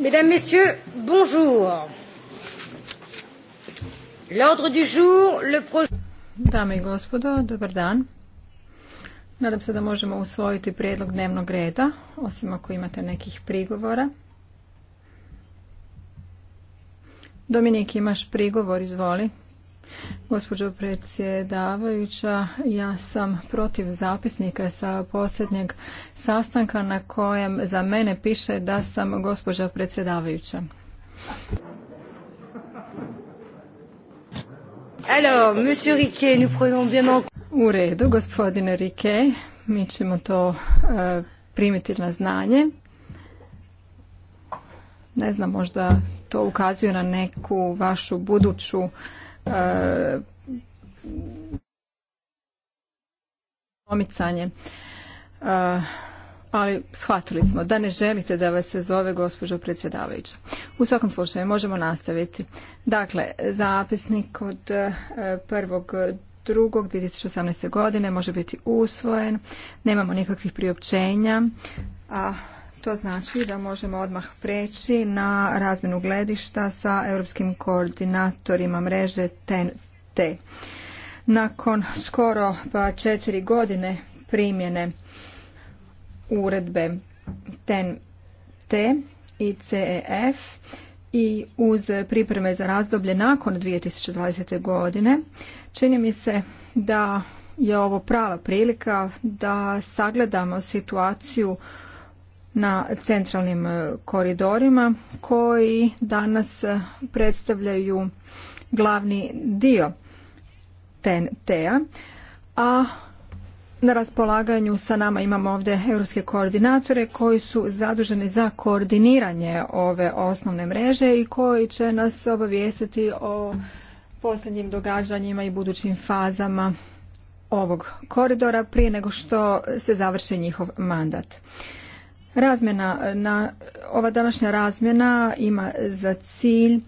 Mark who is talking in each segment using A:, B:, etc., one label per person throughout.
A: Mesdames, Messieurs, bonjour.
B: L'ordre du jour, le projet... Dame i gospodo, dobar dan. Nadam se da možemo usvojiti prijedlog dnevnog reda, osim ako imate nekih prigovora. Dominik, imaš prigovor, izvoli. Gospođo predsjedavajuća, ja sam protiv zapisnika sa posljednjeg sastanka na kojem za mene piše da sam gospođa predsjedavajuća. U redu, gospodine Rike, mi ćemo to e, primiti na znanje. Ne znam, možda to ukazuje na neku vašu buduću pomicanje. Ali shvatili smo da ne želite da vas se zove gospođo predsjedavajuća. U svakom slučaju možemo nastaviti. Dakle, zapisnik od e, prvog drugog godine može biti usvojen. Nemamo nikakvih priopćenja. A to znači da možemo odmah preći na razmenu gledišta sa europskim koordinatorima mreže TNT. Nakon skoro pa četiri godine primjene uredbe TNT i CEF i uz pripreme za razdoblje nakon 2020. godine, čini mi se da je ovo prava prilika da sagledamo situaciju na centralnim e, koridorima koji danas e, predstavljaju glavni dio TNT-a, a na raspolaganju sa nama imamo ovdje europske koordinatore koji su zaduženi za koordiniranje ove osnovne mreže i koji će nas obavijestiti o posljednjim događanjima i budućim fazama ovog koridora prije nego što se završi njihov mandat. Razmjena, e, na, ova današnja razmjena ima za cilj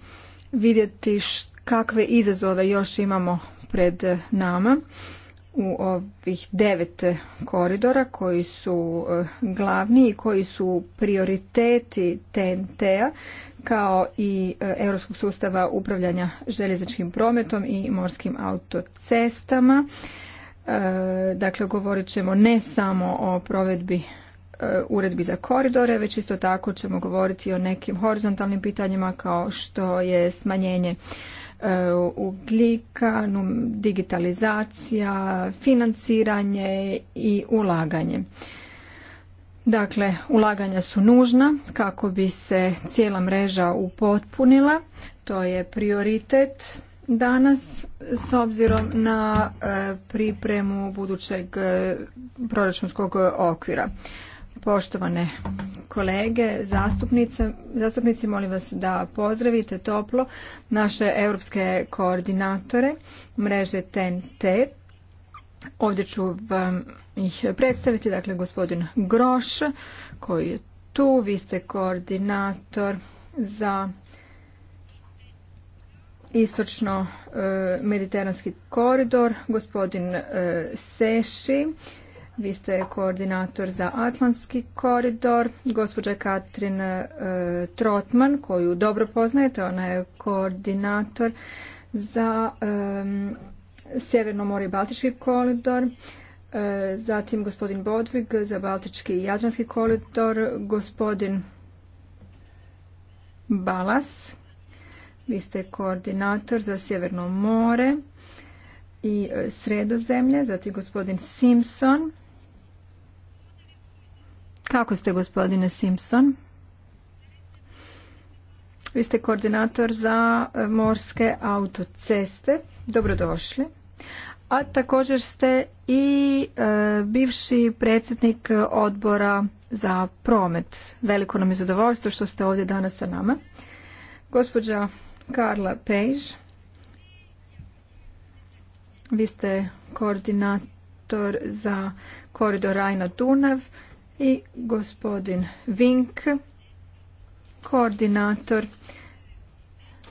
B: vidjeti kakve izazove još imamo pred nama u ovih devet koridora koji su e, glavni i koji su prioriteti TNT-a kao i e, europskog sustava upravljanja željezničkim prometom i morskim autocestama. Dakle, govorit ćemo ne samo o provedbi E, uredbi za koridore, već isto tako ćemo govoriti o nekim horizontalnim pitanjima kao što je smanjenje e, ugljika, digitalizacija, financiranje i ulaganje. Dakle, ulaganja su nužna kako bi se cijela mreža upotpunila. To je prioritet danas s obzirom na e, pripremu budućeg proračunskog okvira. Poštovane kolege, zastupnici, molim vas da pozdravite toplo naše europske koordinatore mreže TNT. Ovdje ću vam ih predstaviti, dakle gospodin Groš koji je tu, vi ste koordinator za istočno e, mediteranski koridor, gospodin e, Seši vi ste koordinator za Atlantski koridor, gospođa Katrin e, Trotman, koju dobro poznajete, ona je koordinator za e, Sjeverno more i Baltički koridor, e, zatim gospodin Bodvig za Baltički i Jadranski koridor, gospodin Balas, vi ste koordinator za Sjeverno more i Sredozemlje, zatim gospodin Simpson, kako ste gospodine Simpson? Vi ste koordinator za e, morske autoceste. Dobrodošli. A također ste i e, bivši predsjednik odbora za promet. Veliko nam je zadovoljstvo što ste ovdje danas sa nama. Gospođa Karla Pejž, vi ste koordinator za koridor Rajna-Dunav i gospodin Vink, koordinator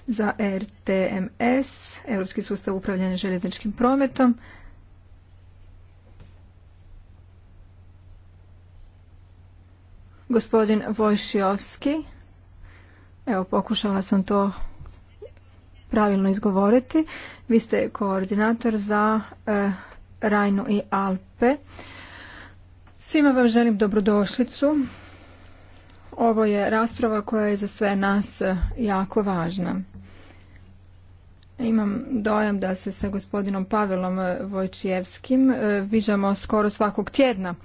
B: za RTMS, Europski sustav upravljanja željezničkim prometom. Gospodin Vojšijovski, evo pokušala sam to pravilno izgovoriti, vi ste koordinator za eh, Rajnu i Alpe. Svima vam želim dobrodošlicu. Ovo je rasprava koja je za sve nas e, jako važna. Imam dojam da se sa gospodinom Pavelom e, Vojčijevskim e, viđamo skoro svakog tjedna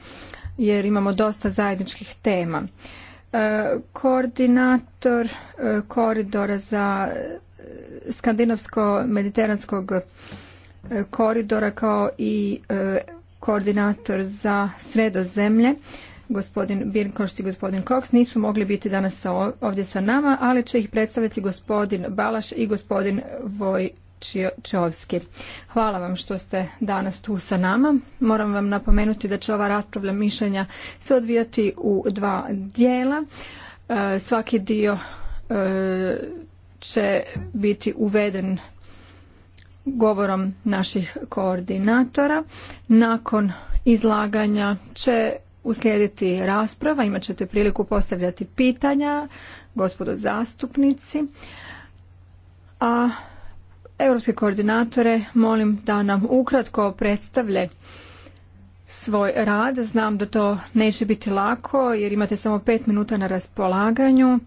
B: jer imamo dosta zajedničkih tema. Koordinator koridora za skandinavsko-mediteranskog koridora kao i koordinator za sredozemlje, gospodin Birnkošt i gospodin Koks, nisu mogli biti danas ovdje sa nama, ali će ih predstaviti gospodin Balaš i gospodin Voj Hvala vam što ste danas tu sa nama. Moram vam napomenuti da će ova rasprava mišljenja se odvijati u dva dijela. E, svaki dio e, će biti uveden govorom naših koordinatora. Nakon izlaganja će uslijediti rasprava, imat ćete priliku postavljati pitanja, gospodo zastupnici. A europske koordinatore molim da nam ukratko predstavlje svoj rad. Znam da to neće biti lako jer imate samo pet minuta na raspolaganju,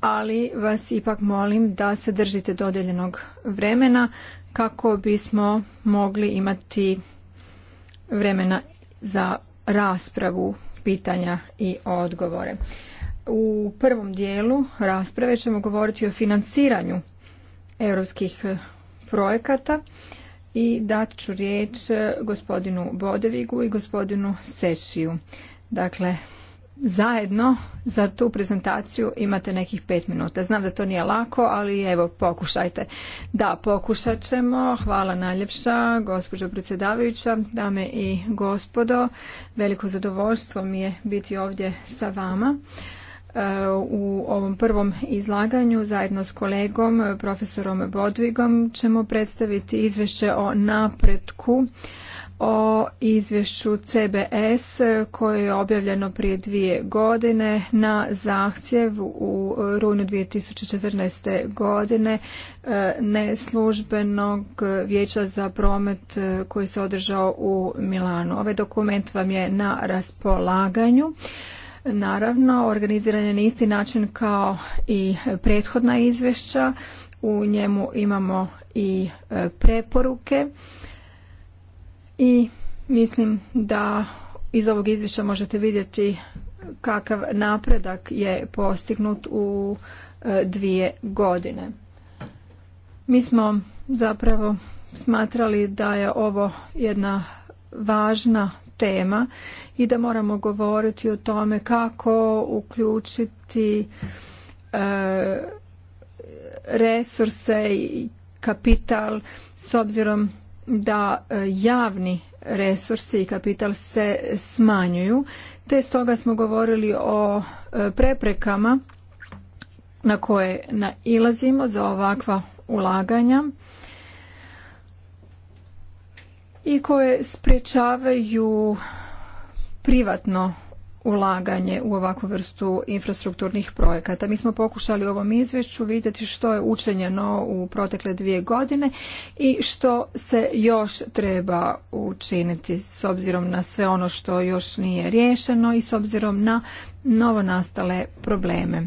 B: ali vas ipak molim da se držite dodeljenog vremena kako bismo mogli imati vremena za raspravu pitanja i odgovore. U prvom dijelu rasprave ćemo govoriti o financiranju europskih eh, projekata i dat ću riječ eh, gospodinu Bodevigu i gospodinu Sešiju. Dakle, zajedno za tu prezentaciju imate nekih pet minuta. Znam da to nije lako, ali evo pokušajte. Da, pokušat ćemo. Hvala najljepša, gospođo predsjedavajuća, dame i gospodo. Veliko zadovoljstvo mi je biti ovdje sa vama e, u ovom prvom izlaganju zajedno s kolegom profesorom Bodvigom ćemo predstaviti izvješće o napretku o izvješću CBS koje je objavljeno prije dvije godine na zahtjev u rujnu 2014. godine e, neslužbenog vijeća za promet e, koji se održao u Milanu. Ovaj dokument vam je na raspolaganju. Naravno, organiziran je na isti način kao i prethodna izvješća. U njemu imamo i e, preporuke i mislim da iz ovog izvješća možete vidjeti kakav napredak je postignut u e, dvije godine. Mi smo zapravo smatrali da je ovo jedna važna tema i da moramo govoriti o tome kako uključiti e, resurse i kapital s obzirom da e, javni resursi i kapital se smanjuju, te stoga smo govorili o e, preprekama na koje nailazimo za ovakva ulaganja i koje sprječavaju privatno ulaganje u ovakvu vrstu infrastrukturnih projekata. Mi smo pokušali u ovom izvješću vidjeti što je učenjeno u protekle dvije godine i što se još treba učiniti s obzirom na sve ono što još nije riješeno i s obzirom na novonastale probleme.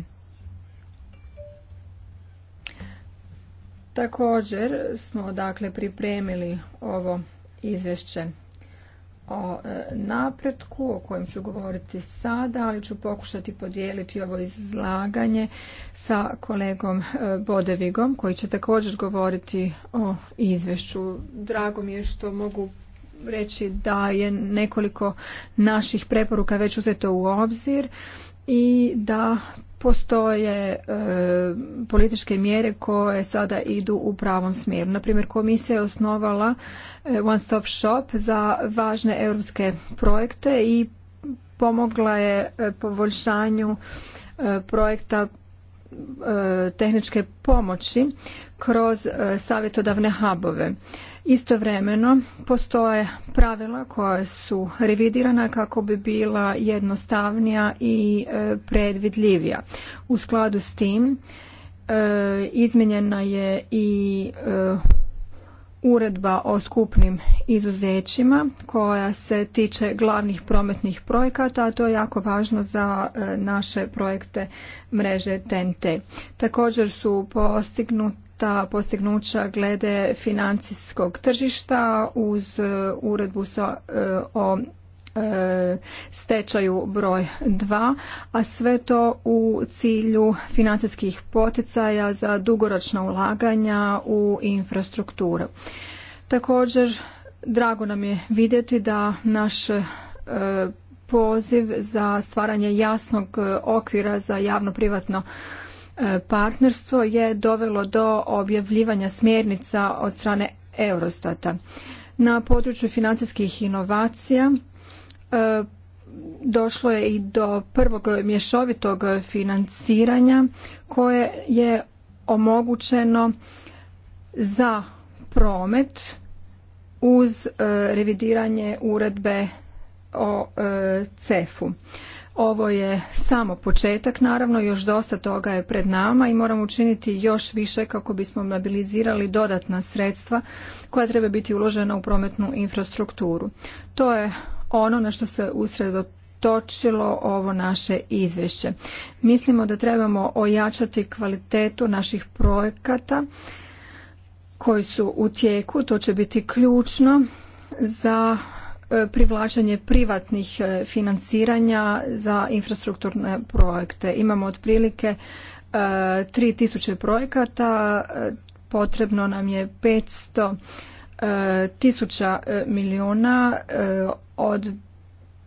B: Također smo dakle pripremili ovo izvješće o e, napretku o kojem ću govoriti sada, ali ću pokušati podijeliti ovo izlaganje sa kolegom e, Bodevigom koji će također govoriti o izvješću. Drago mi je što mogu reći da je nekoliko naših preporuka već uzeto u obzir i da postoje e, političke mjere koje sada idu u pravom smjeru. Naprimjer, komisija je osnovala e, One Stop Shop za važne europske projekte i pomogla je e, poboljšanju projekta tehničke pomoći kroz savjetodavne hubove. Istovremeno postoje pravila koja su revidirana kako bi bila jednostavnija i e, predvidljivija. U skladu s tim e, izmijenjena je i e, uredba o skupnim izuzećima koja se tiče glavnih prometnih projekata, a to je jako važno za naše projekte mreže TNT. Također su postignuti ta postignuća glede financijskog tržišta uz e, uredbu sa, e, o e, stečaju broj 2, a sve to u cilju financijskih poticaja za dugoročna ulaganja u infrastrukturu. Također, drago nam je vidjeti da naš poziv za stvaranje jasnog okvira za javno-privatno E, partnerstvo je dovelo do objavljivanja smjernica od strane Eurostata. Na području financijskih inovacija e, došlo je i do prvog mješovitog financiranja koje je omogućeno za promet uz e, revidiranje uredbe o CEF-u. Ovo je samo početak, naravno još dosta toga je pred nama i moramo učiniti još više kako bismo mobilizirali dodatna sredstva koja treba biti uložena u prometnu infrastrukturu. To je ono na što se usredotočilo ovo naše izvješće. Mislimo da trebamo ojačati kvalitetu naših projekata koji su u tijeku, to će biti ključno za E, privlačenje privatnih e, financiranja za infrastrukturne projekte. Imamo otprilike 3000 e, projekata, potrebno nam je 500 tisuća milijuna od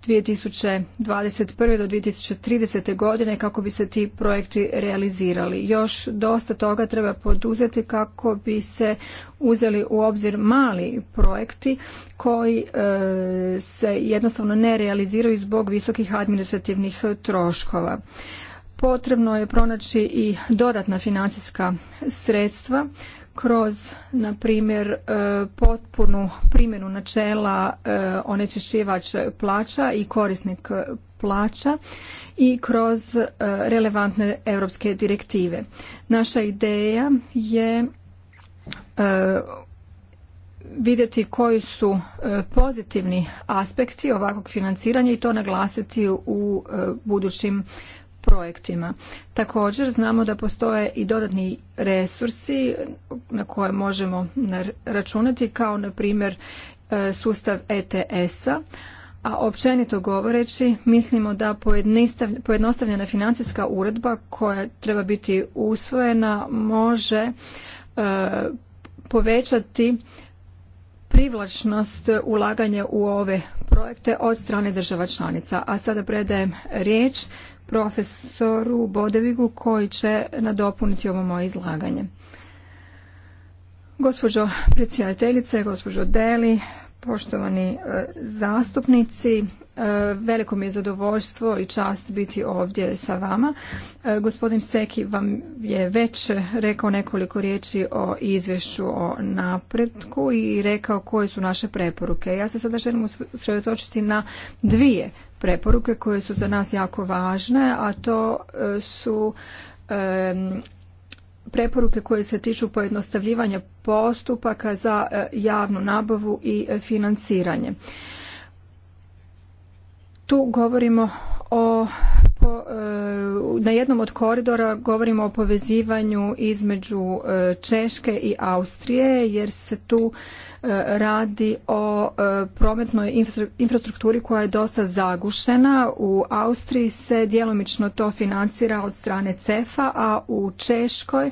B: 2021. do 2030. godine kako bi se ti projekti realizirali. Još dosta toga treba poduzeti kako bi se uzeli u obzir mali projekti koji e, se jednostavno ne realiziraju zbog visokih administrativnih troškova. Potrebno je pronaći i dodatna financijska sredstva kroz na primjer e, potpunu primjenu načela e, onečišćivač plaća i korisnik plaća i kroz e, relevantne europske direktive. Naša ideja je vidjeti koji su pozitivni aspekti ovakvog financiranja i to naglasiti u budućim projektima. Također znamo da postoje i dodatni resursi na koje možemo računati kao na primjer e, sustav ETS-a, a općenito govoreći mislimo da pojednostavljena financijska uredba koja treba biti usvojena može e, povećati privlačnost ulaganja u ove projekte od strane država članica. A sada predajem riječ profesoru Bodevigu koji će nadopuniti ovo moje izlaganje. Gospođo predsjedateljice, gospođo Deli, Poštovani e, zastupnici, e, veliko mi je zadovoljstvo i čast biti ovdje sa vama. E, gospodin Seki vam je već rekao nekoliko riječi o izvješću o napretku i rekao koje su naše preporuke. Ja se sada želim usredotočiti na dvije preporuke koje su za nas jako važne, a to su preporuke koje se tiču pojednostavljivanja postupaka za e, javnu nabavu i e, financiranje. Tu govorimo o po, e, na jednom od koridora govorimo o povezivanju između e, Češke i Austrije jer se tu e, radi o prometnoj infrastrukturi koja je dosta zagušena. U Austriji se djelomično to financira od strane CEFA, a u Češkoj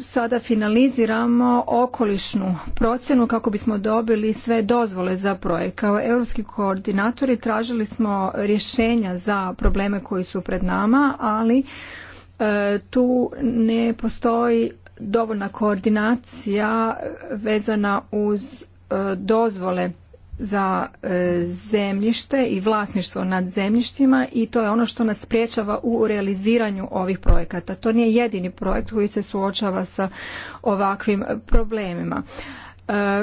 B: sada finaliziramo okolišnu procjenu kako bismo dobili sve dozvole za projekt. Kao europski koordinatori tražili smo rješenja za probleme koji su pred nama, ali e, tu ne postoji dovoljna koordinacija vezana uz e, dozvole za e, zemljište i vlasništvo nad zemljištima i to je ono što nas spriječava u realiziranju ovih projekata. To nije jedini projekt koji se suočava sa ovakvim problemima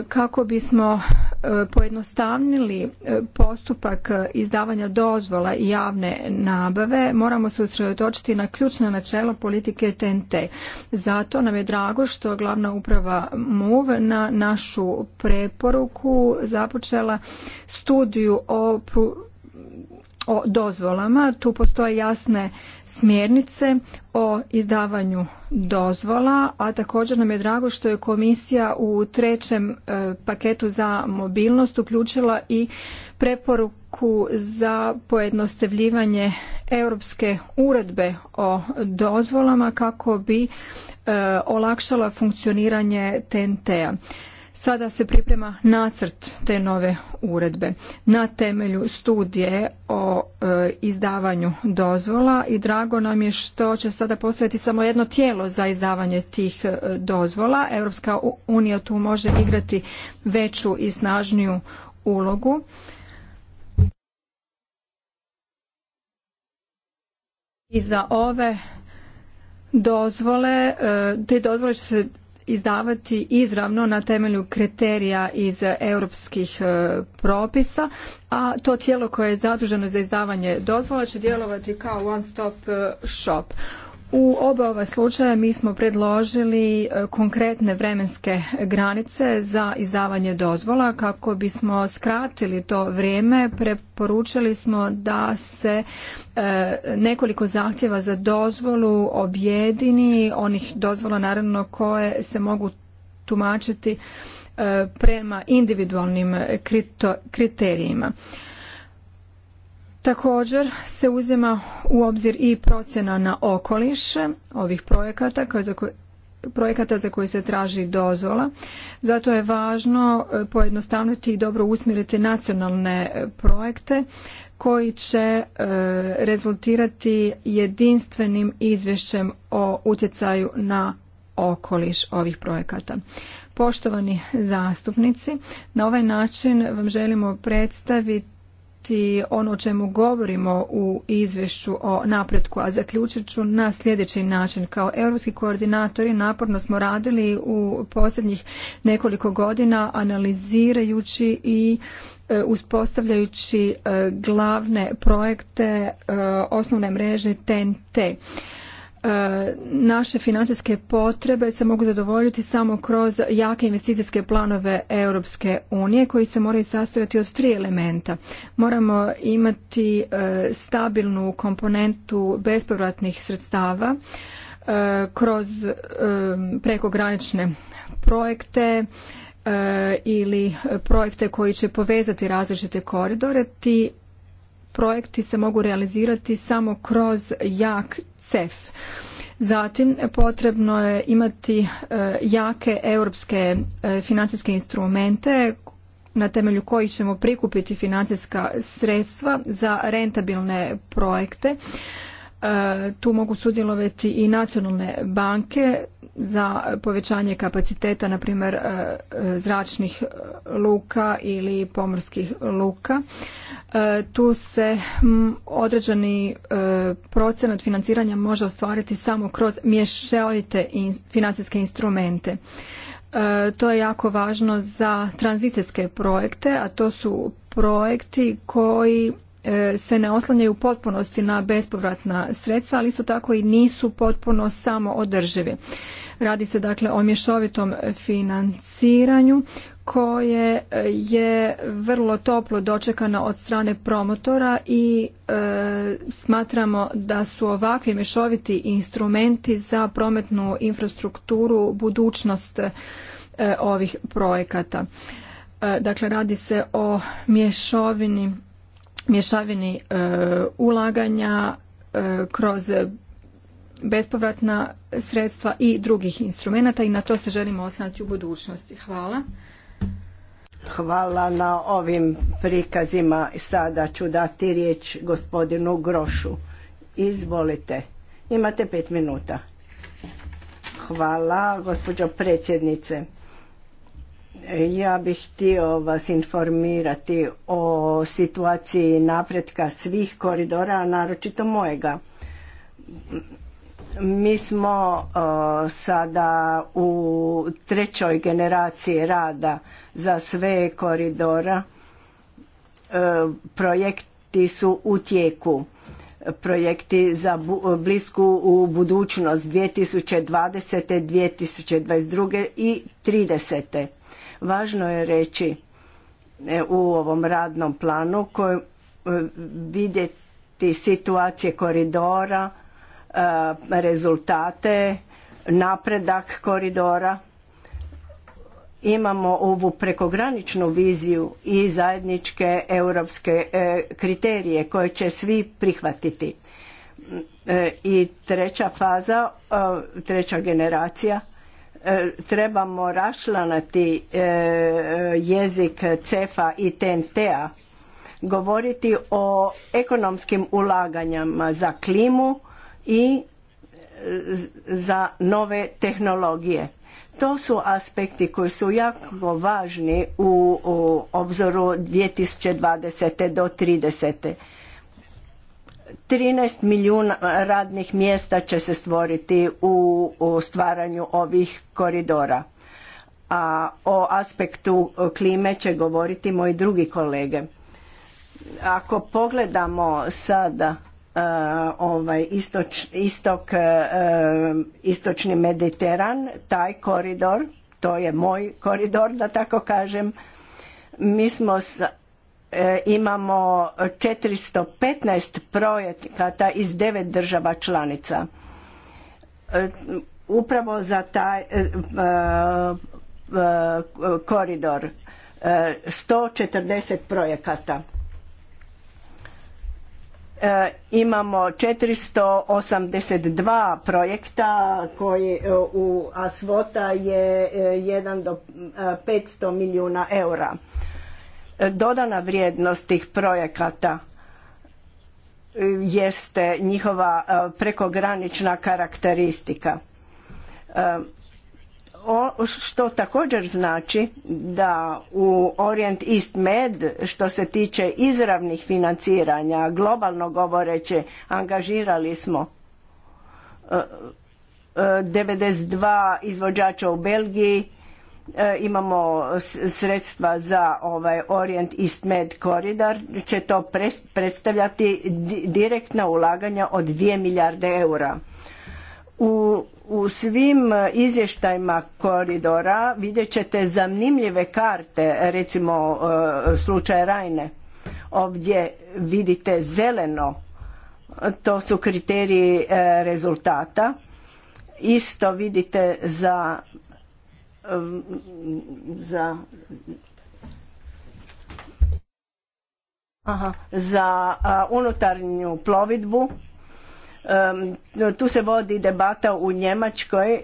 B: kako bismo e, pojednostavnili e, postupak izdavanja dozvola i javne nabave moramo se usredotočiti na ključno načelo politike TNT. Zato nam je drago što glavna uprava MUV na našu preporuku započela studiju o o dozvolama. Tu postoje jasne smjernice o izdavanju dozvola, a također nam je drago što je komisija u trećem e, paketu za mobilnost uključila i preporuku za pojednostavljivanje europske uredbe o dozvolama kako bi e, olakšala funkcioniranje TNT-a. Sada se priprema nacrt te nove uredbe na temelju studije o e, izdavanju dozvola i drago nam je što će sada postojati samo jedno tijelo za izdavanje tih e, dozvola. Europska unija tu može igrati veću i snažniju ulogu. I za ove dozvole, e, te dozvole će se izdavati izravno na temelju kriterija iz europskih e, propisa, a to tijelo koje je zaduženo za izdavanje dozvola će djelovati kao one stop e, shop. U oba ova slučaja mi smo predložili e, konkretne vremenske granice za izdavanje dozvola kako bismo skratili to vrijeme. Preporučili smo da se e, nekoliko zahtjeva za dozvolu objedini onih dozvola naravno koje se mogu tumačiti e, prema individualnim kriterijima. Također se uzima u obzir i procjena na okoliš ovih projekata koje za koje projekata za koje se traži dozvola. Zato je važno e, pojednostavniti i dobro usmjeriti nacionalne e, projekte koji će e, rezultirati jedinstvenim izvješćem o utjecaju na okoliš ovih projekata. Poštovani zastupnici, na ovaj način vam želimo predstaviti biti ono o čemu govorimo u izvješću o napretku, a zaključit ću na sljedeći način. Kao europski koordinatori naporno smo radili u posljednjih nekoliko godina analizirajući i e, uspostavljajući e, glavne projekte e, osnovne mreže TNT. E, naše financijske potrebe se mogu zadovoljiti samo kroz jake investicijske planove Europske unije koji se moraju sastojati od tri elementa. Moramo imati e, stabilnu komponentu bespovratnih sredstava e, kroz prekogranične projekte ili projekte koji će povezati različite koridore ti projekti se mogu realizirati samo kroz jak CEF. Zatim potrebno je imati e, jake europske e, financijske instrumente na temelju kojih ćemo prikupiti financijska sredstva za rentabilne projekte. E, tu mogu sudjelovati i nacionalne banke za povećanje kapaciteta, na primjer e, e, zračnih e, luka ili pomorskih luka. Tu se određeni procenat financiranja može ostvariti samo kroz mješovite financijske instrumente. To je jako važno za tranzicijske projekte, a to su projekti koji se ne oslanjaju u potpunosti na bespovratna sredstva, ali isto tako i nisu potpuno samo održivi. Radi se dakle o mješovitom financiranju koje e, je vrlo toplo dočekano od strane promotora i e, smatramo da su ovakvi mješoviti instrumenti za prometnu infrastrukturu budućnost e, ovih projekata. dakle, radi se o mješovini, mješavini ulaganja kroz bespovratna sredstva i drugih instrumenata i na to se želimo osnati u budućnosti. Hvala.
C: Hvala na ovim prikazima. Sada ću dati riječ gospodinu Grošu. Izvolite. Imate pet minuta. Hvala, gospođo predsjednice. Ja bih htio vas informirati o situaciji napretka svih koridora, a naročito mojega. Mi smo e, sada u trećoj generaciji rada za sve koridora. E, projekti su u tijeku projekti za blisku u budućnost 2020. 2022. i 30. Važno je reći e, u ovom radnom planu koji vidjeti situacije koridora E, rezultate, napredak koridora. Imamo ovu prekograničnu viziju i zajedničke europske e, kriterije koje će svi prihvatiti. E, I treća faza, treća generacija, trebamo rašlanati jezik CEFA i TNT-a, govoriti o ekonomskim ulaganjama za klimu, i e, za nove tehnologije. To su aspekti koji su jako važni u, obzoru 2020. do 30. 13 milijuna radnih mjesta će se stvoriti u, u stvaranju ovih koridora. A o aspektu klime će govoriti moji drugi kolege. Ako pogledamo sada E, ovaj istoč, istok, e, istočni Mediteran, taj koridor, to je moj koridor da tako kažem, mi smo s, e, imamo 415 projekata iz devet država članica. Upravo za taj koridor 140 projekata E, imamo 482 projekta koji e, u Asvota je 1 e, do 500 milijuna eura. Dodana vrijednost tih projekata jeste njihova prekogranična karakteristika o, što također znači da u Orient East Med što se tiče izravnih financiranja globalno govoreće angažirali smo 92 e, e, izvođača u Belgiji e, imamo sredstva za ovaj Orient East Med koridor će to predstavljati direktna ulaganja od 2 milijarde eura u u svim izvještajima koridora vidjet ćete zanimljive karte, recimo e, slučaj Rajne. Ovdje vidite zeleno, to su kriteriji e, rezultata. Isto vidite za, e, za Aha, za unutarnju plovidbu tu se vodi debata u Njemačkoj, e,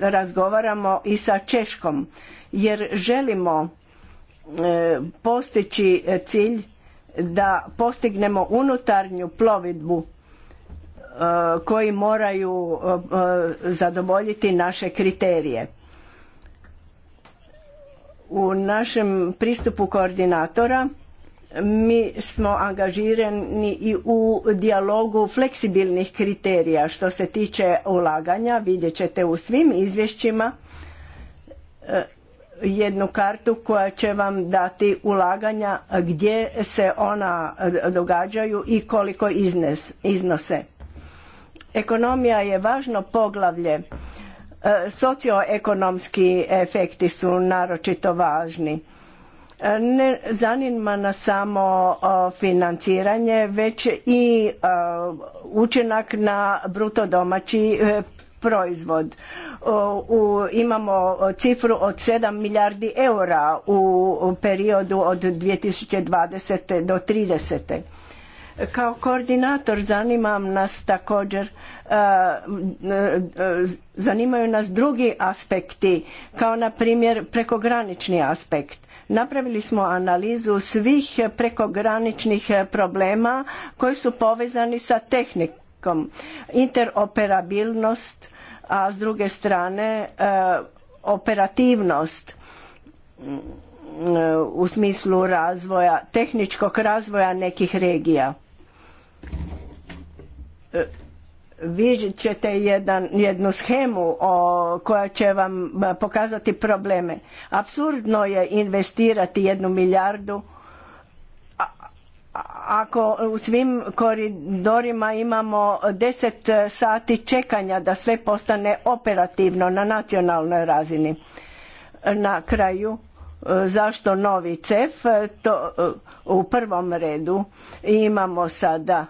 C: razgovaramo i sa Češkom jer želimo e, postići cilj da postignemo unutarnju plovidbu e, koji moraju zadovoljiti naše kriterije. U našem pristupu koordinatora mi smo angažirani i u dijalogu fleksibilnih kriterija što se tiče ulaganja vidjet ćete u svim izvješćima e, jednu kartu koja će vam dati ulaganja gdje se ona e, događaju i koliko iznes, iznose ekonomija je važno poglavlje e, socioekonomski efekti su naročito važni ne zanima nas samo financiranje, već i učinak na bruto domaći e, proizvod. U, imamo cifru od 7 milijardi eura u periodu od 2020. do 30. Kao koordinator zanimam nas također e, e, zanimaju nas drugi aspekti kao na primjer prekogranični aspekt Napravili smo analizu svih prekograničnih problema koji su povezani sa tehnikom. Interoperabilnost, a s druge strane e, operativnost mm, u smislu razvoja, tehničkog razvoja nekih regija e, vi ćete jedan, jednu schemu o, koja će vam pokazati probleme. Apsurdno je investirati jednu milijardu ako u svim koridorima imamo deset sati čekanja da sve postane operativno na nacionalnoj razini. Na kraju e, zašto novi CEF? To, e, u prvom redu imamo sada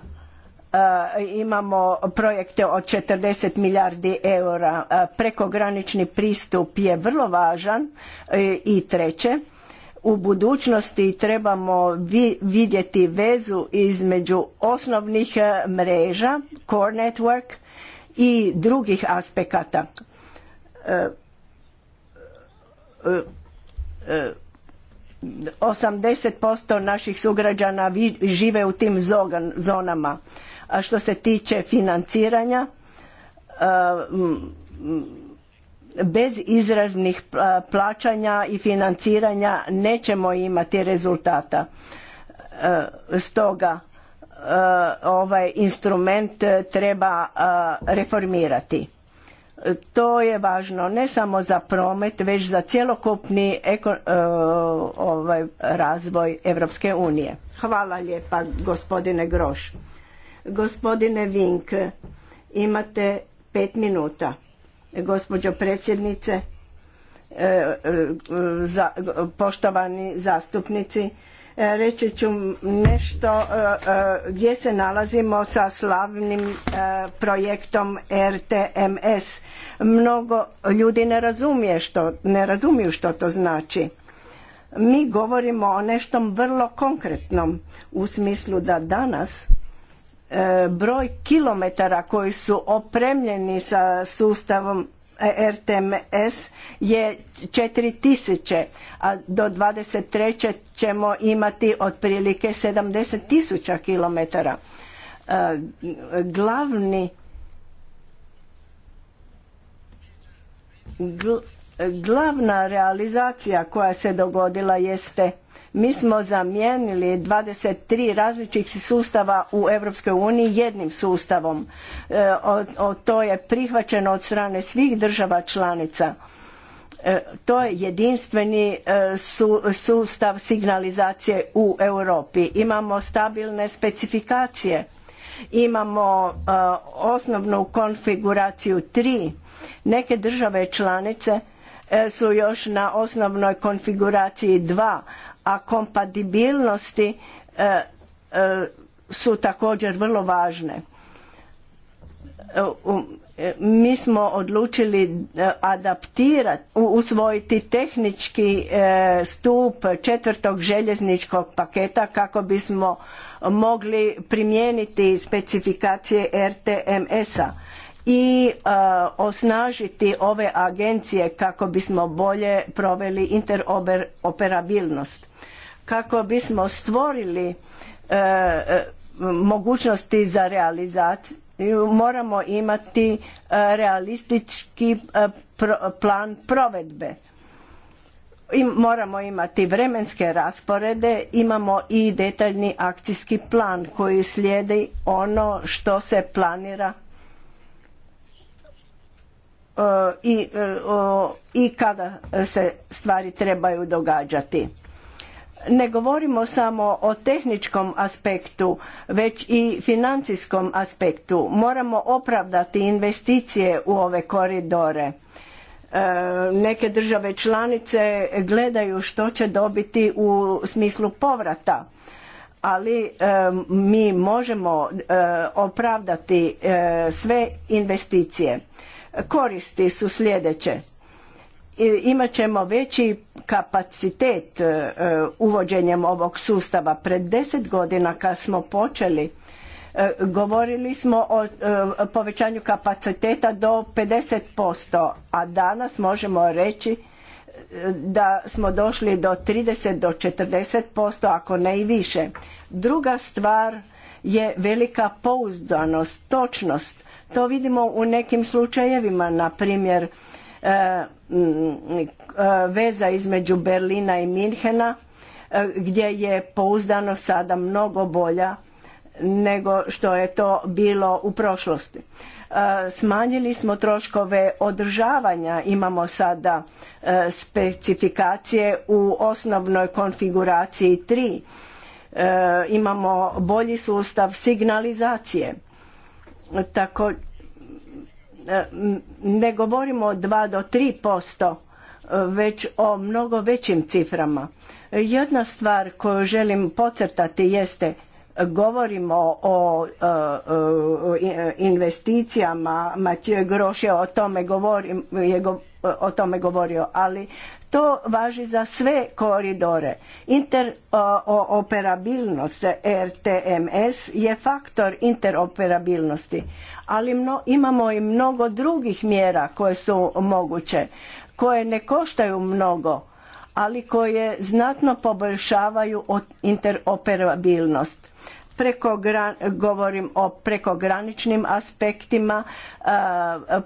C: Eh, imamo projekte od 40 milijardi eura. Eh, prekogranični pristup je vrlo važan eh, i treće. U budućnosti trebamo vidjeti vezu između osnovnih mreža, core network, i drugih aspekata. osamdeset posto 80% naših sugrađana žive u tim zonama a što se tiče financiranja, e, bez izravnih plaćanja i financiranja nećemo imati rezultata. E, stoga e, ovaj instrument treba reformirati. To je važno ne samo za promet, već za cjelokupni ovaj, razvoj Europske unije. Hvala lijepa gospodine Groš. Gospodine Vink, imate pet minuta. Gospođo predsjednice, e, e, poštovani zastupnici, e, reći ću nešto gdje se nalazimo sa slavnim projektom RTMS. Mnogo ljudi ne razumije što, ne razumiju što to znači. Mi govorimo o nešto vrlo konkretnom u smislu da danas E, broj kilometara koji su opremljeni sa sustavom e RTMS je 4000, a do 23. ćemo imati otprilike 70.000 tisuća kilometara. E, glavni Glavna realizacija koja se dogodila jeste mi smo zamijenili 23 različitih sustava u Europskoj uniji jednim sustavom. E, to je prihvaćeno od strane svih država članica. E, to je jedinstveni e, sustav signalizacije u Europi. Imamo stabilne specifikacije. Imamo osnovnu konfiguraciju tri Neke države članice E, su još na osnovnoj konfiguraciji 2, a kompatibilnosti e, e, su također vrlo važne. Mi smo odlučili adaptirati, usvojiti tehnički stup četvrtog željezničkog paketa kako bismo mogli primijeniti specifikacije RTMS-a i e, osnažiti ove agencije kako bismo bolje proveli interoperabilnost kako bismo stvorili e, e, mogućnosti za realizaciju moramo imati realistički plan provedbe moramo imati vremenske rasporede imamo i detaljni akcijski plan koji slijedi ono što se planira E, i, kada se stvari trebaju događati. Ne govorimo samo o tehničkom aspektu, već i financijskom aspektu. Moramo opravdati investicije u ove koridore. E, neke države članice gledaju što će dobiti u smislu povrata ali e, mi možemo opravdati sve investicije Koristi su sljedeće. Imat ćemo veći kapacitet e, uvođenjem ovog sustava. Pred deset godina kad smo počeli e, govorili smo o e, povećanju kapaciteta do 50%, a danas možemo reći da smo došli do 30 do 40%, ako ne i više. Druga stvar je velika pouzdanost, točnost to vidimo u nekim slučajevima, na primjer e, e, veza između Berlina i Minhena e, gdje je pouzdano sada mnogo bolja nego što je to bilo u prošlosti. Smanjili smo troškove održavanja, imamo sada specifikacije u osnovnoj konfiguraciji 3, imamo bolji sustav signalizacije tako, e, ne govorimo o 2 do 3 posto, e, već o mnogo većim ciframa. Jedna stvar koju želim pocrtati jeste govorimo o, e, investicijama, Matije Groš o tome je o tome govorio, ali to važi za sve koridore. Interoperabilnost RTMS je faktor interoperabilnosti, ali imamo i mnogo drugih mjera koje su moguće, koje ne koštaju mnogo, ali koje znatno poboljšavaju interoperabilnost. Preko, govorim o prekograničnim aspektima,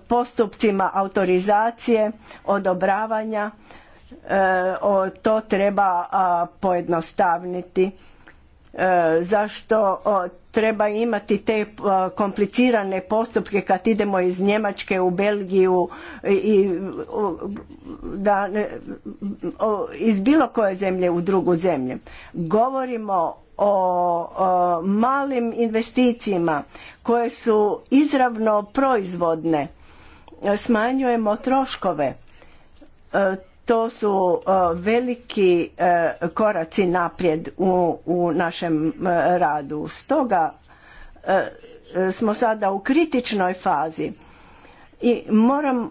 C: postupcima autorizacije, odobravanja, E, to treba pojednostavniti e, zašto treba imati te e, komplicirane postupke kad idemo iz Njemačke u Belgiju i da iz bilo koje zemlje u drugu zemlju. Govorimo o malim investicijama koje su izravno proizvodne. Smanjujemo troškove to su e, veliki e, koraci naprijed u, našem e, radu. Stoga smo sada u kritičnoj fazi i moram,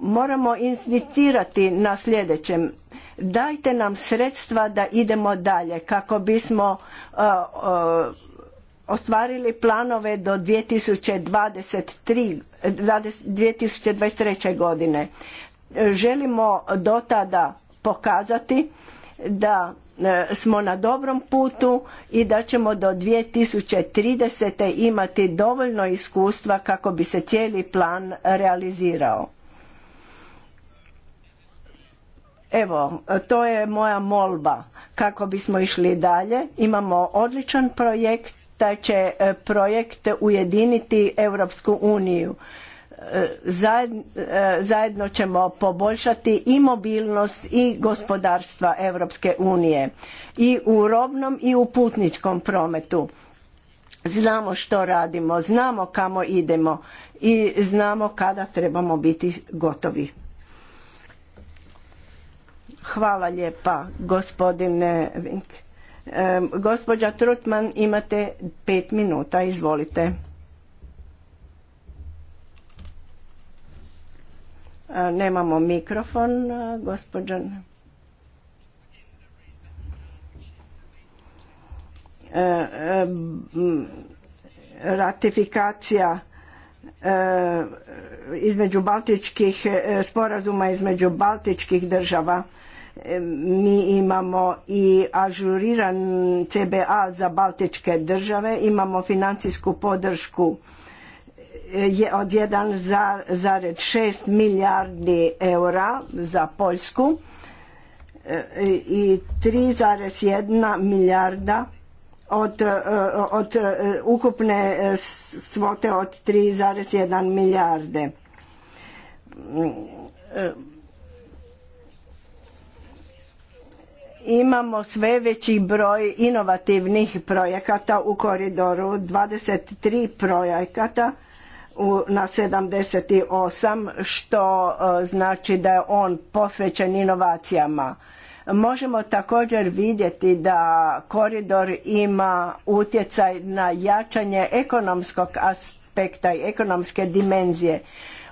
C: moramo insistirati na sljedećem. Dajte nam sredstva da idemo dalje kako bismo ostvarili planove do 2023. godine. Želimo do tada pokazati da e, smo na dobrom putu i da ćemo do 2030. imati dovoljno iskustva kako bi se cijeli plan realizirao. Evo, to je moja molba kako bismo išli dalje. Imamo odličan projekt, taj će e, projekt ujediniti Europsku uniju E, zajedno ćemo poboljšati i mobilnost i gospodarstva Europske unije i u robnom i u putničkom prometu. Znamo što radimo, znamo kamo idemo i znamo kada trebamo biti gotovi. Hvala lijepa gospodine Vink. E, gospođa Trutman imate pet minuta, izvolite. E, nemamo mikrofon, e, gospođan. E, ratifikacija između baltičkih sporazuma između baltičkih država mi imamo i ažuriran CBA za baltičke države imamo financijsku podršku je od 1,6 milijardi eura za Poljsku e, i 3,1 milijarda od, e, od e, ukupne svote od 3,1 milijarde. Imamo sve veći broj inovativnih projekata u koridoru, 23 projekata na 78 što e, znači da je on posvećen inovacijama. Možemo također vidjeti da koridor ima utjecaj na jačanje ekonomskog aspekta i ekonomske dimenzije.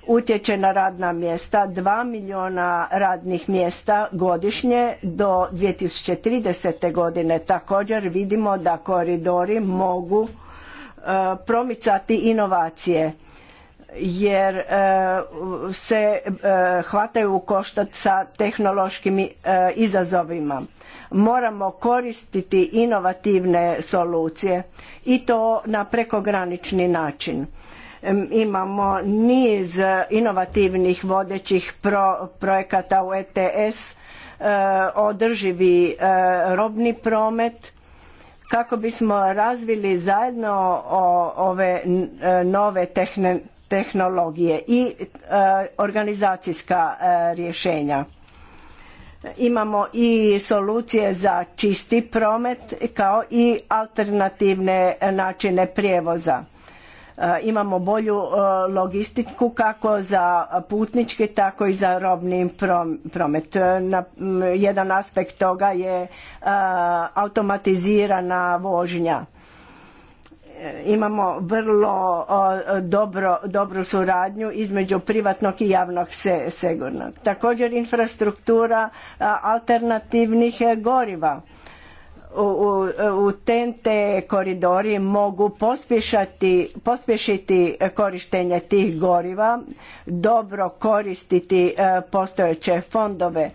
C: Utječe na radna mjesta, 2 milijuna radnih mjesta godišnje do 2030. godine. Također vidimo da koridori mogu e, promicati inovacije jer e, se e, hvataju u koštac sa tehnološkim e, izazovima. Moramo koristiti inovativne solucije i to na prekogranični način. Imamo niz inovativnih vodećih projekata u ETS, održivi robni promet, kako bismo razvili zajedno ove nove tehne tehnologije i e, organizacijska e, rješenja. Imamo i solucije za čisti promet kao i alternativne načine prijevoza. E, imamo bolju logistiku kako za putnički, tako i za robni promet. Jedan aspekt toga je automatizirana vožnja Eh, imamo vrlo dobro, dobru suradnju između privatnog i javnog segurnog. Također infrastruktura alternativnih eh, goriva. U, u, u koridori mogu pospješiti korištenje tih goriva, dobro koristiti eh, postojeće fondove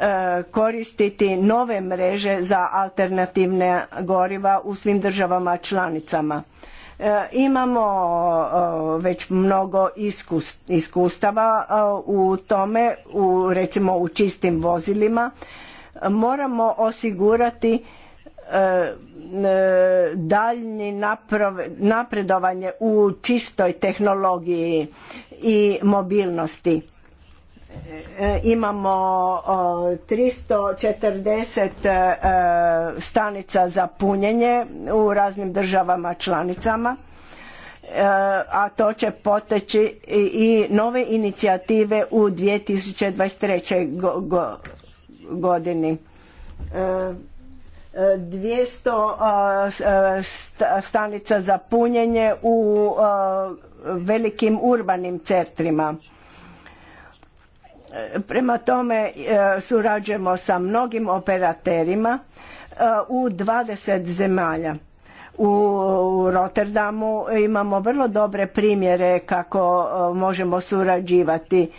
C: E, koristiti nove mreže za alternativne goriva u svim državama članicama. E, imamo e, već mnogo iskustava u tome, u, recimo u čistim vozilima. Moramo osigurati daljnji napredovanje u čistoj tehnologiji i mobilnosti E, imamo 340 e, stanica za punjenje u raznim državama članicama e, a to će poteći i nove inicijative u 2023. godini. 200 stanica za punjenje u velikim urbanim centrima Prema tome e, surađujemo sa mnogim operaterima e, u 20 zemalja. U Rotterdamu imamo vrlo dobre primjere kako e, možemo surađivati.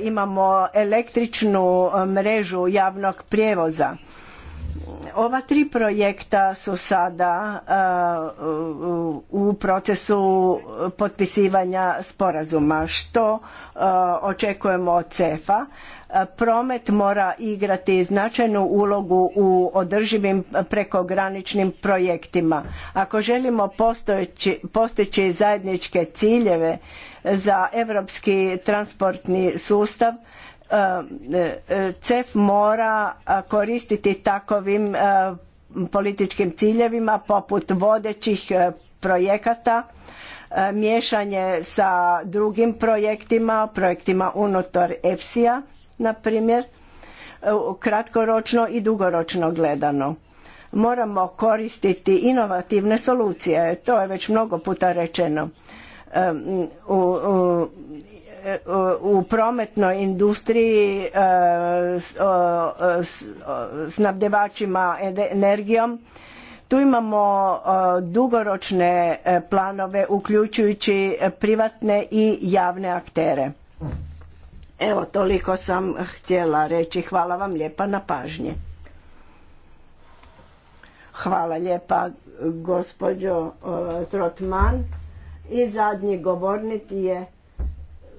C: Imamo električnu mrežu javnog prijevoza ova tri projekta su sada uh, u procesu potpisivanja sporazuma. Što uh, očekujemo od CEFA? Promet mora igrati značajnu ulogu u održivim prekograničnim projektima. Ako želimo postići zajedničke ciljeve za europski transportni sustav, E, e, CEF mora koristiti takovim e, političkim ciljevima poput vodećih projekata, miješanje sa drugim projektima, projektima unutar EFSI-a, na primjer, kratkoročno i dugoročno gledano. Moramo koristiti inovativne solucije, to je već mnogo puta rečeno. u, u prometnoj industriji e, e, snabdevačima energijom tu imamo e, dugoročne planove uključujući privatne i javne aktere evo toliko sam htjela reći hvala vam lijepa na pažnje. hvala lijepa gospođo Trotman i zadnji govornik je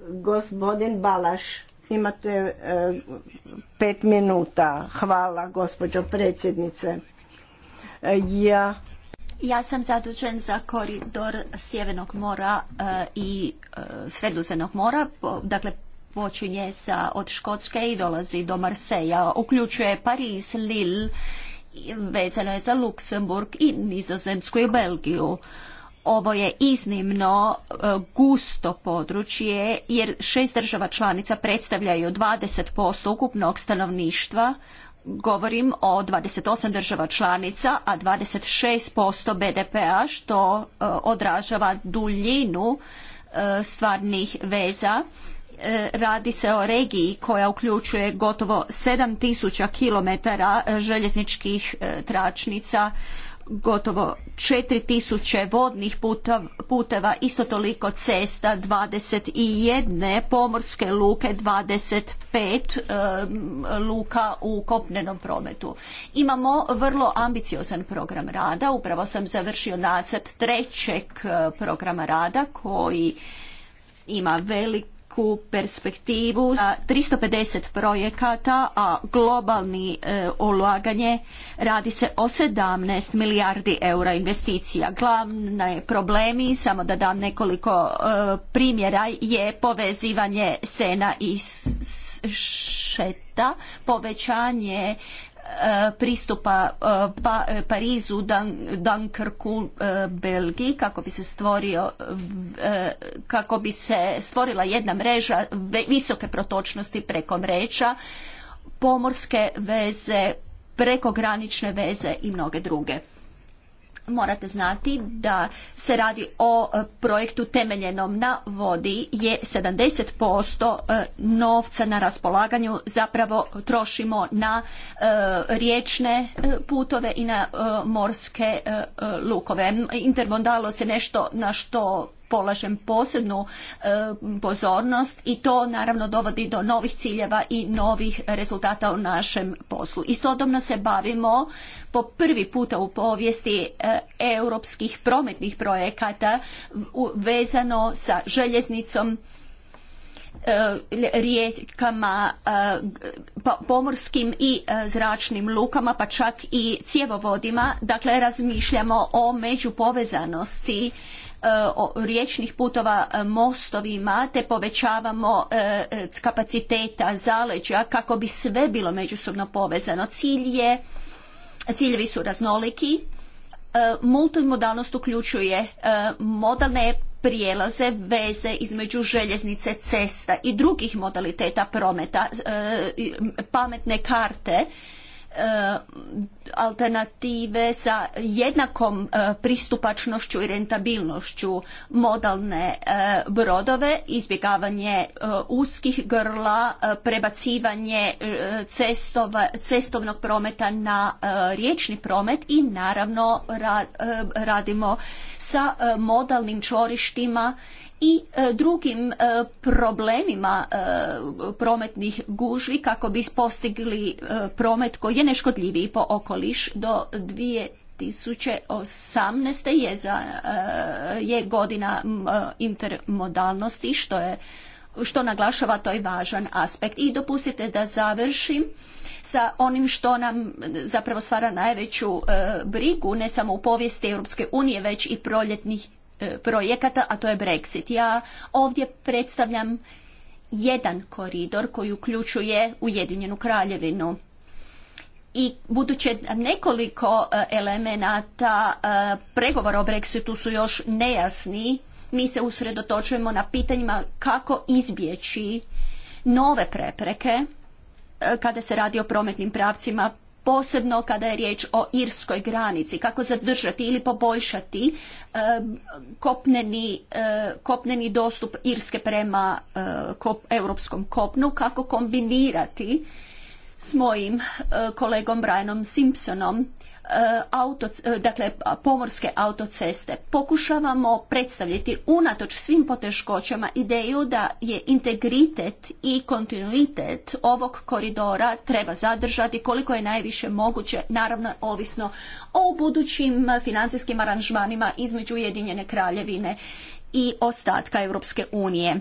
C: Gospodin Balaš, imate e, pet minuta. Hvala, gospođo predsjednice. E, ja...
D: Ja sam zadužen za koridor Sjevernog mora e, i Sredozemnog mora, dakle počinje sa od Škotske i dolazi do Marseja, uključuje Pariz, Lille, vezano je za Luksemburg i Nizozemsku i Belgiju. Ovo je iznimno e, gusto područje jer šest država članica predstavljaju 20% ukupnog stanovništva, govorim o 28 država članica, a 26% BDP-a što e, odražava duljinu e, stvarnih veza radi se o regiji koja uključuje gotovo 7000 km željezničkih tračnica gotovo 4000 vodnih puteva, isto toliko cesta 21, pomorske luke 25 luka u kopnenom prometu. Imamo vrlo ambiciozan program rada, upravo sam završio nacrt trećeg programa rada koji ima velik veliku perspektivu 350 projekata, a globalni e, ulaganje radi se o 17 milijardi eura investicija. Glavne problemi, samo da dam nekoliko e, primjera, je povezivanje sena i šeta, povećanje Eh, pristupa eh, pa, eh, Parizu, Dunkerku, Belgiji kako bi se stvorio kako bi se stvorila jedna mreža visoke protočnosti preko mreža, pomorske veze, prekogranične veze i mnoge druge morate znati da se radi o e, projektu temeljenom na vodi je 70% e, novca na raspolaganju zapravo trošimo na e, riječne putove i na morske lukove. Intermondalo se nešto na što polažem posebnu e, pozornost i to naravno dovodi do novih ciljeva i novih rezultata u našem poslu. Istodobno se bavimo po prvi puta u povijesti e, europskih prometnih projekata vezano sa željeznicom e, rijekama, pomorskim i zračnim lukama, pa čak i cjevovodima. Dakle, razmišljamo o međupovezanosti E, riječnih putova e, mostovima te povećavamo e, kapaciteta zaleđa kako bi sve bilo međusobno povezano. ciljevi su raznoliki. Multimodalnost uključuje modalne prijelaze, veze između željeznice, cesta i drugih modaliteta prometa, pametne karte Eh, alternative sa jednakom eh, pristupačnošću i rentabilnošću modalne eh, brodove, izbjegavanje uskih grla, prebacivanje cestovnog prometa na riječni promet i naravno radimo sa modalnim čvorištima i e, drugim e, problemima e, prometnih gužvi kako bi postigli promet koji je neškodljiviji po okoliš do dvije 2018. je, je godina intermodalnosti što je što naglašava to je važan aspekt. I dopustite da završim sa onim što nam zapravo stvara najveću brigu, ne samo u povijesti Europske unije, već i proljetnih E, projekata, a to je Brexit. Ja ovdje predstavljam jedan koridor koji uključuje Ujedinjenu kraljevinu i buduće nekoliko e, elemenata e, pregovora o Brexitu su još nejasni, mi se usredotočujemo na pitanjima kako izbjeći nove prepreke kada se radi o prometnim pravcima posebno kada je riječ o irskoj granici, kako zadržati ili poboljšati e, e, kopneni, dostup Irske prema e, europskom kopnu, kako kombinirati s mojim kolegom Brianom Simpsonom E, e, dakle pomorske autoceste. Pokušavamo predstavljati unatoč svim poteškoćama ideju da je integritet i kontinuitet ovog koridora treba zadržati koliko je najviše moguće, naravno ovisno o budućim financijskim aranžmanima između Ujedinjene kraljevine i ostatka Europske unije.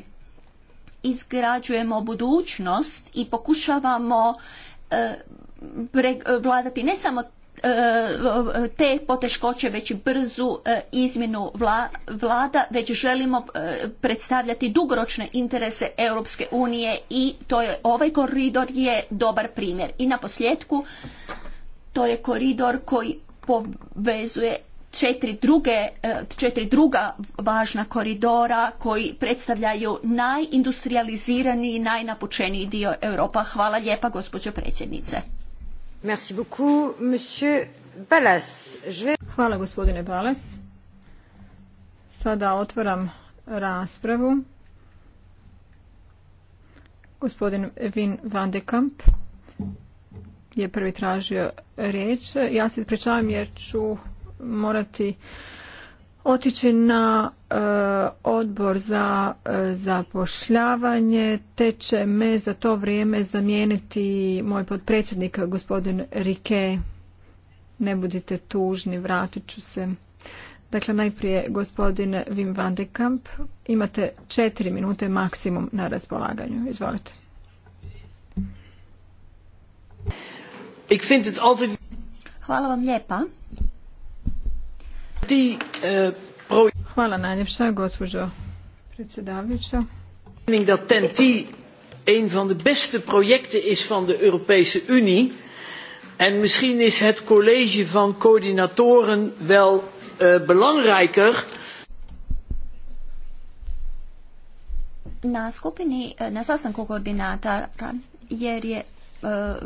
D: Izgrađujemo budućnost i pokušavamo e, vladati ne samo E, te poteškoće već i brzu e, izmjenu vlada, već želimo e, predstavljati dugoročne interese Europske unije i to je, ovaj koridor je dobar primjer. I na posljedku, to je koridor koji povezuje četiri, druge, četiri druga važna koridora koji predstavljaju najindustrializiraniji i najnapučeniji dio Europa. Hvala lijepa gospođo predsjednice.
B: Hvala gospodine Balas. Sada otvaram raspravu. Gospodin Vin van de Kamp je prvi tražio riječ. Ja se ispričavam jer ću morati otići na e, odbor za e, zapošljavanje te će me za to vrijeme zamijeniti moj potpredsjednik gospodin Rike ne budite tužni vratit ću se dakle najprije gospodin Wim van de Kamp imate četiri minute maksimum na raspolaganju izvolite Hvala vam lijepa E, Hvala najljepša, gospođo predsjedavajuća.
C: dat TEN-T een van de beste projecten is van de Europese Unie. En misschien is het college van coördinatoren wel e, belangrijker
D: na skupini, e, na sastanku koordinatora, jer je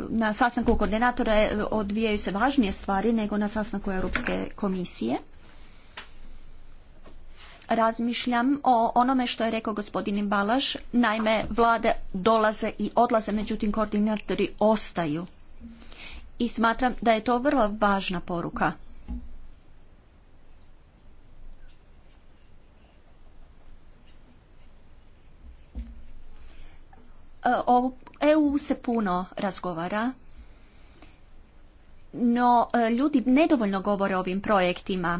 D: na sastanku koordinatora odvijaju se važnije stvari nego na sastanku Europske komisije razmišljam o onome što je rekao gospodin Balaš. Naime, vlade dolaze i odlaze, međutim koordinatori ostaju. I smatram da je to vrlo važna poruka. E, o EU se puno razgovara, no e, ljudi nedovoljno govore o ovim projektima.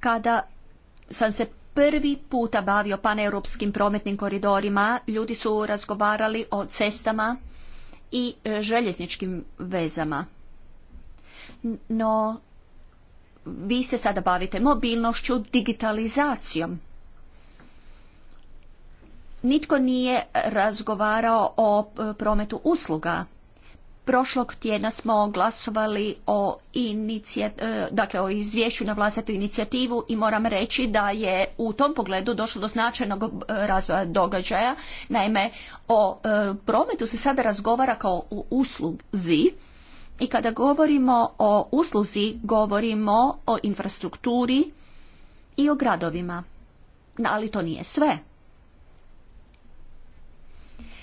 D: Kada sam se prvi puta bavio paneuropskim prometnim koridorima. Ljudi su razgovarali o cestama i e, željezničkim vezama. No, vi se sada bavite mobilnošću, digitalizacijom. Nitko nije razgovarao o e, prometu usluga. Prošlog tjedna smo glasovali o, inicija, e, dakle, o izvješću na vlastitu inicijativu i moram reći da je u tom pogledu došlo do značajnog e, razvoja događaja. Naime, o e, prometu se sada razgovara kao o usluzi i kada govorimo o usluzi, govorimo o infrastrukturi i o gradovima. Ali to nije sve.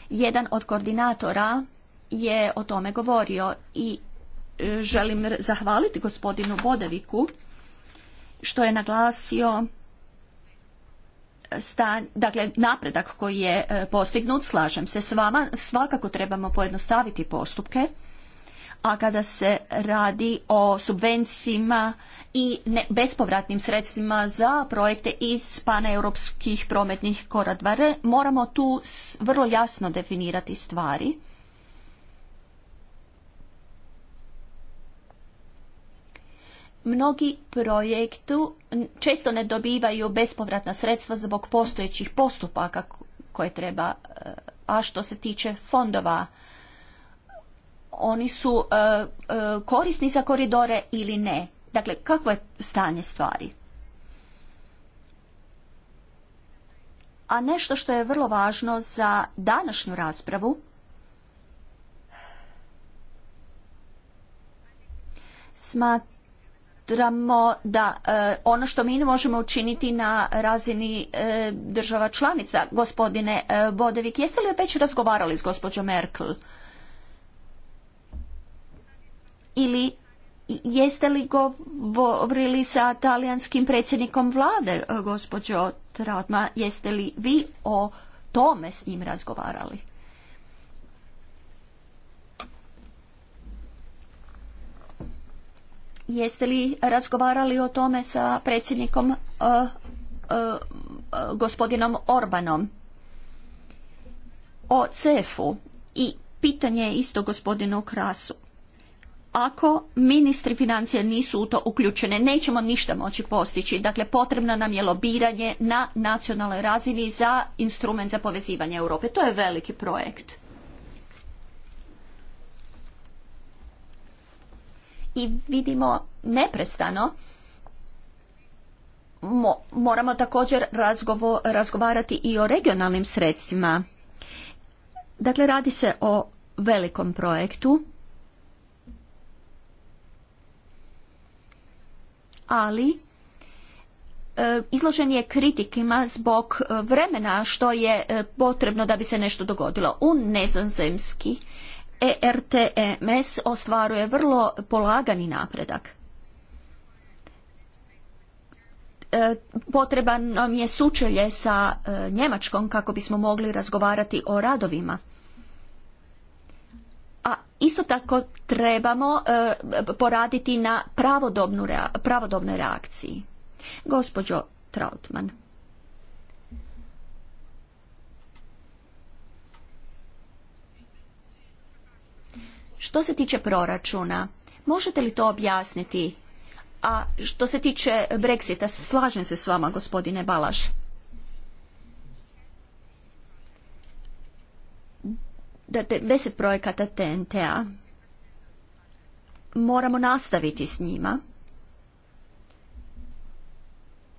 D: Jedan od koordinatora je o tome govorio i e, želim zahvaliti gospodinu Vodaviku što je naglasio dakle napredak koji je e, postignut, slažem se s vama, svakako trebamo pojednostaviti postupke, a kada se radi o subvencijima i bespovratnim sredstvima za projekte iz paneuropskih prometnih koradvare, moramo tu vrlo jasno definirati stvari mnogi projektu često ne dobivaju bespovratna sredstva zbog postojećih postupaka koje treba, e, a što se tiče fondova, oni su e, e, korisni za koridore ili ne. Dakle, kakvo je stanje stvari? A nešto što je vrlo važno za današnju raspravu, smatram smatramo da e, ono što mi možemo učiniti na razini e, država članica. Gospodine e, Bodevik, jeste li već razgovarali s gospođom Merkel? Ili jeste li govorili sa talijanskim predsjednikom vlade, gospođo Tratma? Jeste li vi o tome s njim razgovarali? Jeste li razgovarali o tome sa predsjednikom eh, eh, eh, gospodinom Orbanom? O CEF-u i pitanje je isto gospodinu Krasu. Ako ministri financija nisu u to uključene, nećemo ništa moći postići. Dakle, potrebno nam je lobiranje na nacionalnoj razini za instrument za povezivanje Europe. To je veliki projekt. i vidimo neprestano moramo također razgovo, razgovarati i o regionalnim sredstvima. Dakle, radi se o velikom projektu, ali e, izložen je kritikima zbog e, vremena što je e, potrebno da bi se nešto dogodilo. U nezazemski ERTMS e ostvaruje vrlo polagani napredak. E, potreban nam je sučelje sa e, Njemačkom kako bismo mogli razgovarati o radovima. A isto tako trebamo poraditi na pravodobnoj reakciji. Gospođo Trautman. Što se tiče proračuna, možete li to objasniti? A što se tiče Brexita, slažem se s vama, gospodine Balaš. Da deset projekata TNT-a moramo nastaviti s njima.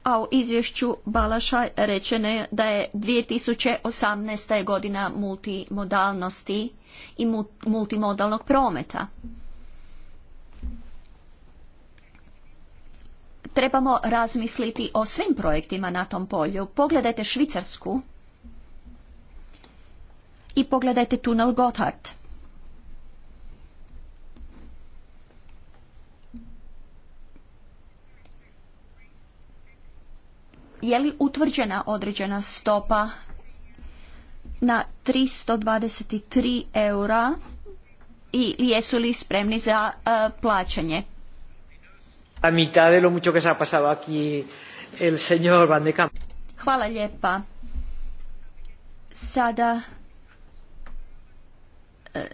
D: A u izvješću Balaša rečeno je da je 2018. godina multimodalnosti i multimodalnog prometa. Trebamo razmisliti o svim projektima na tom polju. Pogledajte Švicarsku i pogledajte tunel Gotthard. Je li utvrđena određena stopa na 323 eura i jesu li spremni za e, plaćanje.
A: lo mucho que se ha
D: Hvala lijepa. Sada e,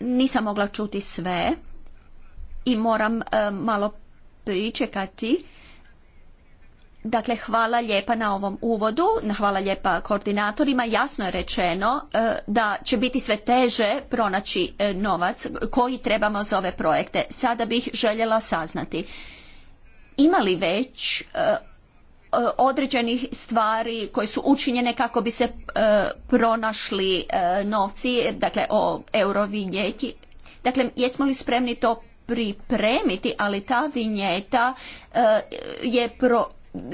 D: nisam mogla čuti sve i moram e, malo pričekati Dakle, hvala lijepa na ovom uvodu, hvala lijepa koordinatorima. Jasno je rečeno e, da će biti sve teže pronaći e, novac koji trebamo za ove projekte. Sada bih željela saznati ima li već e, određenih stvari koje su učinjene kako bi se pronašli novci, dakle o eurovinjeti. Dakle, jesmo li spremni to pripremiti, ali ta vinjeta je pro,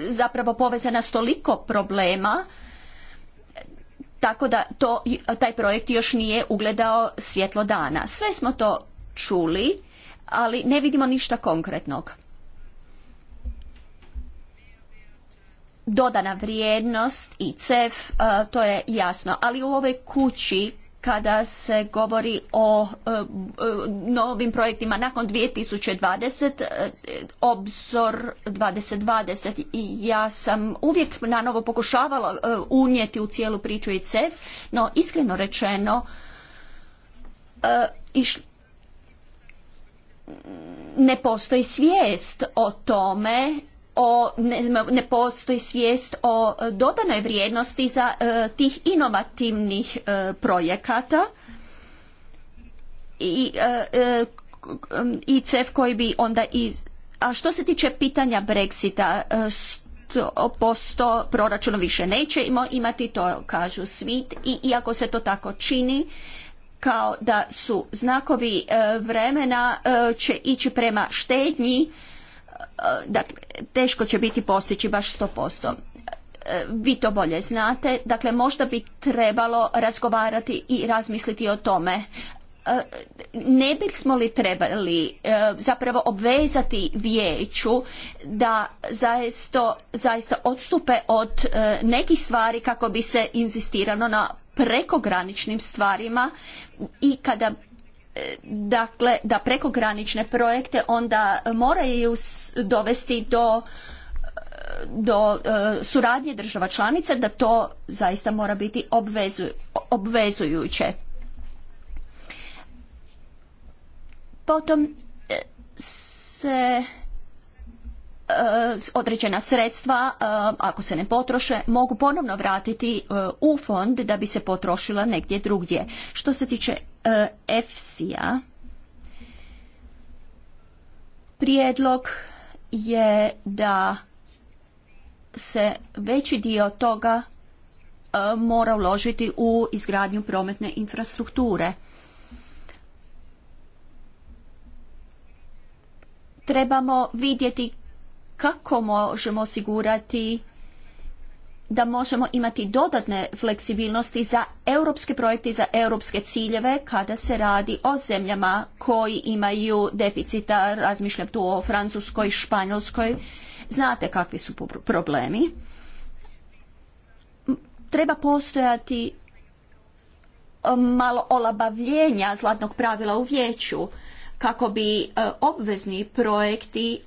D: zapravo povezana s toliko problema tako da to, taj projekt još nije ugledao svjetlo dana. Sve smo to čuli, ali ne vidimo ništa konkretnog. Dodana vrijednost i CEF, to je jasno, ali u ovoj kući kada se govori o e, e, novim projektima nakon 2020, e, obzor 2020. I ja sam uvijek na novo pokušavala unijeti u cijelu priču i CEF, no iskreno rečeno ne postoji svijest o tome o, ne, postoji svijest o dodanoj vrijednosti za e, tih inovativnih e, projekata e, i, CEF koji bi onda iz... A što se tiče pitanja Brexita, posto proračuna više nećemo imati, to kažu svi i iako se to tako čini, kao da su znakovi vremena će ići prema štednji E, dakle, teško će biti postići baš 100%. E, vi to bolje znate, dakle možda bi trebalo razgovarati i razmisliti o tome e, ne bismo li trebali zapravo obvezati vijeću da zaista, zaista odstupe od nekih stvari kako bi se inzistirano na prekograničnim stvarima i kada dakle da prekogranične projekte onda moraju dovesti do do e, suradnje država članica da to zaista mora biti obvezujuće. Potom e, se E, određena sredstva e, ako se ne potroše mogu ponovno vratiti e, u fond da bi se potrošila negdje drugdje. Što se tiče EFSI-a prijedlog je da se veći dio toga mora uložiti u izgradnju prometne infrastrukture. Trebamo vidjeti kako možemo osigurati da možemo imati dodatne fleksibilnosti za europske projekte i za europske ciljeve kada se radi o zemljama koji imaju deficita, razmišljam tu o Francuskoj, Španjolskoj, znate kakvi su problemi. Treba postojati um, malo olabavljenja zlatnog pravila u vijeću kako bi e, obvezni projekti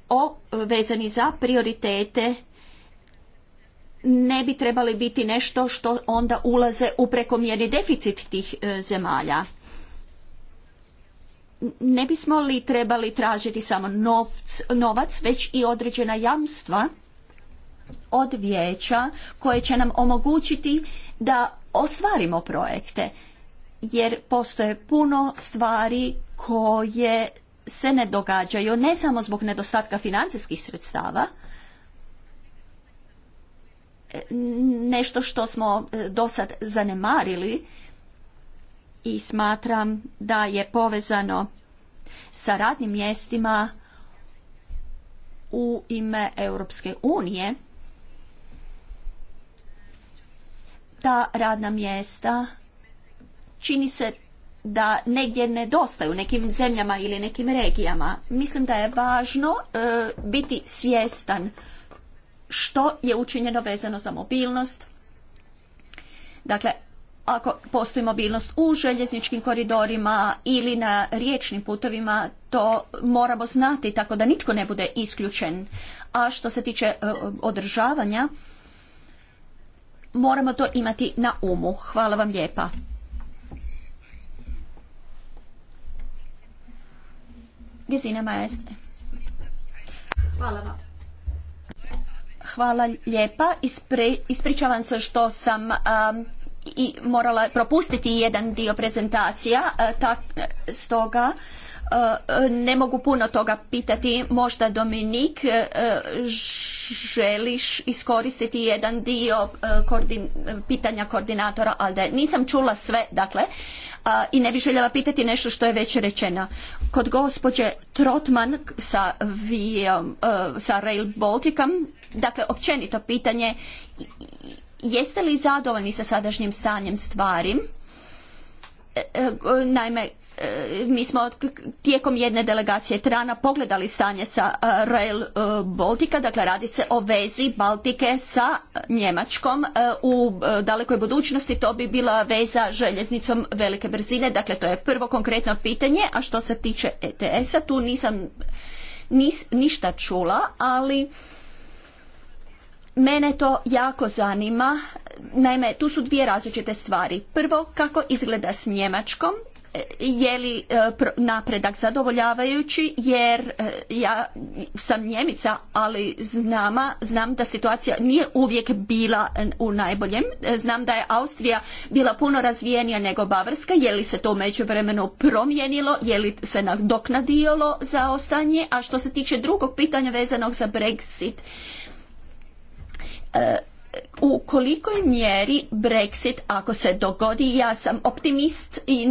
D: vezani za prioritete ne bi trebali biti nešto što onda ulaze u prekomjerni deficit tih e, zemalja. Ne bismo li trebali tražiti samo novac, već i određena jamstva od vijeća koje će nam omogućiti da ostvarimo projekte jer postoje puno stvari koje se ne događaju ne samo zbog nedostatka financijskih sredstava, e, nešto što smo e, do sad zanemarili i smatram da je povezano sa radnim mjestima u ime Europske unije. Ta radna mjesta čini se da negdje nedostaju nekim zemljama ili nekim regijama. Mislim da je važno e, biti svjestan što je učinjeno vezano za mobilnost. Dakle, ako postoji mobilnost u željezničkim koridorima ili na riječnim putovima, to moramo znati tako da nitko ne bude isključen. A što se tiče e, održavanja, moramo to imati na umu. Hvala vam lijepa. Gesine Majeste. Hvala vam. Hvala lijepa. ispričavam se što sam i morala propustiti jedan dio prezentacija, tak, stoga Eh, ne mogu puno toga pitati. Možda Dominik eh, želiš iskoristiti jedan dio eh, pitanja koordinatora, ali da nisam čula sve, dakle, i ne bi željela pitati nešto što je već rečeno. Kod gospođe Trotman sa, sa Rail Balticom, dakle, općenito pitanje, jeste li zadovoljni sa sadašnjim stanjem stvari? naime mi smo tijekom jedne delegacije Trana pogledali stanje sa e, Rail e, Baltica, dakle radi se o vezi Baltike sa Njemačkom e, u dalekoj budućnosti to bi bila veza željeznicom velike brzine, dakle to je prvo konkretno pitanje, a što se tiče ETS-a tu nisam ništa čula, ali Mene to jako zanima. Naime, tu su dvije različite stvari. Prvo, kako izgleda s Njemačkom, e, je li e, napredak zadovoljavajući jer e, ja sam Njemica, ali znama, znam da situacija nije uvijek bila u najboljem. Znam da je Austrija bila puno razvijenija nego Bavarska. Je li se to među međuvremenu promijenilo? Je li se za zaostanje? A što se tiče drugog pitanja vezanog za Brexit, u kolikoj mjeri Brexit ako se dogodi, ja sam optimist i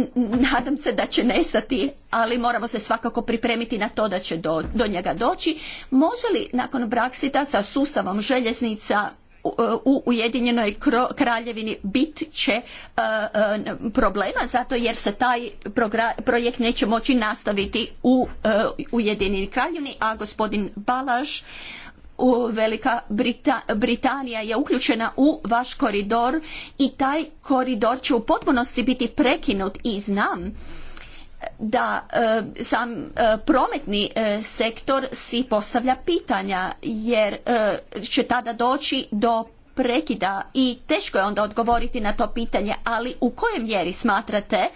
D: nadam se da će nestati, ali moramo se svakako pripremiti na to da će do, njega doći. Može li nakon Brexita sa sustavom željeznica u Ujedinjenoj kraljevini bit će e, e, problema zato jer se taj projekt neće moći nastaviti u e, Ujedinjenoj kraljevini, a gospodin Balaž Velika Brita, Britanija je uključena u vaš koridor i taj koridor će u potpunosti biti prekinut i znam e, da e, sam e, prometni sektor si postavlja pitanja jer će tada doći do prekida i teško je onda odgovoriti na to pitanje ali u kojoj mjeri smatrate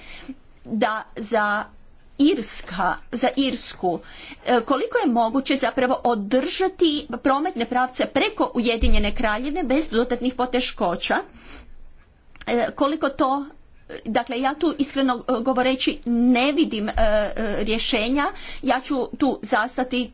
D: da za Irska, za Irsku, e, koliko je moguće zapravo održati prometne pravce preko Ujedinjene kraljevne bez dodatnih poteškoća, e, koliko to Dakle, ja tu iskreno e, govoreći ne vidim rješenja. Ja ću tu zastati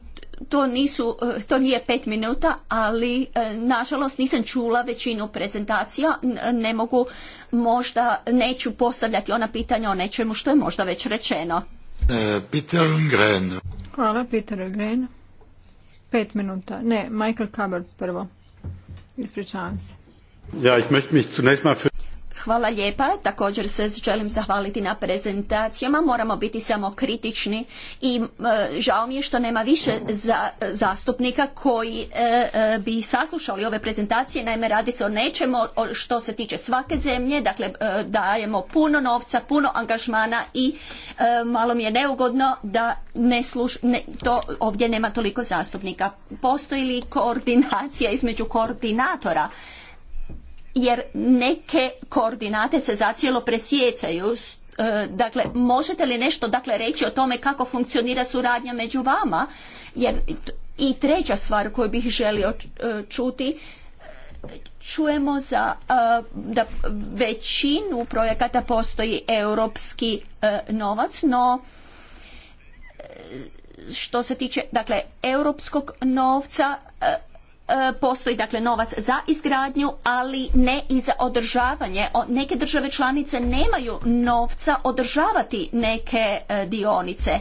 D: to nisu, to nije pet minuta, ali nažalost nisam čula većinu prezentacija, ne mogu, možda neću postavljati ona pitanja o nečemu što je možda već rečeno.
A: Eh, Peter Lundgren.
D: Hvala, Peter Lundgren. Pet minuta. Ne, Michael Kaber prvo. Ispričavam se.
A: Ja, ich möchte mich zunächst mal für
D: Hvala lijepa. Također se želim zahvaliti na prezentacijama. Moramo biti samo kritični i e, žao mi je što nema više zastupnika koji e, e, bi saslušali ove prezentacije. Naime, radi se o nečemu što se tiče svake zemlje. Dakle, dajemo puno novca, puno angažmana i malo mi je neugodno da ne, to ovdje nema toliko zastupnika. Postoji li koordinacija između koordinatora? jer neke koordinate se zacijelo presjecaju. E, dakle, možete li nešto dakle reći o tome kako funkcionira suradnja među vama? Jer i treća stvar koju bih želio e, čuti, čujemo za, e, da većinu projekata postoji europski novac, no što se tiče dakle europskog novca E, postoji dakle novac za izgradnju, ali ne i za održavanje. Neke države članice nemaju novca održavati neke e, dionice.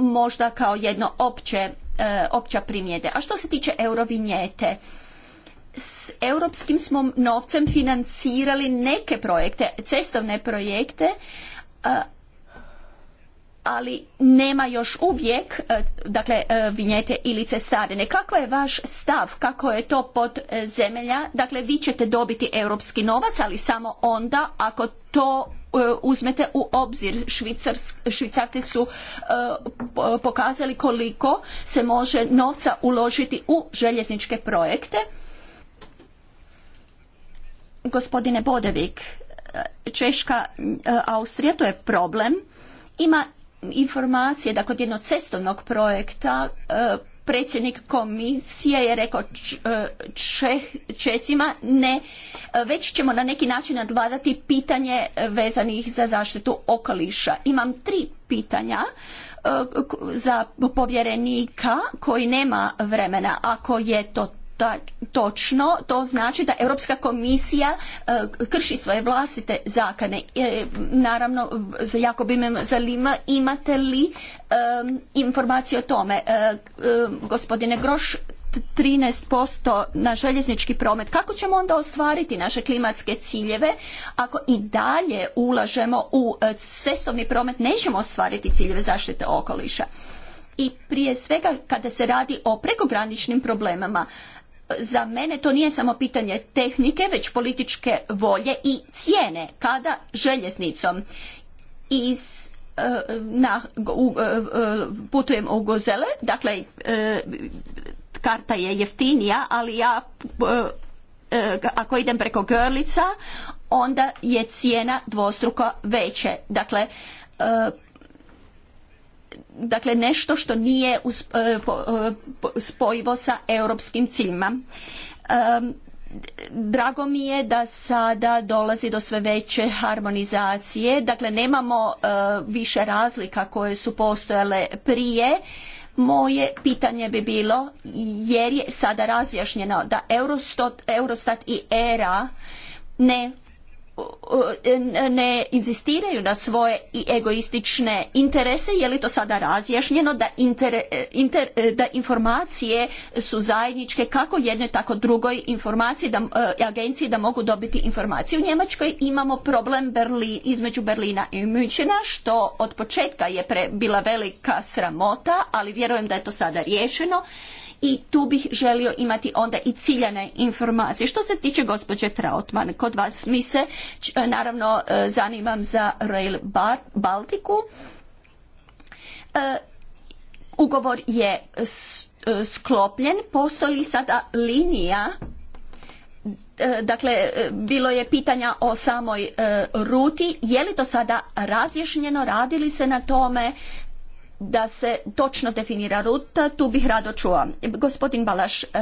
D: Možda kao jedno opće, e, opća primjede. A što se tiče eurovinjete, s europskim smo novcem financirali neke projekte, cestovne projekte, ali nema još uvijek e, dakle e, vinjete ili cestarine. Kako je vaš stav? Kako je to pod e, zemlja? Dakle, vi ćete dobiti europski novac, ali samo onda ako to uzmete u obzir. Švicarci su pokazali koliko se može novca uložiti u željezničke projekte. Gospodine Bodevik, Češka, Austrija, to je problem. Ima informacije da kod jednog cestovnog projekta e, predsjednik komisije je rekao e, Česima ne, e, već ćemo na neki način nadvladati pitanje vezanih za zaštitu okoliša. Imam tri pitanja za povjerenika koji nema vremena. Ako je to točno, to znači da Europska komisija e, krši svoje vlastite zakone, e, naravno, jako bi me zalima imate li e, informacije o tome. Gospodine Groš, 13% na željeznički promet. Kako ćemo onda ostvariti naše klimatske ciljeve ako i dalje ulažemo u cestovni promet, nećemo ostvariti ciljeve zaštite okoliša. I prije svega kada se radi o prekograničnim problemama, za mene to nije samo pitanje tehnike, već političke volje i cijene kada željeznicom iz e, na, e, e, putujem u Gozele, dakle karta je jeftinija, ali ja ako idem preko Grlica, onda je cijena dvostruko veće. Dakle, dakle nešto što nije e, e, spojivo sa europskim ciljima. E, drago mi je da sada dolazi do sve veće harmonizacije, dakle nemamo više razlika koje su postojale prije. Moje pitanje bi bilo, jer je sada razjašnjeno da Eurostat i ERA ne E, ne inzistiraju na svoje i egoistične interese, je li to sada razjašnjeno da, e, e, da informacije su zajedničke kako jednoj tako drugoj informaciji da, agenciji da mogu dobiti informacije. U Njemačkoj imamo problem Berlin, između Berlina i Münchena što od početka je pre, bila velika sramota, ali vjerujem da je to sada riješeno i tu bih želio imati onda i ciljane informacije. Što se tiče gospođe Trautman, kod vas mi se e, naravno e, zanimam za Rail Baltiku. E, ugovor je sklopljen, postoji li sada linija dakle bilo je pitanja o samoj ruti je li to sada razjašnjeno Radili se na tome da se točno definira ruta, tu bih rado čuo. Gospodin Balaš, 17%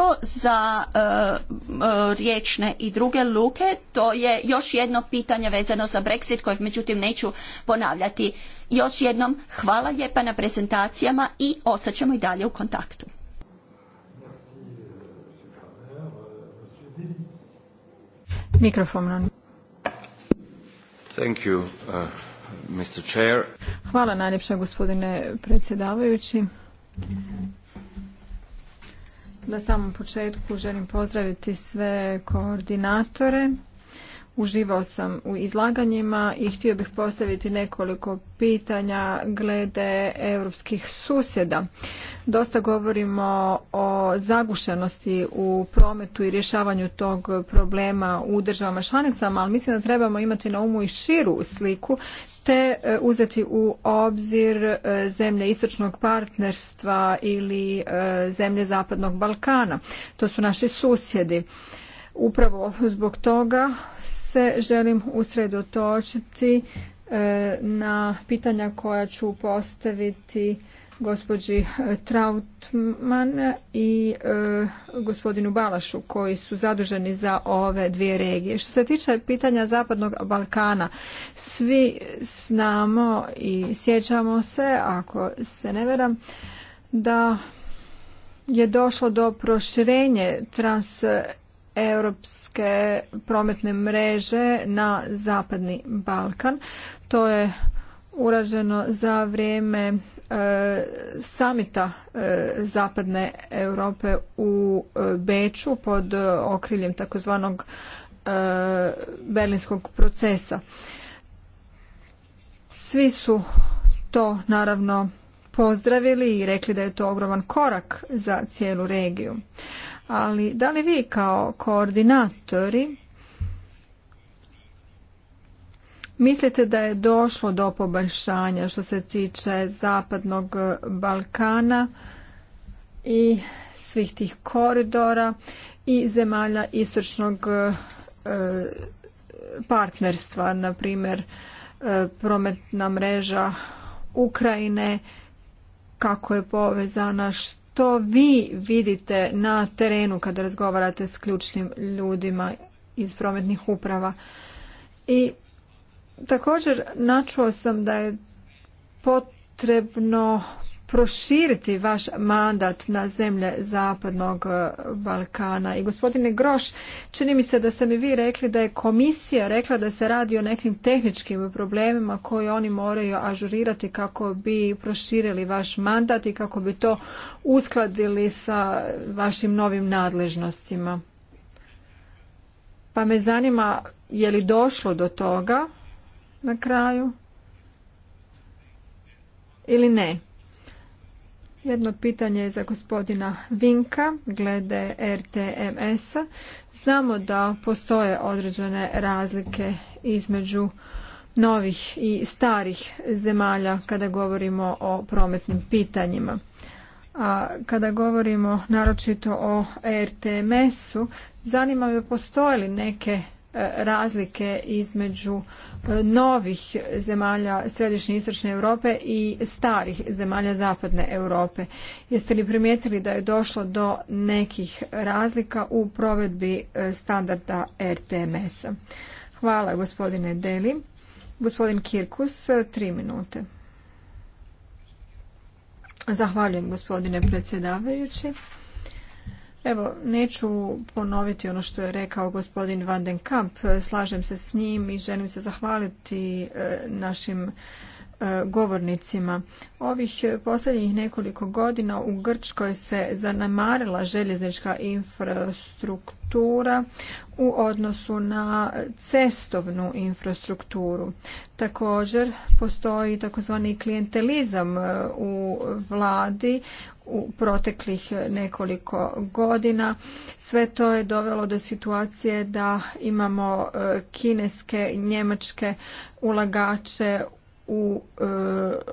D: e, za e, e, riječne i druge luke, to je još jedno pitanje vezano za Brexit kojeg međutim neću ponavljati. Još jednom hvala lijepa na prezentacijama i ćemo i dalje u kontaktu. Mikrofon.
A: Mr.
B: Hvala najljepša gospodine predsjedavajući. Na samom početku želim pozdraviti sve koordinatore. Uživao sam u izlaganjima i htio bih postaviti nekoliko pitanja glede europskih susjeda. Dosta govorimo o zagušenosti u prometu i rješavanju tog problema u državama članicama, ali mislim da trebamo imati na umu i širu sliku te e, uzeti u obzir e, zemlje istočnog partnerstva ili e, zemlje zapadnog Balkana. To su naši susjedi. Upravo zbog toga se želim usredotočiti na pitanja koja ću postaviti gospođi e, Trautman i e, gospodinu Balašu koji su zaduženi za ove dvije regije. Što se tiče pitanja Zapadnog Balkana, svi znamo i sjećamo se, ako se ne veram, da je došlo do proširenje trans europske prometne mreže na Zapadni Balkan. To je urađeno za vrijeme E, samita e, zapadne Europe u e, Beču pod okriljem takozvanog berlinskog procesa. Svi su to naravno pozdravili i rekli da je to ogroman korak za cijelu regiju. Ali da li vi kao koordinatori Mislite da je došlo do poboljšanja što se tiče Zapadnog Balkana i svih tih koridora i zemalja istočnog e, partnerstva, na primjer e, prometna mreža Ukrajine, kako je povezana, što vi vidite na terenu kada razgovarate s ključnim ljudima iz prometnih uprava i Također načuo sam da je potrebno proširiti vaš mandat na zemlje Zapadnog eh, Balkana. I gospodine Groš, čini mi se da ste mi vi rekli da je komisija rekla da se radi o nekim tehničkim problemima koje oni moraju ažurirati kako bi proširili vaš mandat i kako bi to uskladili sa vašim novim nadležnostima. Pa me zanima je li došlo do toga na kraju? Ili ne? Jedno pitanje je za gospodina Vinka glede RTMS-a. Znamo da postoje određene razlike između novih i starih zemalja kada govorimo o prometnim pitanjima. A kada govorimo naročito o RTMS-u, zanima me postoje li neke E, razlike između e, novih zemalja središnje i istočne Europe i starih zemalja zapadne Europe. Jeste li primijetili da je došlo do nekih razlika u provedbi e, standarda RTMS-a? Hvala gospodine Deli. Gospodin Kirkus, tri minute. Zahvaljujem gospodine predsjedavajući. Evo, neću ponoviti ono što je rekao gospodin Van den Slažem se s njim i želim se zahvaliti e, našim E, govornicima. Ovih posljednjih nekoliko godina u Grčkoj se zanemarila željeznička infrastruktura u odnosu na cestovnu infrastrukturu. Također postoji takozvani klijentelizam e, u vladi u proteklih nekoliko godina. Sve to je dovelo do situacije da imamo e, kineske, njemačke ulagače u e,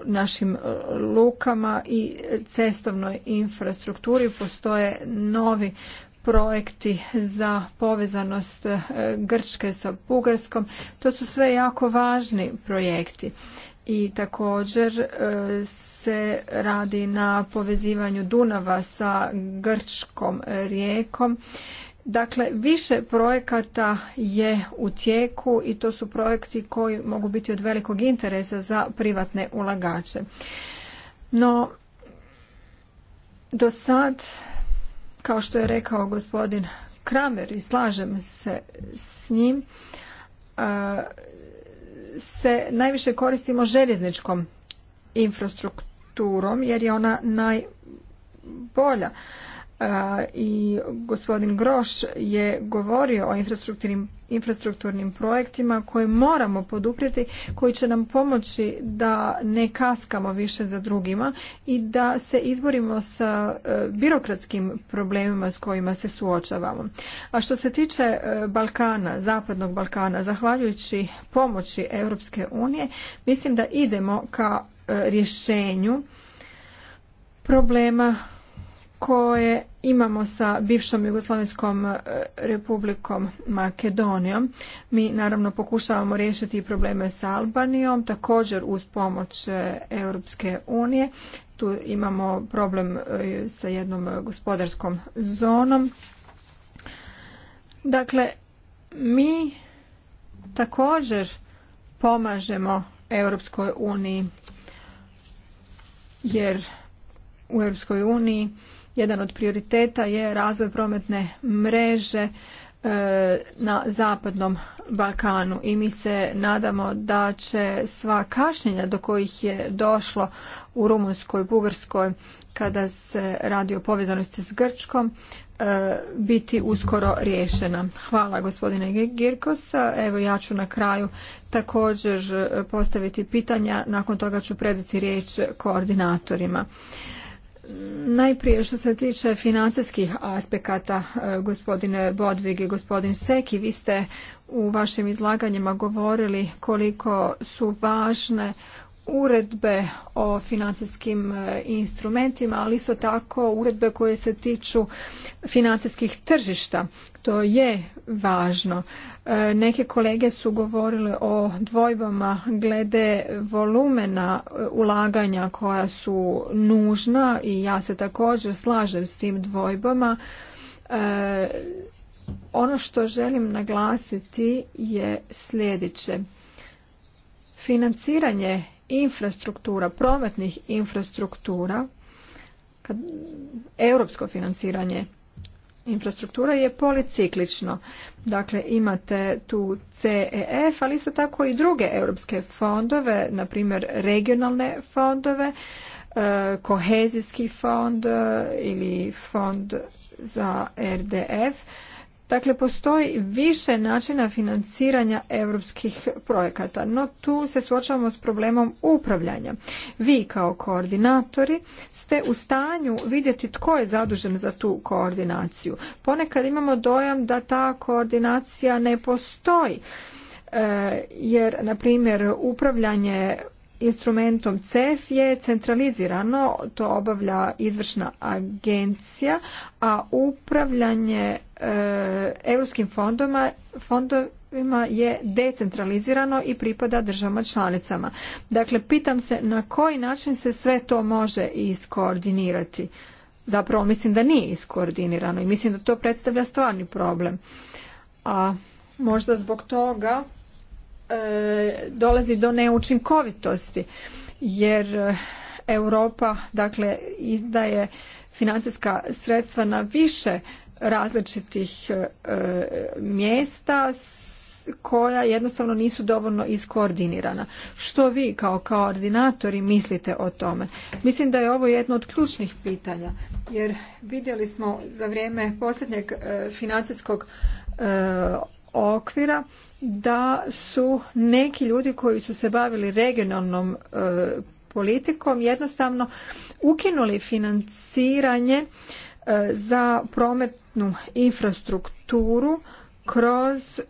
B: našim e, lukama i cestovnoj infrastrukturi postoje novi projekti za povezanost e, Grčke sa Bugarskom. To su sve jako važni projekti i također se radi na povezivanju Dunava sa Grčkom rijekom Dakle, više projekata je u tijeku i to su projekti koji mogu biti od velikog interesa za privatne ulagače. No, do sad, kao što je rekao gospodin Kramer i slažem se s njim, e, se najviše koristimo željezničkom infrastrukturom jer je ona najbolja i gospodin Groš je govorio o infrastrukturnim, infrastrukturnim projektima koje moramo poduprijeti, koji će nam pomoći da ne kaskamo više za drugima i da se izborimo sa e, birokratskim problemima s kojima se suočavamo. A što se tiče e, Balkana, Zapadnog Balkana, zahvaljujući pomoći Europske unije, mislim da idemo ka e, rješenju problema koje imamo sa bivšom Jugoslavenskom e, republikom Makedonijom. Mi naravno pokušavamo riješiti probleme sa Albanijom, također uz pomoć e, Europske unije. Tu imamo problem e, sa jednom gospodarskom zonom. Dakle, mi također pomažemo Europskoj uniji jer u Europskoj uniji. Jedan od prioriteta je razvoj prometne mreže e, na zapadnom Balkanu i mi se nadamo da će sva kašnjenja do kojih je došlo u Rumunskoj, Bugarskoj kada se radi o povezanosti s Grčkom e, biti uskoro riješena. Hvala gospodine Girkos. Evo ja ću na kraju također postaviti pitanja, nakon toga ću predati riječ koordinatorima. Najprije što se tiče financijskih aspekata, e, gospodine Bodvig i gospodin Seki, vi ste u vašim izlaganjima govorili koliko su važne uredbe o financijskim e, instrumentima, ali isto tako uredbe koje se tiču financijskih tržišta. To je važno. E, neke kolege su govorile o dvojbama glede volumena e, ulaganja koja su nužna i ja se također slažem s tim dvojbama. E, ono što želim naglasiti je sljedeće. Financiranje infrastruktura, prometnih infrastruktura, europsko financiranje infrastruktura je policiklično. Dakle, imate tu CEF, ali isto tako i druge europske fondove, na primjer regionalne fondove, e, kohezijski fond e, ili fond za RDF Dakle, postoji više načina financiranja europskih projekata, no tu se suočavamo s problemom upravljanja. Vi kao koordinatori ste u stanju vidjeti tko je zadužen za tu koordinaciju. Ponekad imamo dojam da ta koordinacija ne postoji e, jer na primjer upravljanje instrumentom CEF je centralizirano, to obavlja izvršna agencija, a upravljanje e, europskim fondovima, fondovima je decentralizirano i pripada državama članicama. Dakle, pitam se na koji način se sve to može iskoordinirati. Zapravo mislim da nije iskoordinirano i mislim da to predstavlja stvarni problem. A možda zbog toga E, dolazi do neučinkovitosti jer e, Europa dakle izdaje financijska sredstva na više različitih e, mjesta koja jednostavno nisu dovoljno iskoordinirana. Što vi kao koordinatori mislite o tome? Mislim da je ovo jedno od ključnih pitanja jer vidjeli smo za vrijeme posljednjeg financijskog okvira da su neki ljudi koji su se bavili regionalnom e, politikom jednostavno ukinuli financiranje e, za prometnu infrastrukturu kroz e,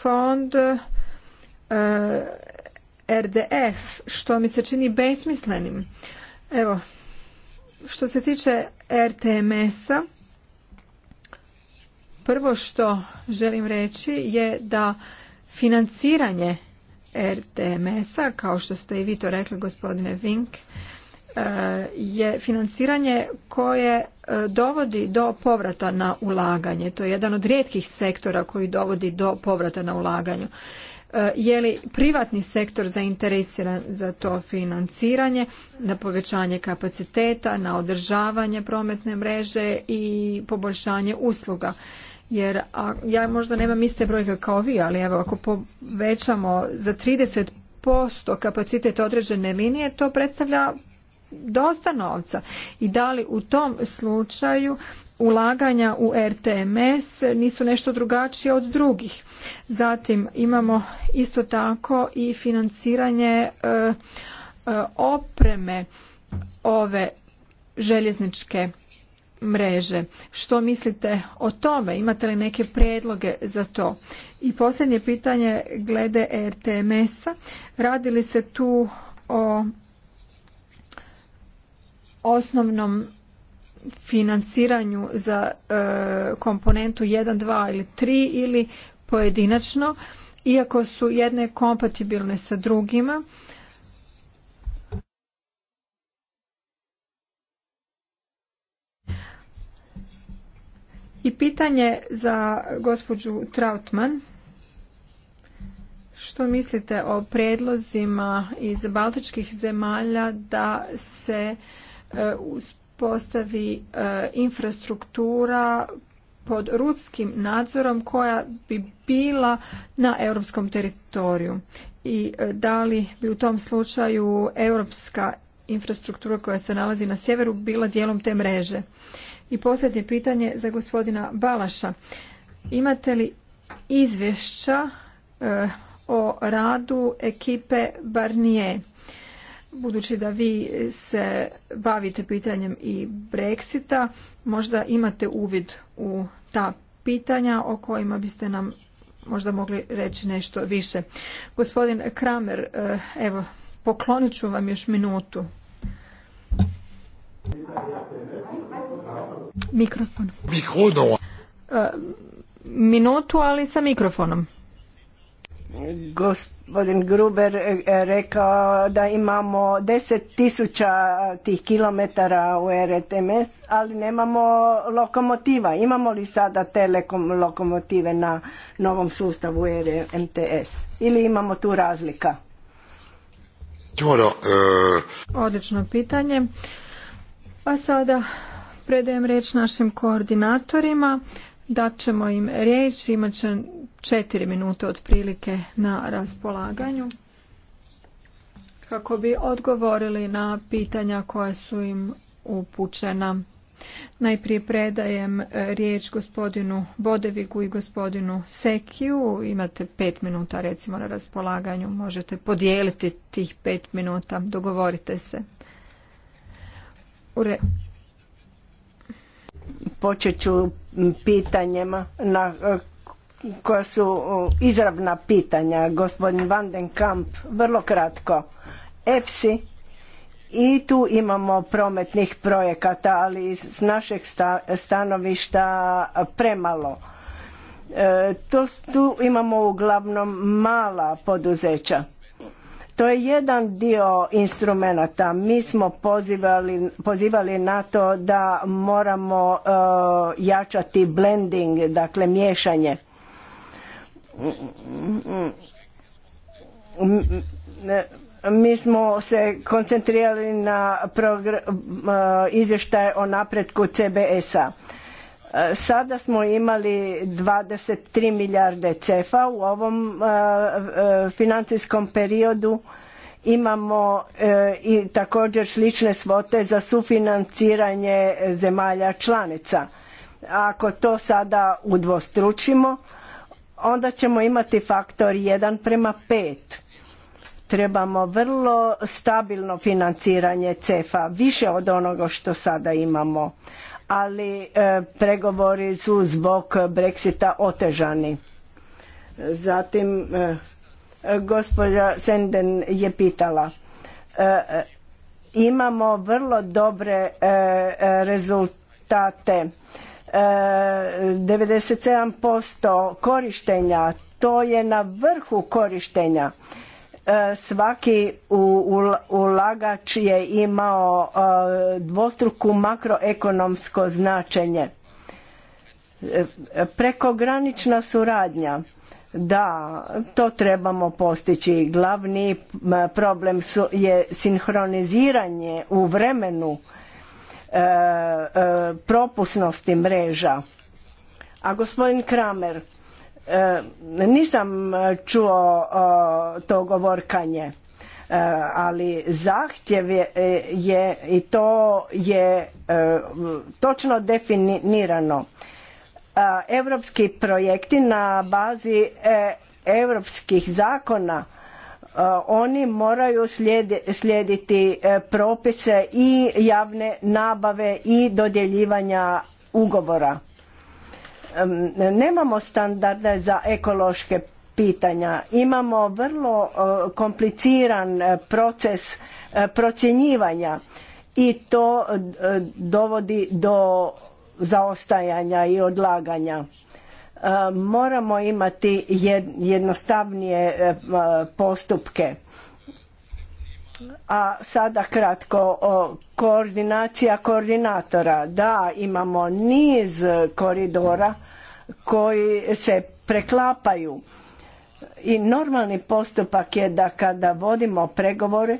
B: fond RDF što mi se čini besmislenim. Evo što se tiče RTMS-a Prvo što želim reći je da financiranje RTMS-a, kao što ste i vi to rekli gospodine Vink, e, je financiranje koje e, dovodi do povrata na ulaganje. To je jedan od rijetkih sektora koji dovodi do povrata na ulaganju. E, je li privatni sektor zainteresiran za to financiranje, na povećanje kapaciteta, na održavanje prometne mreže i poboljšanje usluga? jer ja možda nemam iste brojke kao vi, ali evo ako povećamo za 30% kapacitet određene linije, to predstavlja dosta novca. I da li u tom slučaju ulaganja u RTMS nisu nešto drugačije od drugih. Zatim imamo isto tako i financiranje e, e, opreme ove željezničke mreže. Što mislite o tome? Imate li neke prijedloge za to? I posljednje pitanje glede RTMS-a. Radi li se tu o osnovnom financiranju za e, komponentu 1, 2 ili 3 ili pojedinačno, iako su jedne kompatibilne sa drugima. I pitanje za gospođu Trautman. Što mislite o predlozima iz baltičkih zemalja da se e, uspostavi e, infrastruktura pod ruskim nadzorom koja bi bila na europskom teritoriju i e, da li bi u tom slučaju europska infrastruktura koja se nalazi na sjeveru bila dijelom te mreže. I posljednje pitanje za gospodina Balaša. Imate li izvješća e, o radu ekipe Barnier? Budući da vi se bavite pitanjem i Brexita, možda imate uvid u ta pitanja o kojima biste nam možda mogli reći nešto više. Gospodin Kramer, e, evo, poklonit ću vam još minutu. Mikrofon. E, minutu, ali sa mikrofonom.
C: Gospodin Gruber e, e, rekao da imamo deset tisuća tih kilometara u RTMS, ali nemamo lokomotiva. Imamo li sada telekom lokomotive na novom sustavu RMTS? Ili imamo tu razlika? Odlično pitanje. Pa sada
B: Predajem riječ našim koordinatorima, dat ćemo im riječ, imat će četiri minute otprilike na raspolaganju kako bi odgovorili na pitanja koja su im upućena. Najprije predajem riječ gospodinu Bodeviku i gospodinu Sekiju. Imate pet minuta recimo na raspolaganju. Možete podijeliti tih pet minuta. Dogovorite se. U,
C: Počet ću pitanjima na koja su izravna pitanja. Gospodin Van den Kamp, vrlo kratko. EPSI i tu imamo prometnih projekata, ali s našeg stanovišta premalo. E, to, tu imamo uglavnom mala poduzeća to je jedan dio instrumenata. Mi smo pozivali, pozivali na to da moramo eh, jačati blending, dakle miješanje. Mi smo se koncentrirali na uh, izvještaje o napretku CBS-a. E, sada smo imali 23 milijarde cefa u ovom e, e, financijskom periodu imamo i također slične svote za sufinanciranje zemalja članica. Ako to sada udvostručimo, onda ćemo imati faktor 1 prema 5. Trebamo vrlo stabilno financiranje CEFA, više od onoga što sada imamo ali e, pregovori su zbog Brexita otežani. Zatim, e, gospođa Senden je pitala, e, imamo vrlo dobre rezultate, 97% korištenja, to je na vrhu korištenja E, svaki ulagač je imao e, dvostruku makroekonomsko značenje. E, prekogranična suradnja, da, to trebamo postići. Glavni problem je sinhroniziranje u vremenu propusnosti mreža. A gospodin Kramer, E, nisam e, čuo e, to govorkanje ali zahtjev je, i to je točno definirano europski projekti na bazi europskih zakona oni moraju slijediti propise i javne nabave i dodjeljivanja ugovora Nemamo standarde za ekološke pitanja. Imamo vrlo e, kompliciran e, proces e, procjenjivanja i to dovodi do zaostajanja i odlaganja. Moramo imati jednostavnije postupke a sada kratko o koordinacija koordinatora. Da, imamo niz koridora koji se preklapaju i normalni postupak je da kada vodimo pregovore e,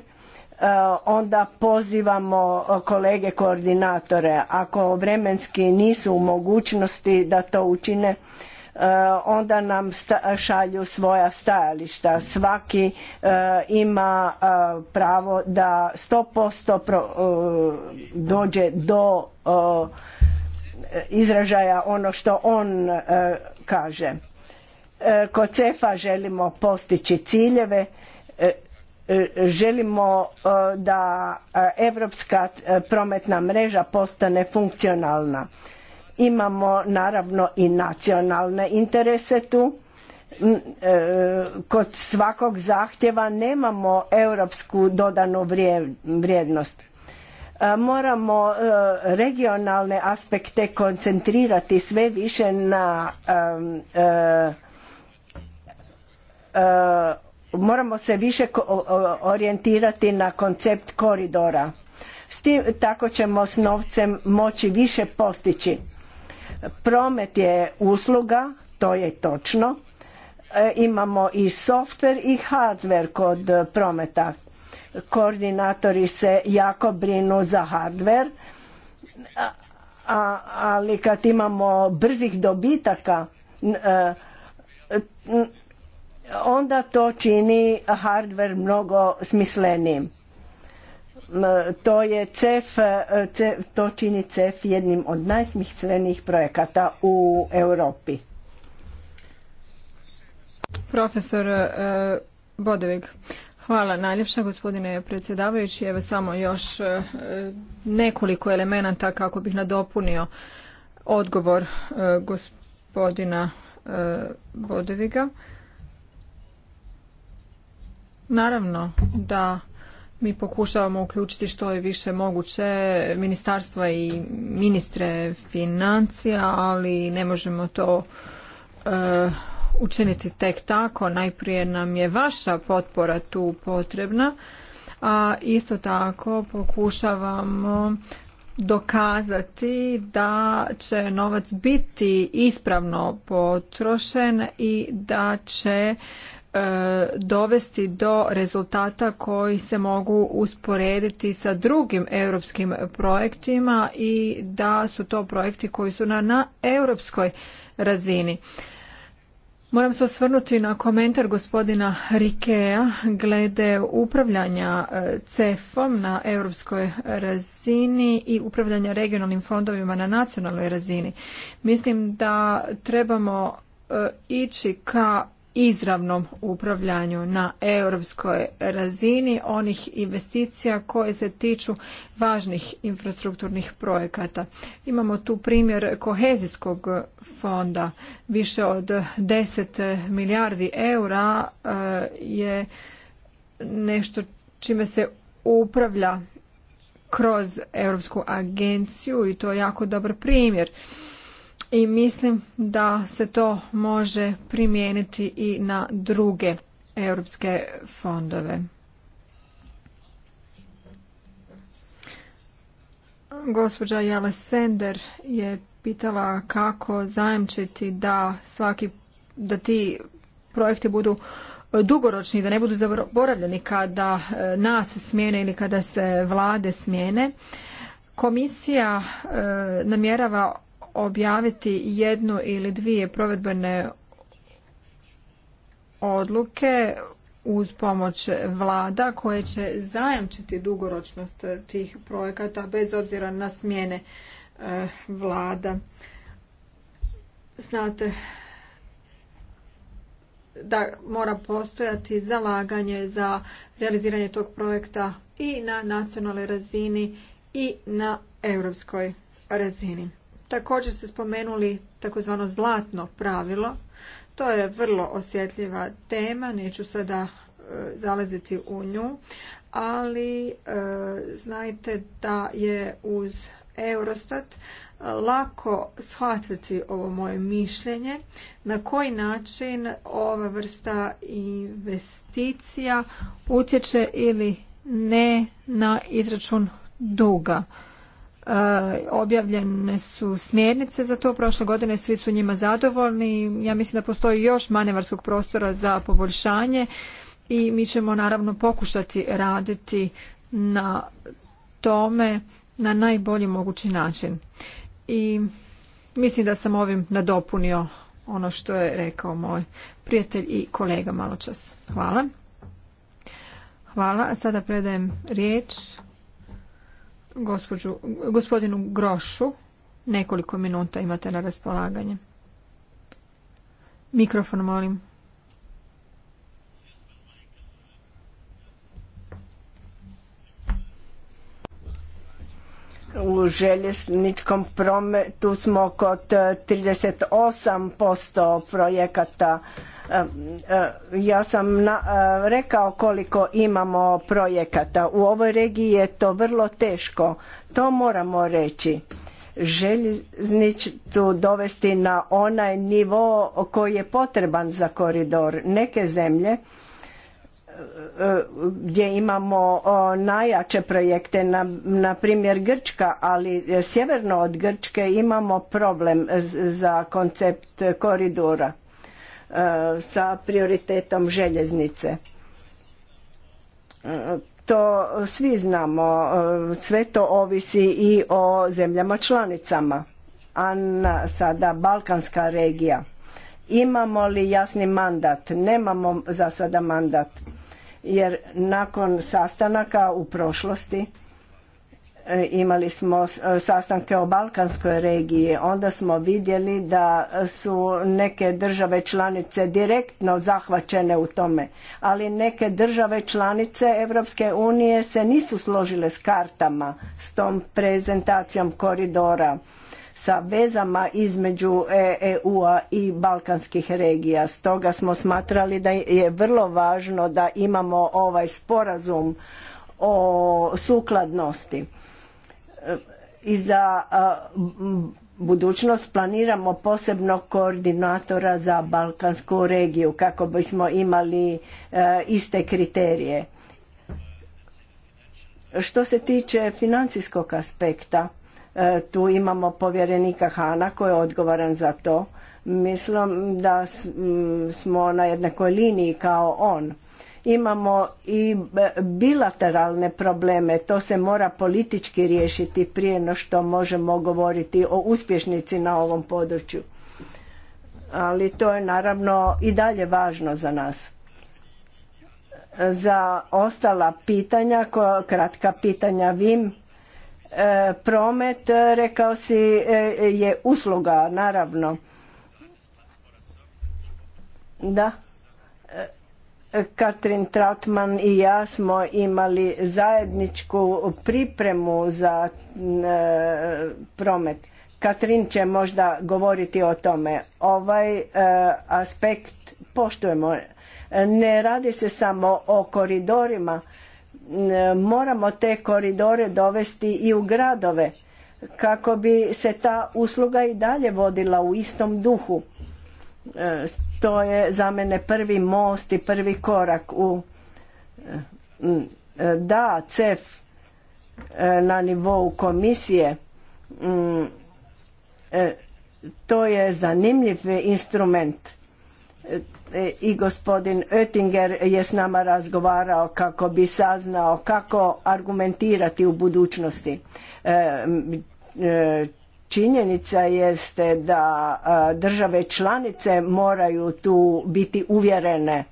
C: onda pozivamo kolege koordinatore ako vremenski nisu u mogućnosti da to učine Eh, onda nam šalju svoja stajališta. Svaki eh, ima eh, pravo da 100% dođe do izražaja ono što on kaže. Kod CEFA želimo postići ciljeve, želimo da europska prometna mreža postane funkcionalna Imamo naravno i nacionalne interese tu. E, kod svakog zahtjeva nemamo europsku dodanu vrijednost. E, moramo e, regionalne aspekte koncentrirati sve više na moramo se više orijentirati na koncept koridora. tim, tako ćemo s novcem moći više postići Promet je usluga, to je točno. E, imamo i software i hardware kod prometa. Koordinatori se jako brinu za hardware, ali kad imamo brzih dobitaka, e, onda to čini hardware mnogo smislenijim. To je e, to čini CEF jednim od najsmislenijih projekata u Europi.
B: Profesor e, Bodovig, Hvala najljepša gospodine predsjedavajući. Evo samo još e, nekoliko elemenata kako bih nadopunio odgovor gospodina Bodeviga. Naravno da mi pokušavamo uključiti što je više moguće ministarstva i ministre financija, ali ne možemo to eh, učiniti tek tako. Najprije nam je vaša potpora tu potrebna, a isto tako pokušavamo dokazati da će novac biti ispravno potrošen i da će E, dovesti do rezultata koji se mogu usporediti sa drugim europskim projektima i da su to projekti koji su na, na europskoj razini. Moram se osvrnuti na komentar gospodina Rikea glede upravljanja e, CEF-om na europskoj razini i upravljanja regionalnim fondovima na nacionalnoj razini. Mislim da trebamo e, ići ka izravnom upravljanju na europskoj razini onih investicija koje se tiču važnih infrastrukturnih projekata. Imamo tu primjer kohezijskog fonda. Više od 10 milijardi eura eh, je nešto čime se upravlja kroz Europsku agenciju i to je jako dobar primjer i mislim da se to može primijeniti i na druge europske fondove. Gospođa Jala Sender je pitala kako zajamčiti da svaki da ti projekti budu e, dugoročni, da ne budu zaboravljeni kada e, nas smijene ili kada se vlade smijene. Komisija e, namjerava objaviti jednu ili dvije provedbene odluke uz pomoć vlada koje će zajamčiti dugoročnost tih projekata bez obzira na smjene e, vlada. Znate da mora postojati zalaganje za realiziranje tog projekta i na nacionalnoj razini i na europskoj razini. Također ste spomenuli takozvano zlatno pravilo. To je vrlo osjetljiva tema, neću sada e, zalaziti u nju, ali e, znajte da je uz Eurostat e, lako shvatiti ovo moje mišljenje na koji način ova vrsta investicija utječe ili ne na izračun duga. Eh, objavljene su smjernice za to prošle godine, svi su njima zadovoljni. Ja mislim da postoji još manevarskog prostora za poboljšanje i mi ćemo naravno pokušati raditi na tome na najbolji mogući način. I mislim da sam ovim nadopunio ono što je rekao moj prijatelj i kolega maločas. Hvala. Hvala, sada predajem riječ gospođu, gospodinu Grošu. Nekoliko minuta imate na raspolaganje. Mikrofon, molim.
C: u željezničkom prometu smo kod 38% eh, projekata ja sam rekao koliko imamo projekata. U ovoj regiji je to vrlo teško. To moramo reći. Željeznicu dovesti na onaj nivo koji je potreban za koridor. Neke zemlje gdje imamo najjače projekte, na primjer Grčka, ali sjeverno od Grčke imamo problem za koncept koridora E, sa prioritetom željeznice. E, to svi znamo, e, sve to ovisi i o zemljama članicama, a sada Balkanska regija. Imamo li jasni mandat? Nemamo za sada mandat jer nakon sastanaka u prošlosti E, imali smo e, sastanke o balkanskoj regiji onda smo vidjeli da su neke države članice direktno zahvaćene u tome ali neke države članice Europske unije se nisu složile s kartama s tom prezentacijom koridora sa vezama između EU-a e i balkanskih regija stoga smo smatrali da je vrlo važno da imamo ovaj sporazum o sukladnosti i za budućnost planiramo posebnog koordinatora za balkansku regiju kako bismo imali e, iste kriterije. Što se tiče financijskog aspekta, e, tu imamo povjerenika Hana koji je odgovoran za to. Mislim da smo na jednakoj liniji kao on Imamo i e, bilateralne probleme, to se mora politički riješiti prije no što možemo govoriti o uspješnici na ovom području. Ali to je naravno i dalje važno za nas. Za ostala pitanja, kratka pitanja Vim, e, promet, rekao si, e, je usluga, naravno. Da. Katrin Trautman i ja smo imali zajedničku pripremu za e, promet. Katrin će možda govoriti o tome. Ovaj e, aspekt poštujemo. Ne radi se samo o koridorima. E, moramo te koridore dovesti i u gradove kako bi se ta usluga i dalje vodila u istom duhu E, to je za mene prvi most i prvi korak u e, e, da CEF na nivou komisije mm, to je zanimljiv instrument i gospodin Oettinger je s nama razgovarao kako bi saznao kako argumentirati u budućnosti Činjenica jeste da države članice moraju tu biti uvjerene.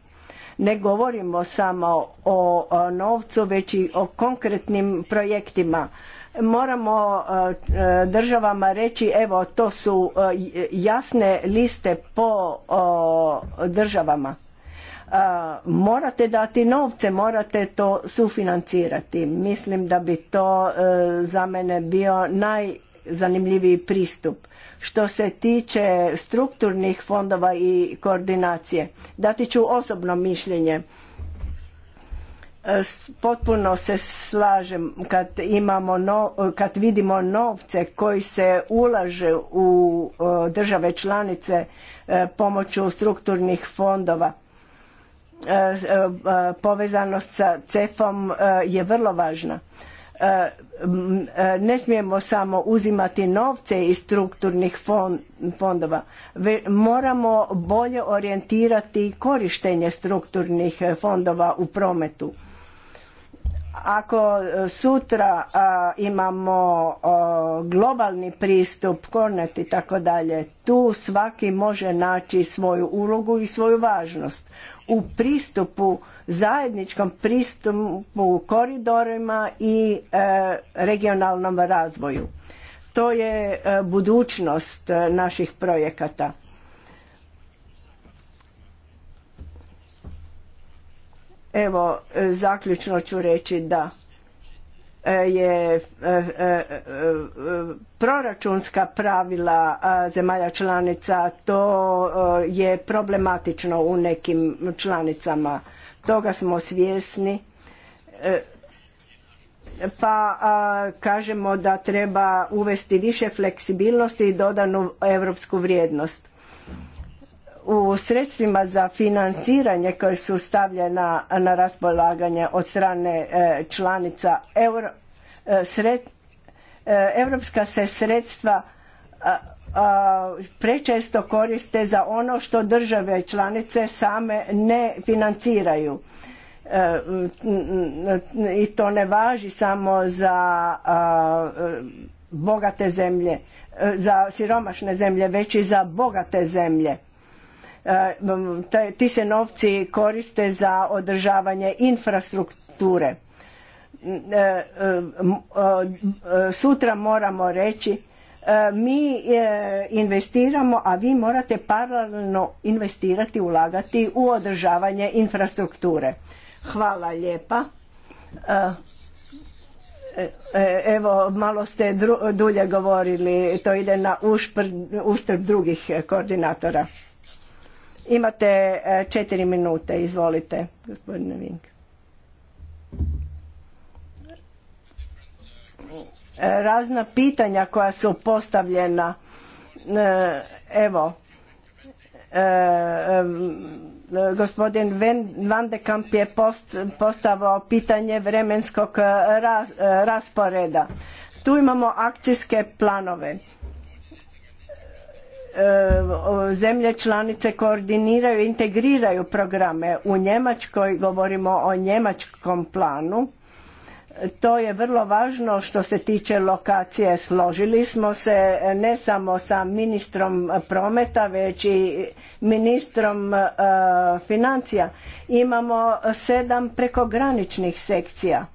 C: Ne govorimo samo o novcu, već i o konkretnim projektima. Moramo državama reći, evo, to su jasne liste po državama. Morate dati novce, morate to sufinancirati. Mislim da bi to e, za mene bio naj zanimljiviji pristup. Što se tiče strukturnih fondova i koordinacije, dati ću osobno mišljenje. E, potpuno se slažem kad, imamo kad vidimo novce koji se ulaže u e, države članice e, pomoću strukturnih fondova. Povezanost sa CEF-om je vrlo važna E, e, ne smijemo samo uzimati novce iz strukturnih fondova moramo bolje orijentirati korištenje strukturnih fondova u prometu ako e, sutra imamo globalni pristup, kornet i tako dalje, tu svaki može naći svoju ulogu i svoju važnost. U pristupu, zajedničkom pristupu koridorima i e, regionalnom razvoju. To je e, budućnost naših projekata Evo, e, zaključno ću reći da e, je e, proračunska pravila zemalja članica, to je problematično u nekim članicama. Toga smo svjesni. Pa kažemo da treba uvesti više fleksibilnosti i dodanu europsku vrijednost u sredstvima za financiranje koje su stavljena na raspolaganje od strane e, članica euro, e, e, se sredstva prečesto koriste za ono što države članice same ne financiraju i to ne važi samo za bogate zemlje za siromašne zemlje već i za bogate zemlje Eh, mm, ti se novci koriste za održavanje infrastrukture mm, eh, mm, eh, sutra moramo reći mi investiramo a vi morate paralelno investirati ulagati u održavanje infrastrukture hvala lijepa evo malo ste dulje govorili to ide na uštrb drugih koordinatora Imate e, četiri minute, izvolite, gospodine Vink. E, razna pitanja koja su postavljena, e, evo, gospodin Van de Kamp je postavao pitanje vremenskog rasporeda. Tu imamo akcijske planove E, zemlje članice koordiniraju i integriraju programe. U Njemačkoj govorimo o njemačkom planu. To je vrlo važno što se tiče lokacije. Složili smo se ne samo sa ministrom prometa, već i ministrom e, financija. Imamo sedam prekograničnih sekcija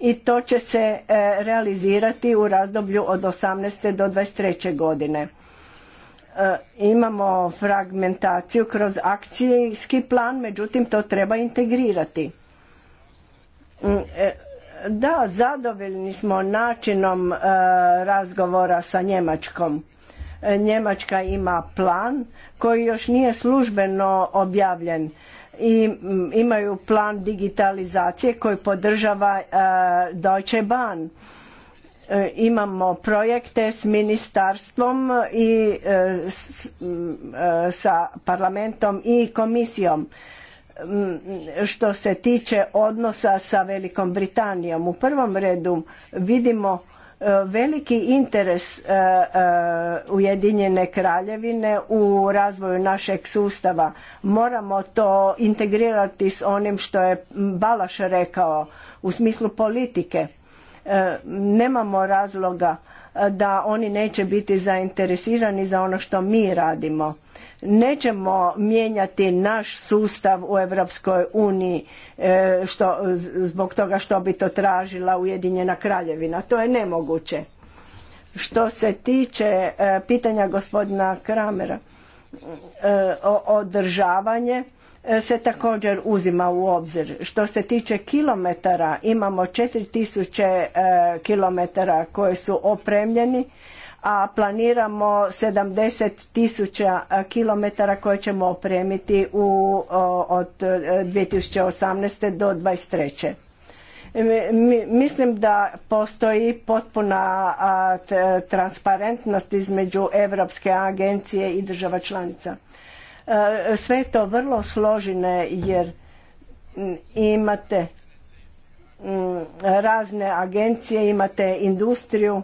C: i to će se e, realizirati u razdoblju od 18. do 23. godine E, imamo fragmentaciju kroz akcijski plan, međutim to treba integrirati. Mm, e, da, zadovoljni smo načinom e, razgovora sa Njemačkom. Njemačka ima plan koji još nije službeno objavljen i imaju plan digitalizacije koji podržava Deutsche Bahn E, imamo projekte s ministarstvom i e, e, sa parlamentom i komisijom mm, što se tiče odnosa sa Velikom Britanijom. U prvom redu vidimo veliki interes Ujedinjene kraljevine u razvoju našeg sustava. Moramo to integrirati s onim što je Balaš rekao u smislu politike E, nemamo razloga e, da oni neće biti zainteresirani za ono što mi radimo. Nećemo mijenjati naš sustav u Europskoj uniji e, zbog toga što bi to tražila Ujedinjena kraljevina. To je nemoguće. Što se tiče pitanja gospodina Kramera, održavanje E, se također uzima u obzir. Što se tiče kilometara, imamo 4000 e, kilometara koji su opremljeni, a planiramo 70.000 tisuća e, kilometara koje ćemo opremiti u, od 2018. do 2023. Mislim da postoji potpuna transparentnost između Europske agencije i država članica sve to vrlo složene jer imate razne agencije, imate industriju,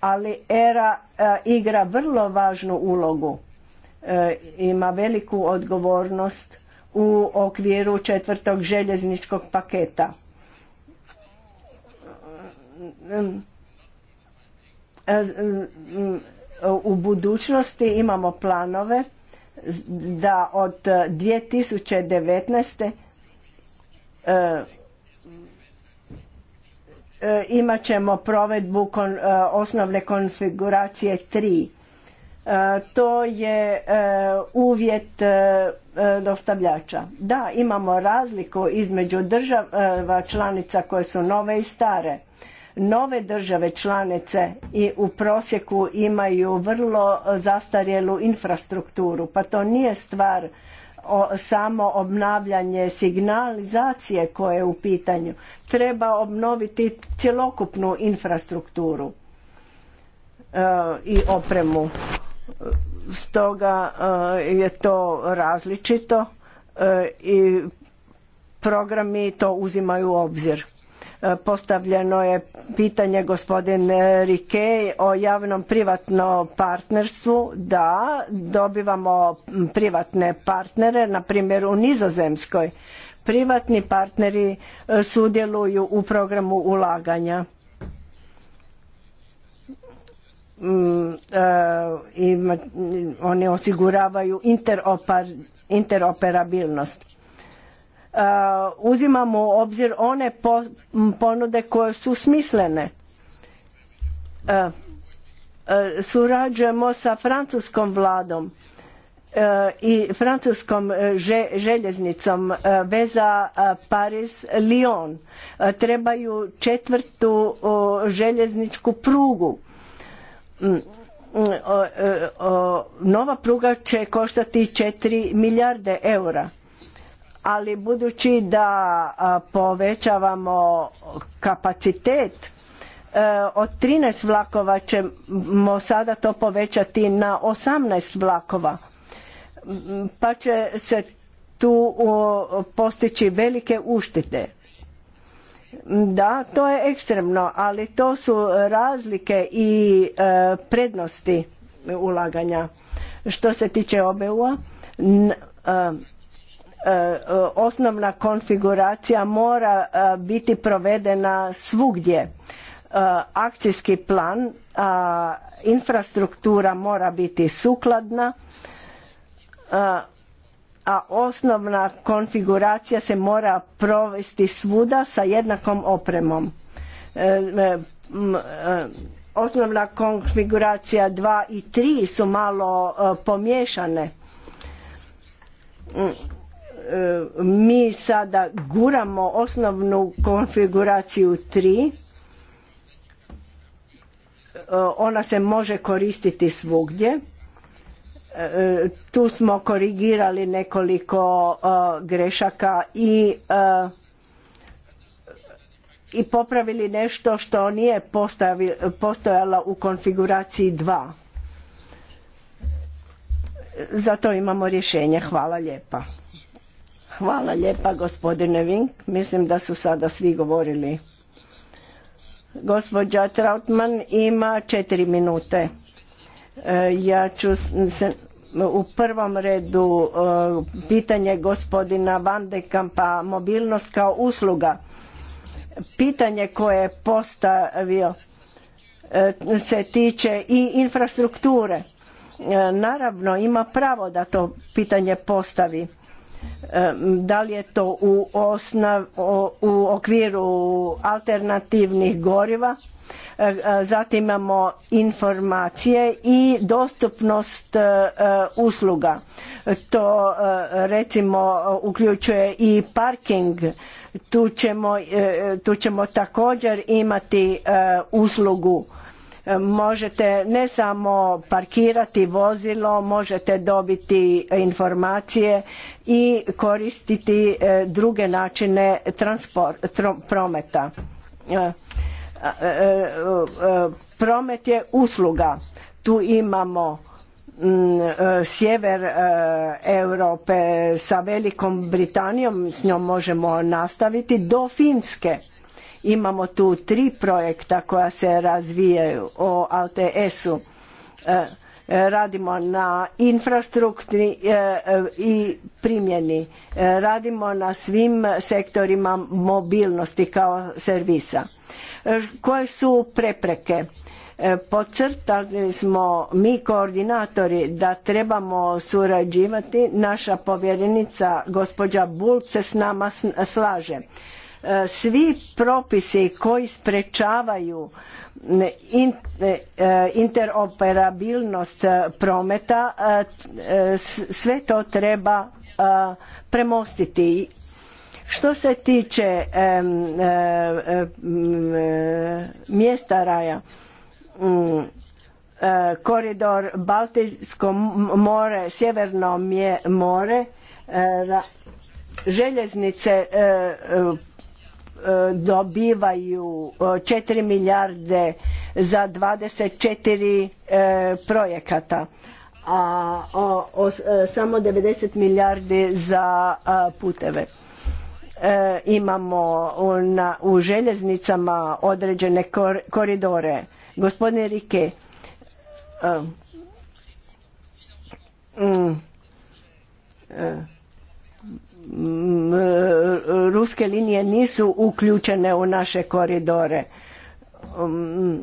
C: ali ERA e, igra vrlo važnu ulogu. E, ima veliku odgovornost u okviru četvrtog željezničkog paketa. E, u budućnosti imamo planove da od 2019. E, e, e, imat ćemo provedbu e, osnovne konfiguracije 3. E, to je uvjet dostavljača. Da, imamo razliku između država članica koje su nove i stare. Nove države članice i u prosjeku imaju vrlo zastarjelu infrastrukturu, pa to nije stvar samo obnavljanje signalizacije koje je u pitanju. Treba obnoviti cjelokupnu infrastrukturu e, i opremu. Stoga e, je to različito e, i programi to uzimaju u obzir. E, postavljeno je pitanje gospodin Rikej, o javnom privatnom partnerstvu. Da, dobivamo privatne partnere, na primjer u Nizozemskoj. Privatni partneri e, sudjeluju u programu ulaganja. Mm, e, I oni osiguravaju interoperabilnost Uh, uzimamo u obzir one ponude koje su smislene. Uh, uh, surađujemo sa francuskom vladom i francuskom željeznicom veza Paris-Lyon. Trebaju četvrtu željezničku prugu. Mm, mm, nova pruga će koštati 4 milijarde eura ali budući da povećavamo kapacitet e, od 13 vlakova ćemo sada to povećati na 18 vlakova pa će se tu postići velike uštite. Da, to je ekstremno, ali to su razlike i e, prednosti ulaganja. Što se tiče obu E, osnovna konfiguracija mora e, biti provedena svugdje. E, akcijski plan, infrastruktura mora biti sukladna, a osnovna konfiguracija se mora provesti svuda sa jednakom opremom. Osnovna konfiguracija 2 i 3 su malo pomiješane mm. E, mi sada guramo osnovnu konfiguraciju 3 e, ona se može koristiti svugdje e, tu smo korigirali nekoliko grešaka i i popravili nešto što nije postojala u konfiguraciji 2. Zato imamo rješenje. Hvala lijepa. Hvala lijepa gospodine Vink. Mislim da su sada svi govorili. Gospođa Trautman ima četiri minute. E, ja ću se u prvom redu e, pitanje gospodina Van de mobilnost kao usluga. Pitanje koje je postavio e, se tiče i infrastrukture. Naravno ima pravo da to pitanje postavi da li je to u, u okviru alternativnih goriva e, e, zatim imamo informacije i dostupnost e, usluga to recimo uključuje i parking tu ćemo, tu ćemo također imati uslugu E, možete ne samo parkirati vozilo, možete dobiti informacije i koristiti e, druge načine prometa. E, promet je usluga. Tu imamo mm, sjever Europe sa Velikom Britanijom, s njom možemo nastaviti, do Finske Imamo tu tri projekta koja se razvijaju o ATS-u. E, radimo na infrastrukturi e, e, i primjeni. Radimo na svim sektorima mobilnosti kao servisa. Koje su prepreke? Podcrtali smo mi koordinatori da trebamo surađivati, naša povjerenica gospođa bulce se s nama slaže. E, svi propisi koji sprečavaju e, e, interoperabilnost prometa, sve to treba premostiti. Što se tiče mjesta raja, mm, koridor Baltijsko more, Sjeverno more, željeznice E, dobivaju 4 e, milijarde za 24 e, projekata a samo 90 milijardi za puteve. imamo u, željeznicama određene koridore. Gospodine Rike, mm, E, ruske linije nisu uključene u naše koridore. Um,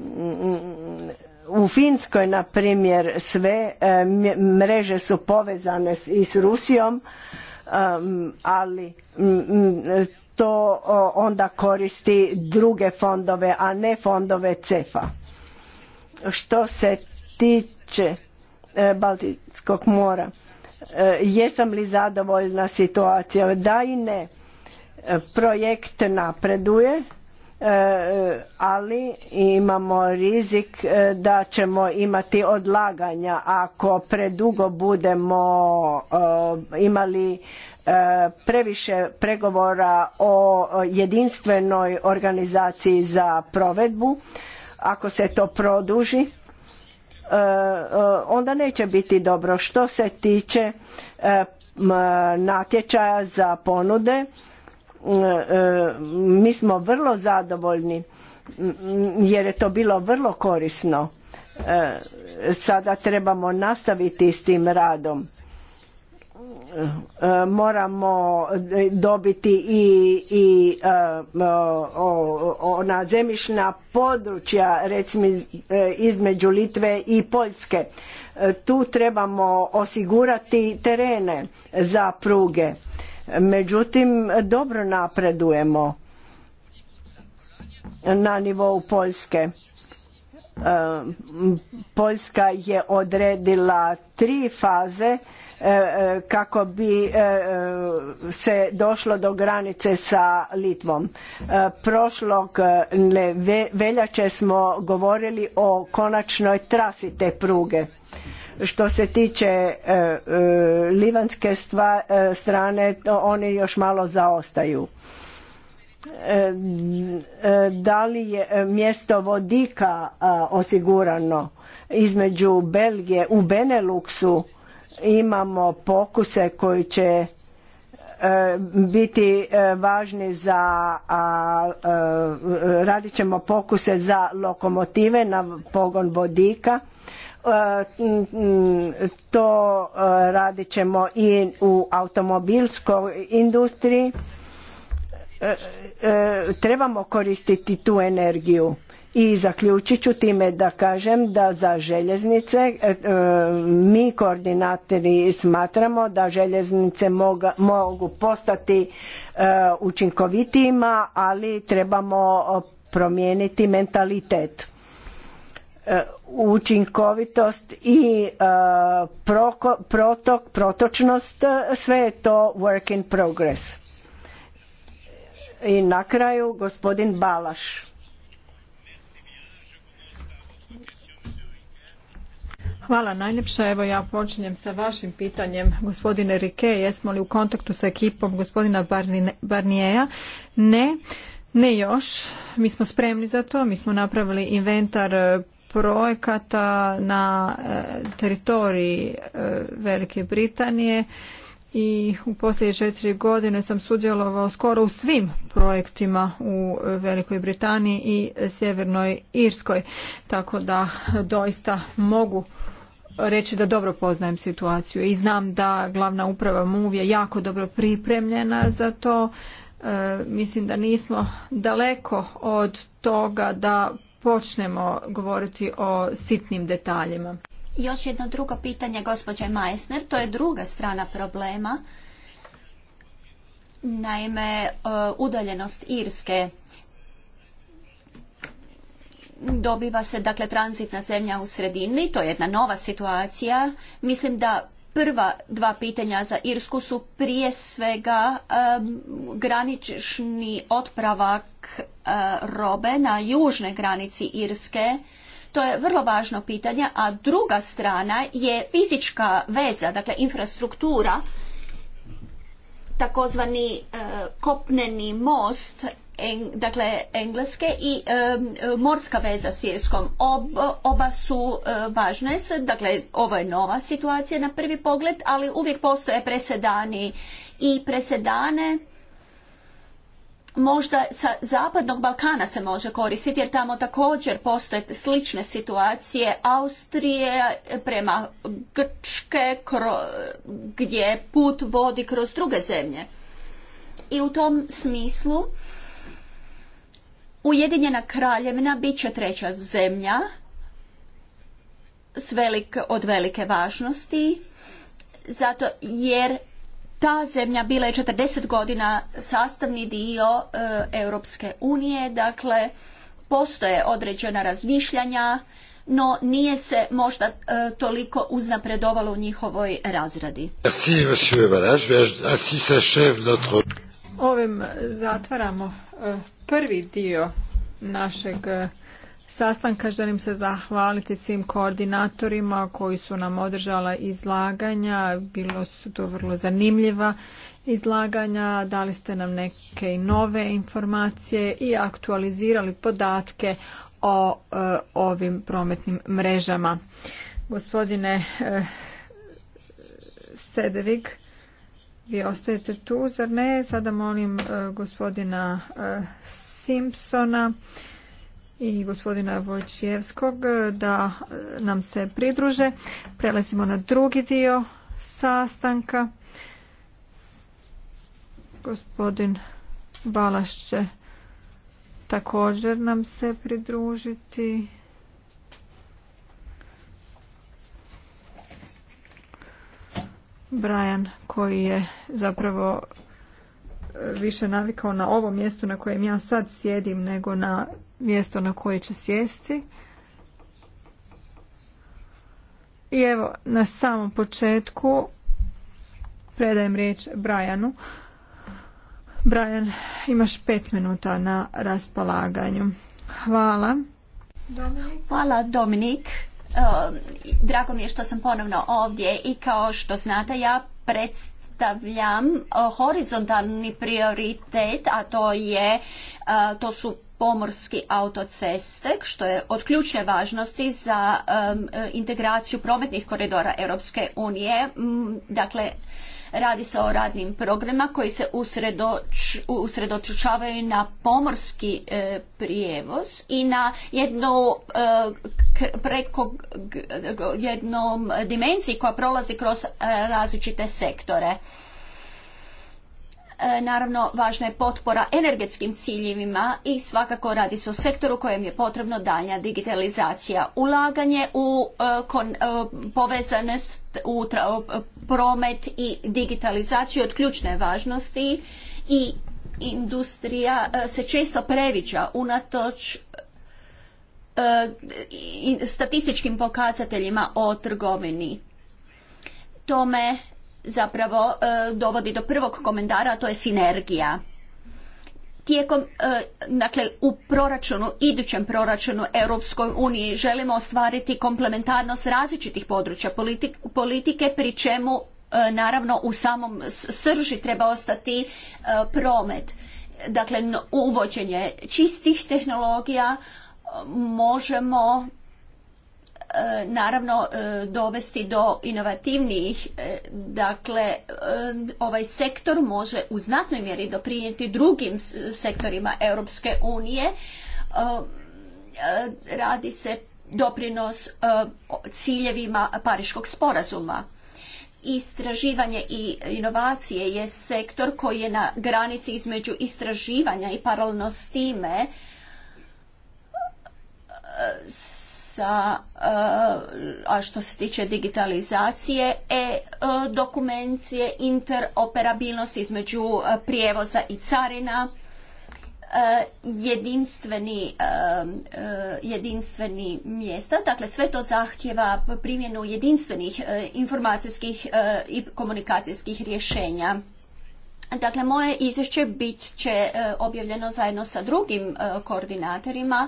C: u Finskoj, na primjer, sve e, mreže su povezane i s Rusijom, um, ali to onda koristi druge fondove, a ne fondove CEFA. Što se tiče e, Baltičkog mora, E, jesam li zadovoljna situacijom da i ne e, projekt napreduje e, ali imamo rizik da ćemo imati odlaganja ako predugo budemo imali previše pregovora o jedinstvenoj organizaciji za provedbu ako se to produži E, e, onda neće biti dobro. Što se tiče e, natječaja za ponude, mi smo vrlo zadovoljni jer je to bilo vrlo korisno. Sada trebamo nastaviti s tim radom Eh, moramo dobiti i, i eh, ona zemljišna područja recimo eh, između Litve i Poljske. Tu trebamo osigurati terene za pruge. Međutim, dobro napredujemo na nivou Poljske. Poljska je odredila tri faze E, e, kako bi e, se došlo do granice sa Litvom. Prošlog veljače smo govorili o konačnoj trasi te pruge. Što se tiče livanske strane, oni još malo zaostaju. Da li je mjesto vodika osigurano između Belgije u Beneluksu imamo pokuse koji će e, biti e, važni za e, radit ćemo pokuse za lokomotive na pogon vodika mm, to radit ćemo i u automobilskoj industriji trebamo koristiti tu energiju i zaključit ću time da kažem da za željeznice e, e, mi koordinatori smatramo da željeznice mogu postati e, učinkovitijima, ali trebamo promijeniti mentalitet učinkovitost i protok, protočnost, sve je to work in progress. I na kraju gospodin Balaš.
B: Hvala najljepša. Evo ja počinjem sa vašim pitanjem. Gospodine Rike, jesmo li u kontaktu sa ekipom gospodina Barnijeja? Ne, ne još. Mi smo spremni za to. Mi smo napravili inventar e, projekata na e, teritoriji e, Velike Britanije i u posljednje četiri godine sam sudjelovao skoro u svim projektima u Velikoj Britaniji i Sjevernoj Irskoj, tako da doista mogu reći da dobro poznajem situaciju i znam da glavna uprava MUV je jako dobro pripremljena za to. E, mislim da nismo daleko od toga da počnemo govoriti o sitnim detaljima.
D: Još jedno drugo pitanje, gospođe Majsner, to je druga strana problema. Naime, e, udaljenost Irske dobiva se dakle tranzitna zemlja u sredini, to je jedna nova situacija. Mislim da prva dva pitanja za Irsku su prije svega granični otpravak e, robe na južnoj granici Irske. To je vrlo važno pitanje, a druga strana je fizička veza, dakle infrastruktura, takozvani e, kopneni most en dakle engleske i morska veza s Irskom. oba su e, važne, dakle ovo je nova situacija na prvi pogled, ali uvijek postoje presedani i presedane možda sa zapadnog Balkana se može koristiti jer tamo također postoje slične situacije Austrije prema Grčke gdje put vodi kroz druge zemlje. I u tom smislu Ujedinjena kraljevina bit će treća zemlja s velik, od velike važnosti, zato jer ta zemlja bila je 40 godina sastavni dio e, Europske unije, dakle postoje određena razmišljanja, no nije se možda e, toliko uznapredovalo u njihovoj razradi. Ovim zatvaramo e, prvi dio
B: našeg eh, sastanka želim se zahvaliti svim koordinatorima koji su nam održala izlaganja. Bilo su to vrlo zanimljiva izlaganja, dali ste nam neke nove informacije i aktualizirali podatke o eh, ovim prometnim mrežama. Gospodine e, eh, Sedevig, vi ostajete tu, zar ne? Sada molim e, gospodina Simpsona i gospodina Vojčijevskog da nam se pridruže. Prelazimo na drugi dio sastanka. Gospodin Balaš će također nam se pridružiti. Brian koji je zapravo više navikao na ovo mjesto na kojem ja sad sjedim nego na mjesto na koje će sjesti. I evo, na samom početku predajem riječ Brajanu. Brajan, imaš pet minuta na raspolaganju.
D: Hvala. Dominik. Hvala Dominik. Ehm, drago mi je što sam ponovno ovdje i kao što znate ja predstavljam postavljam eh, horizontalni prioritet, a to je, eh, to su pomorski autoceste, što je od ključne važnosti za eh, integraciju prometnih koridora Europske unije. Mm, dakle, Radi se o radnim programima koji se usredočučavaju na pomorski e, prijevoz i na jedno e, preko jednom dimenziji koja prolazi kroz e, različite sektore. E, naravno, važna je potpora energetskim ciljevima i svakako radi se o sektoru kojem je potrebno daljnja digitalizacija. Ulaganje u e, e, povezanost u promet i digitalizaciju od ključne važnosti i industrija se često previđa unatoč statističkim pokazateljima o trgovini. Tome zapravo e, dovodi do prvog komentara, a to je sinergija tijekom e, dakle u proračunu idućem proračunu Europskoj uniji želimo ostvariti komplementarnost različitih područja politike pri čemu e, naravno u samom srži treba ostati promet dakle uvođenje čistih tehnologija možemo E, naravno e, dovesti do inovativnijih, e, dakle ovaj sektor može u znatnoj mjeri doprinijeti drugim sektorima Europske unije. Radi se doprinos ciljevima Pariškog sporazuma istraživanje i inovacije je sektor koji je na granici između istraživanja i paralelno s time sa,
A: eh, a
D: što se tiče digitalizacije, e-dokumencije, eh, interoperabilnost između eh, prijevoza i carina, jedinstveni, jedinstveni mjesta. Dakle, sve to zahtjeva primjenu jedinstvenih informacijskih i komunikacijskih rješenja. Dakle, moje izvješće bit će objavljeno zajedno sa drugim koordinatorima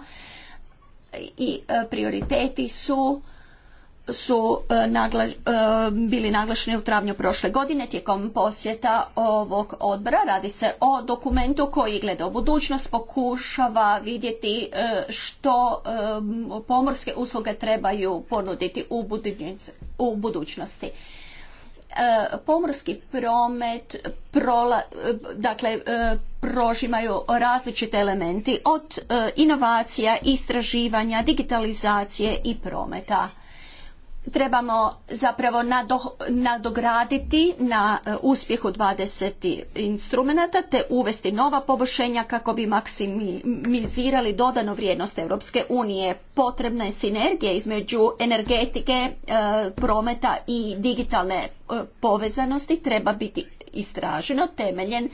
D: i e, prioriteti su su e, nagla, e, bili naglašeni u travnju prošle godine tijekom posjeta ovog odbora. Radi se o dokumentu koji gleda u budućnost, pokušava vidjeti što pomorske usluge trebaju ponuditi u budućnosti. E, pomorski promet prola, e, dakle e, prožimaju različite elementi od inovacija, istraživanja, digitalizacije i prometa trebamo zapravo nadograditi na e, uspjehu 20 instrumenta te uvesti nova poboljšenja kako bi maksimizirali dodanu vrijednost Europske unije. Potrebna je sinergija između energetike, e, prometa i digitalne e, povezanosti treba biti istraženo temeljen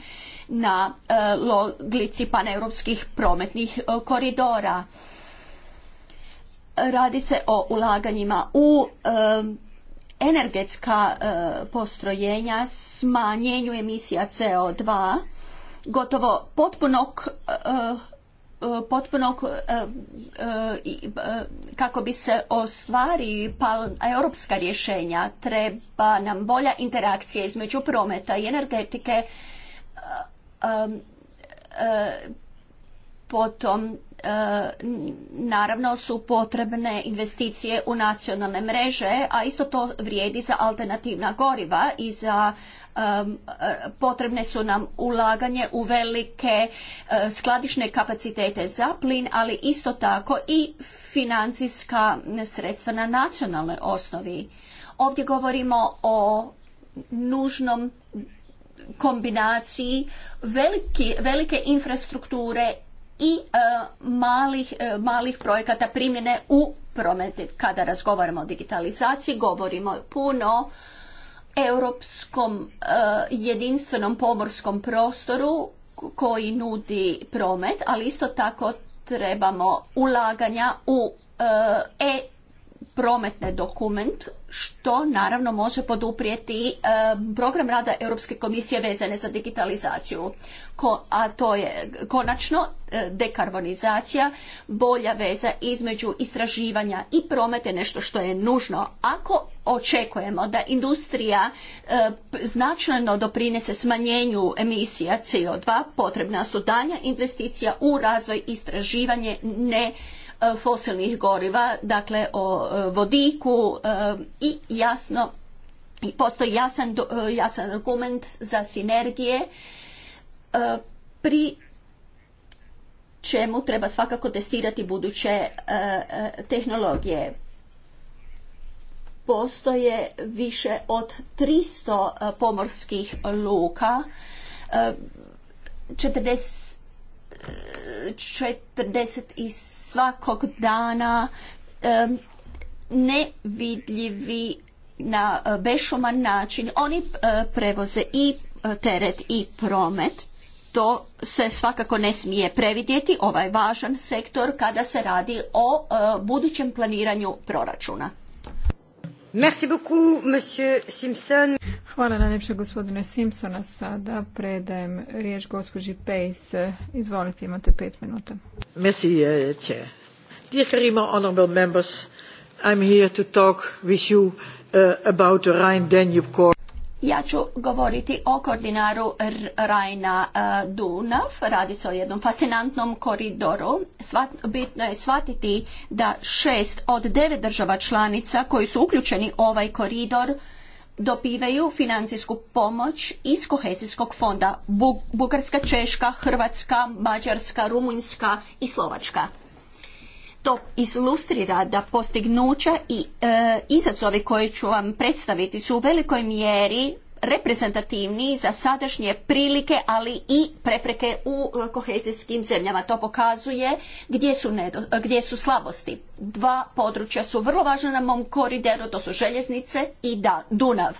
D: na logici paneuropskih prometnih koridora Radi se o ulaganjima u energetska e, postrojenja, smanjenju emisija CO2, gotovo potpunog e, e, kako bi se ostvari europska rješenja treba nam bolja interakcija između prometa i energetike potom E, naravno su potrebne investicije u nacionalne mreže, a isto to vrijedi za alternativna goriva i za e, potrebne su nam ulaganje u velike e, skladišne kapacitete za plin, ali isto tako i financijska sredstva na nacionalnoj osnovi. Ovdje govorimo o nužnom kombinaciji velike infrastrukture i e, e, malih, projekata primjene u prometu. Kada razgovaramo o digitalizaciji, govorimo puno europskom e, jedinstvenom pomorskom prostoru koji nudi promet, ali isto tako trebamo ulaganja u e prometne dokument što naravno može poduprijeti e, program rada Europske komisije vezane za digitalizaciju. a to je konačno e, dekarbonizacija, bolja veza između istraživanja i promete, nešto što je nužno. Ako očekujemo da industrija e, značajno doprinese smanjenju emisija CO2, potrebna su danja investicija u razvoj istraživanje ne E, fosilnih goriva, dakle o e, vodiku e, i jasno i postoji jasan, jasan argument za sinergije pri čemu treba svakako testirati buduće tehnologije postoje više od 300 pomorskih luka, 40 40 i svakog dana nevidljivi na e, bešuman način. Oni e, prevoze i e, teret i promet. To se svakako ne smije previdjeti, ovaj važan sektor kada se radi o budućem planiranju proračuna.
B: Merci beaucoup, monsieur Simpson. Hvala najljepše gospodine Simpsona. Sada predajem riječ gospođi Pejs. Izvolite, imate pet minuta. Merci, eh, members, here talk with eh,
D: ja ću govoriti o koordinaru Rajna e, Dunav. Radi se o jednom fascinantnom koridoru. bitno je shvatiti da šest od devet država članica koji su uključeni u ovaj koridor dobivaju financijsku pomoć iz kohezijskog fonda. Bugarska, Češka, Hrvatska, Mađarska, Rumunjska i Slovačka to ilustrira da postignuća i e, izazovi koje ću vam predstaviti su u velikoj mjeri reprezentativni za sadašnje prilike, ali i prepreke u e, kohezijskim zemljama. To pokazuje gdje su, e, gdje su slabosti. Dva područja su vrlo važna na mom korideru, to su željeznice i da, Dunav.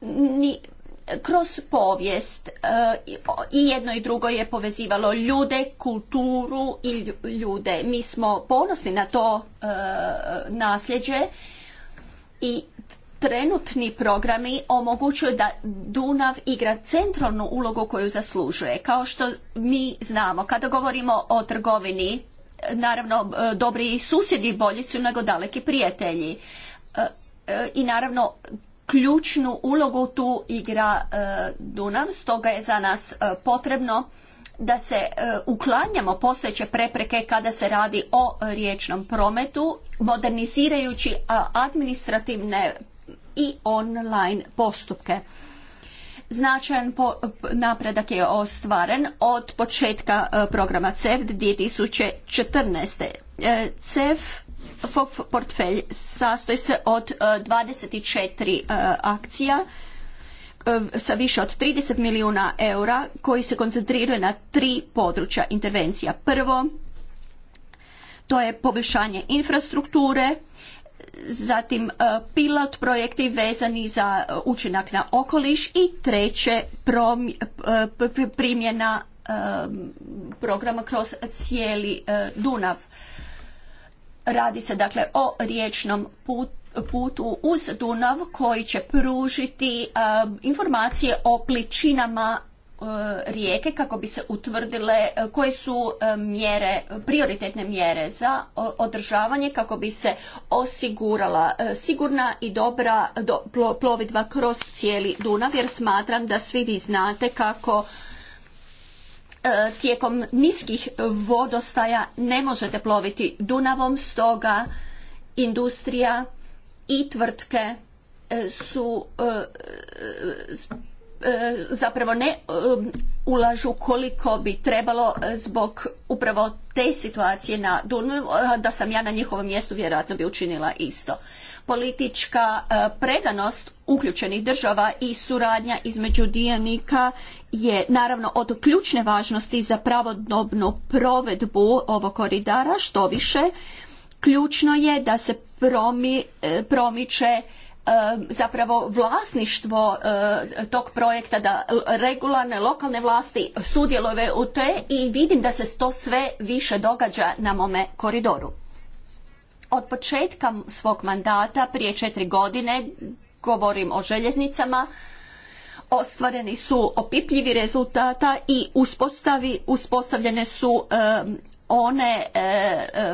D: Ni, kroz povijest e, i jedno i drugo je povezivalo ljude, kulturu i ljude. Mi smo ponosni na to e, nasljeđe i trenutni programi omogućuju da Dunav igra centralnu ulogu koju zaslužuje. Kao što mi znamo, kada govorimo o trgovini, naravno e, dobri susjedi bolji su nego daleki prijatelji i naravno ključnu ulogu tu igra e, Dunav, stoga je za nas e, potrebno da se e, uklanjamo postojeće prepreke kada se radi o riječnom prometu, modernizirajući administrativne i online postupke. Značajan napredak je ostvaren od početka programa CEF 2014. CEF portfelj sastoji se od 24 e, e, akcija e, sa više od 30 milijuna eura koji se koncentriruje na tri područja intervencija. Prvo, to je poboljšanje infrastrukture, zatim pilot projekti vezani za učinak na okoliš i treće primjena programa kroz cijeli Dunav. Radi se dakle o riječnom putu uz Dunav koji će pružiti um, informacije o pličinama uh, rijeke kako bi se utvrdile uh, koje su um, mjere, prioritetne mjere za održavanje kako bi se osigurala uh, sigurna i dobra do, plovidba kroz cijeli Dunav jer smatram da svi vi znate kako E, tijekom niskih vodostaja ne možete ploviti Dunavom, stoga industrija i tvrtke e, su e, E, zapravo ne e, ulažu koliko bi trebalo zbog upravo te situacije na da sam ja na njihovom mjestu vjerojatno bi učinila isto. Politička e, predanost uključenih država i suradnja između dionika je naravno od ključne važnosti za pravodobnu provedbu ovog koridara, što više ključno je da se promiče E, zapravo vlasništvo e, tog projekta da regularne lokalne vlasti sudjelove u te i vidim da se to sve više događa na mome koridoru. Od početka svog mandata prije četiri godine govorim o željeznicama ostvareni su opipljivi rezultata i uspostavi, uspostavljene su e, one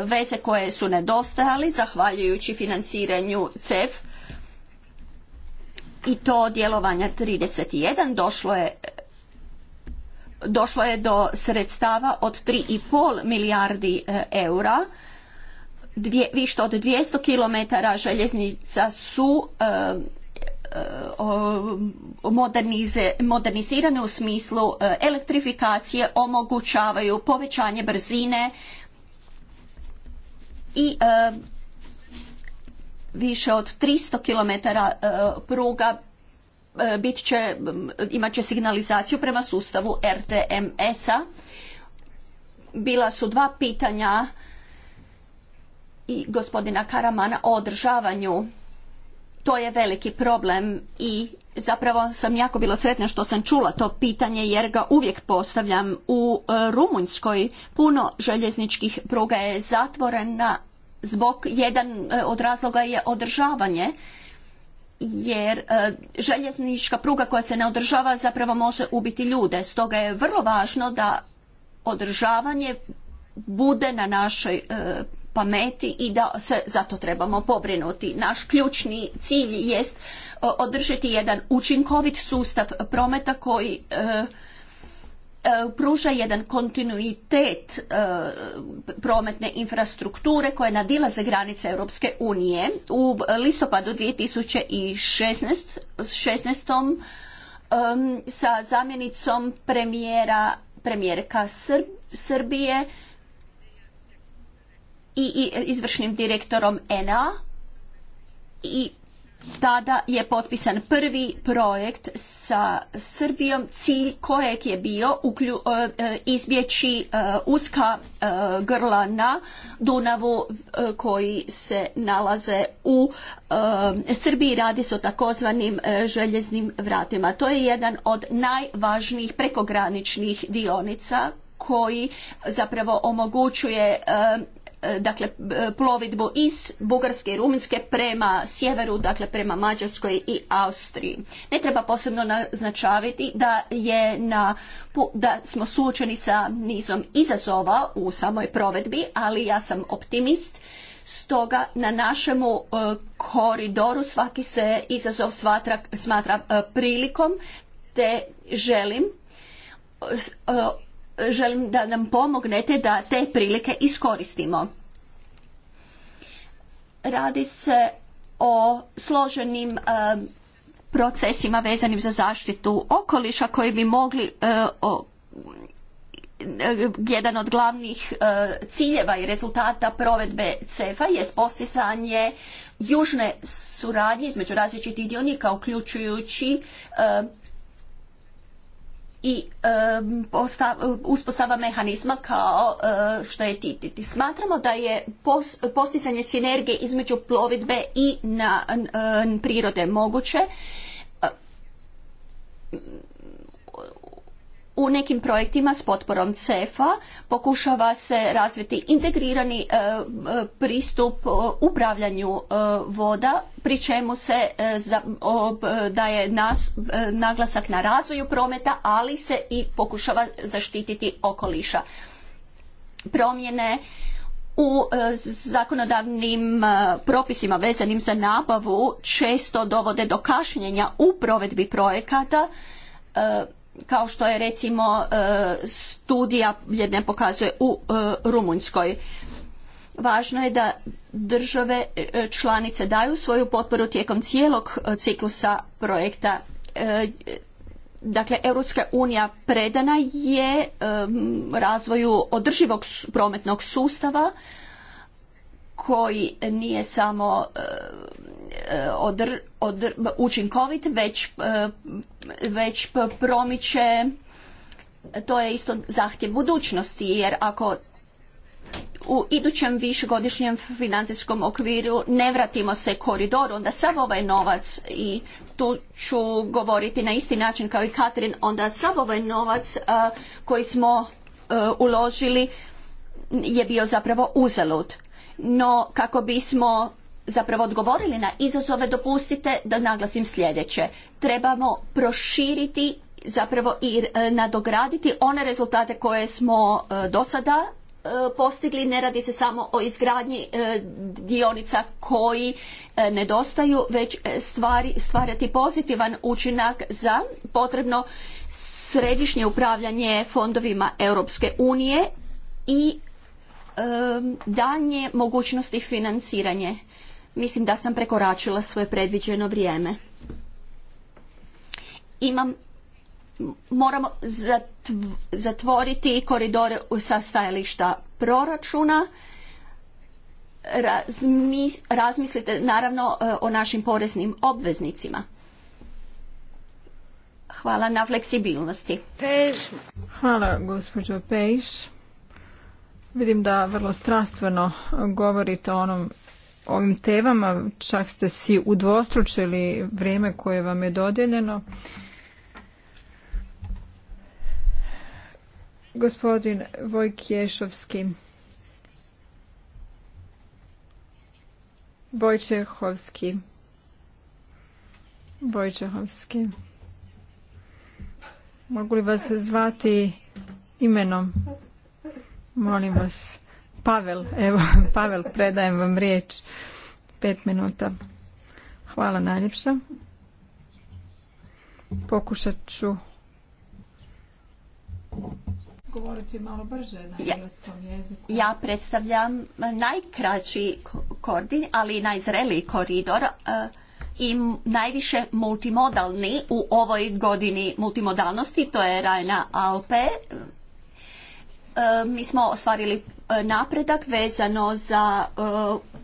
D: veze koje su nedostajali zahvaljujući financiranju CEF i to djelovanja 31 došlo je došlo je do sredstava od 3,5 milijardi e, eura više od 200 km željeznica su e, e, modernizirane u smislu elektrifikacije, omogućavaju povećanje brzine i više od 300 km e, pruga e, bit će, imat će signalizaciju prema sustavu RTMS-a. Bila su dva pitanja i gospodina Karamana o održavanju. To je veliki problem i zapravo sam jako bilo sretna što sam čula to pitanje jer ga uvijek postavljam. U e, Rumunjskoj puno željezničkih pruga je zatvorena zbog jedan e, od razloga je održavanje jer e, željeznička pruga koja se ne održava zapravo može ubiti ljude. Stoga je vrlo važno da održavanje bude na našoj e, pameti i da se za to trebamo pobrinuti. Naš ključni cilj jest održati jedan učinkovit sustav prometa koji E, pruža jedan kontinuitet e, prometne infrastrukture koje nadilaze granice Europske unije. U listopadu 2016. 16. sa zamjenicom premijera premijerka Srbije i, i izvršnim direktorom ENA i tada je potpisan prvi projekt sa Srbijom, cilj kojeg je bio uklju, e, e, izbjeći e, uska grla na Dunavu koji se nalaze u Srbiji. Radi se o takozvanim željeznim vratima. To je jedan od najvažnijih prekograničnih dionica koji zapravo omogućuje E, dakle e, plovidbu iz Bugarske i Rumunjske prema sjeveru, dakle prema Mađarskoj i Austriji. Ne treba posebno naznačaviti da je na, da smo suočeni sa nizom izazova u samoj provedbi, ali ja sam optimist stoga na našemu e, koridoru svaki se izazov smatra, smatra prilikom te želim želim da nam pomognete da te prilike iskoristimo. Radi se o složenim e, procesima vezanim za zaštitu okoliša koji bi mogli e, e, jedan od glavnih ciljeva i rezultata provedbe CEFA je postizanje južne suradnje između različitih dionika uključujući i uspostava mehanizma kao e, što je TITITI. Smatramo da je postizanje sinergije između plovidbe i e, prirode moguće u nekim projektima s potporom CEFA pokušava se razviti integrirani e, e, pristup e, upravljanju voda pri čemu se daje naglasak na razvoju prometa, ali se i pokušava zaštititi okoliša. Promjene u zakonodavnim propisima vezanim za nabavu često dovode do kašnjenja u provedbi projekata kao što je recimo e, studija jedne pokazuje u e, Rumunjskoj. Važno je da države e, članice daju svoju potporu tijekom cijelog ciklusa projekta. Dakle, Europska unija predana je razvoju održivog prometnog sustava koji nije samo odr, odr, učinkovit, već, e, već promiče, to je isto zahtjev budućnosti, jer ako u idućem višegodišnjem financijskom okviru ne vratimo se koridoru, onda sav ovaj novac i tu ću govoriti na isti način kao i Katrin, onda sav ovaj novac e, koji smo e, uložili je bio zapravo uzalud. No kako bismo zapravo odgovorili na izazove, dopustite da naglasim sljedeće. Trebamo proširiti zapravo i e, nadograditi one rezultate koje smo e, do sada e, postigli. Ne radi se samo o izgradnji dionica koji nedostaju, već stvari, stvarati pozitivan učinak za potrebno središnje upravljanje fondovima Europske unije i danje mogućnosti financiranje. Mislim da sam prekoračila svoje predviđeno vrijeme. Imam moramo zatvoriti koridore sa stajališta proračuna. razmislite naravno e, o našim poreznim obveznicima. Hvala na fleksibilnosti. Hvala gospođo Pejš.
B: Vidim da vrlo strastveno govorite o onom ovim temama, čak ste si udvostručili vrijeme koje vam je dodijeljeno. Gospodin Vojkješovski. Vojčehovski. Vojčehovski. Mogu li vas zvati imenom? Molim vas. Pavel, evo, Pavel, predajem vam riječ. Pet minuta. Hvala najljepša.
D: Pokušat ću
B: malo brže na ja,
D: jeziku. Ja predstavljam eh, najkraći koridor, ali najzreliji koridor eh, i najviše multimodalni u ovoj godini multimodalnosti, to je Rajna Alpe. Eh, mi smo ostvarili E, napredak vezano za e,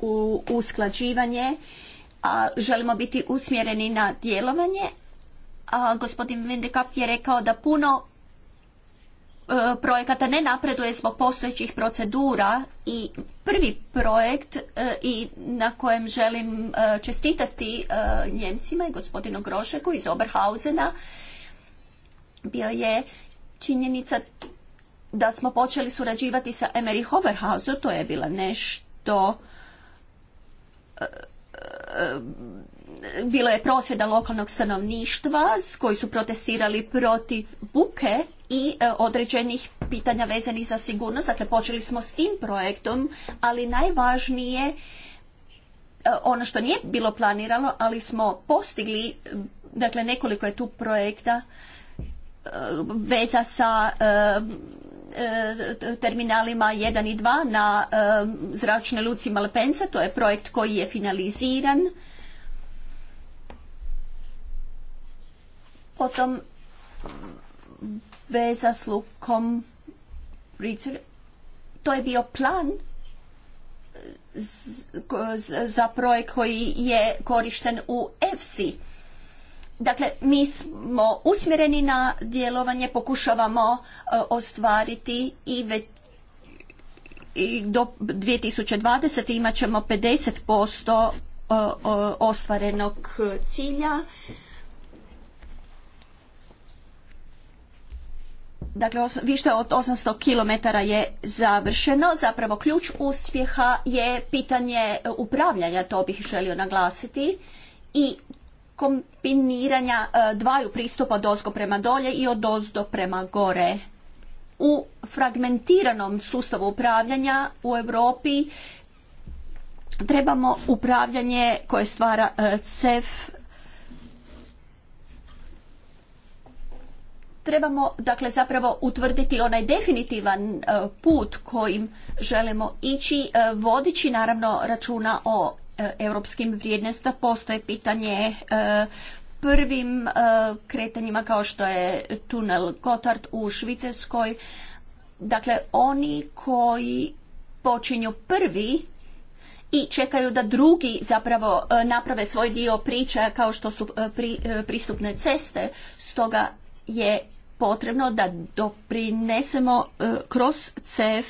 D: usklađivanje, a želimo biti usmjereni na djelovanje. A gospodin Vindekap je rekao da puno e, projekata ne napreduje zbog postojećih procedura i prvi projekt i na kojem želim čestitati Njemcima i gospodinu Grošeku iz Oberhausena bio je činjenica da smo počeli surađivati sa Emery to je bila nešto eh, eh, bilo je prosvjeda lokalnog stanovništva koji su protestirali protiv buke i eh, određenih pitanja vezanih za sigurnost. Dakle, počeli smo s tim projektom, ali najvažnije ono što nije bilo planirano, ali smo postigli, dakle nekoliko je tu projekta veza sa E, terminalima 1 i 2 na e, zračnoj luci Malpensa. To je projekt koji je finaliziran. Potom veza s lukom to je bio plan e, za projekt koji je korišten u EFSI Dakle, mi smo usmjereni na djelovanje, pokušavamo e, ostvariti i već i do 2020. imat ćemo 50% e, e, ostvarenog cilja. Dakle, više od 800 km je završeno. Zapravo, ključ uspjeha je pitanje upravljanja, to bih želio naglasiti. I kombiniranja e, dvaju pristupa od prema dolje i od ozdo prema gore. U fragmentiranom sustavu upravljanja u Europi trebamo upravljanje koje stvara e, CEF trebamo dakle zapravo utvrditi onaj definitivan e, put kojim želimo ići vodeći naravno računa o europskim vrijednostima postoje pitanje e, prvim e, kretanjima kao što je tunel Gotard u Švicarskoj. Dakle, oni koji počinju prvi i čekaju da drugi zapravo e, naprave svoj dio priča kao što su pristupne ceste. Stoga je potrebno da doprinesemo kroz CEF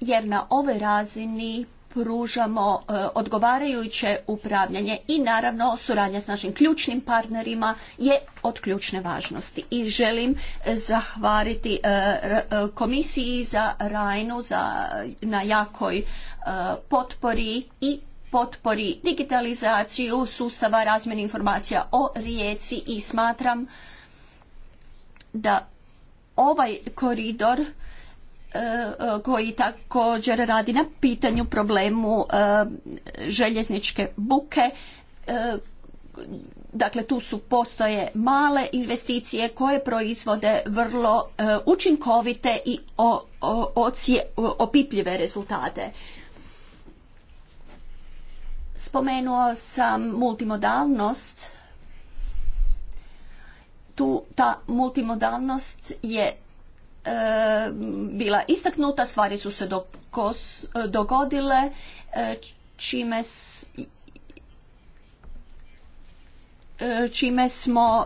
D: jer na ovoj razini pružamo e, odgovarajuće upravljanje i naravno suradnja s našim ključnim partnerima je od ključne važnosti. I želim e, zahvaliti e, komisiji za Rajnu za, na jakoj potpori i potpori digitalizaciju sustava razmjene informacija o rijeci i smatram da ovaj koridor E, koji također radi na pitanju problemu e, željezničke buke e, dakle tu su postoje male investicije koje proizvode vrlo učinkovite i opipljive rezultate. Spomenuo sam multimodalnost. Tu ta multimodalnost je Eh, bila istaknuta, stvari su se dokos, eh, dogodile, eh, čime s, čime smo,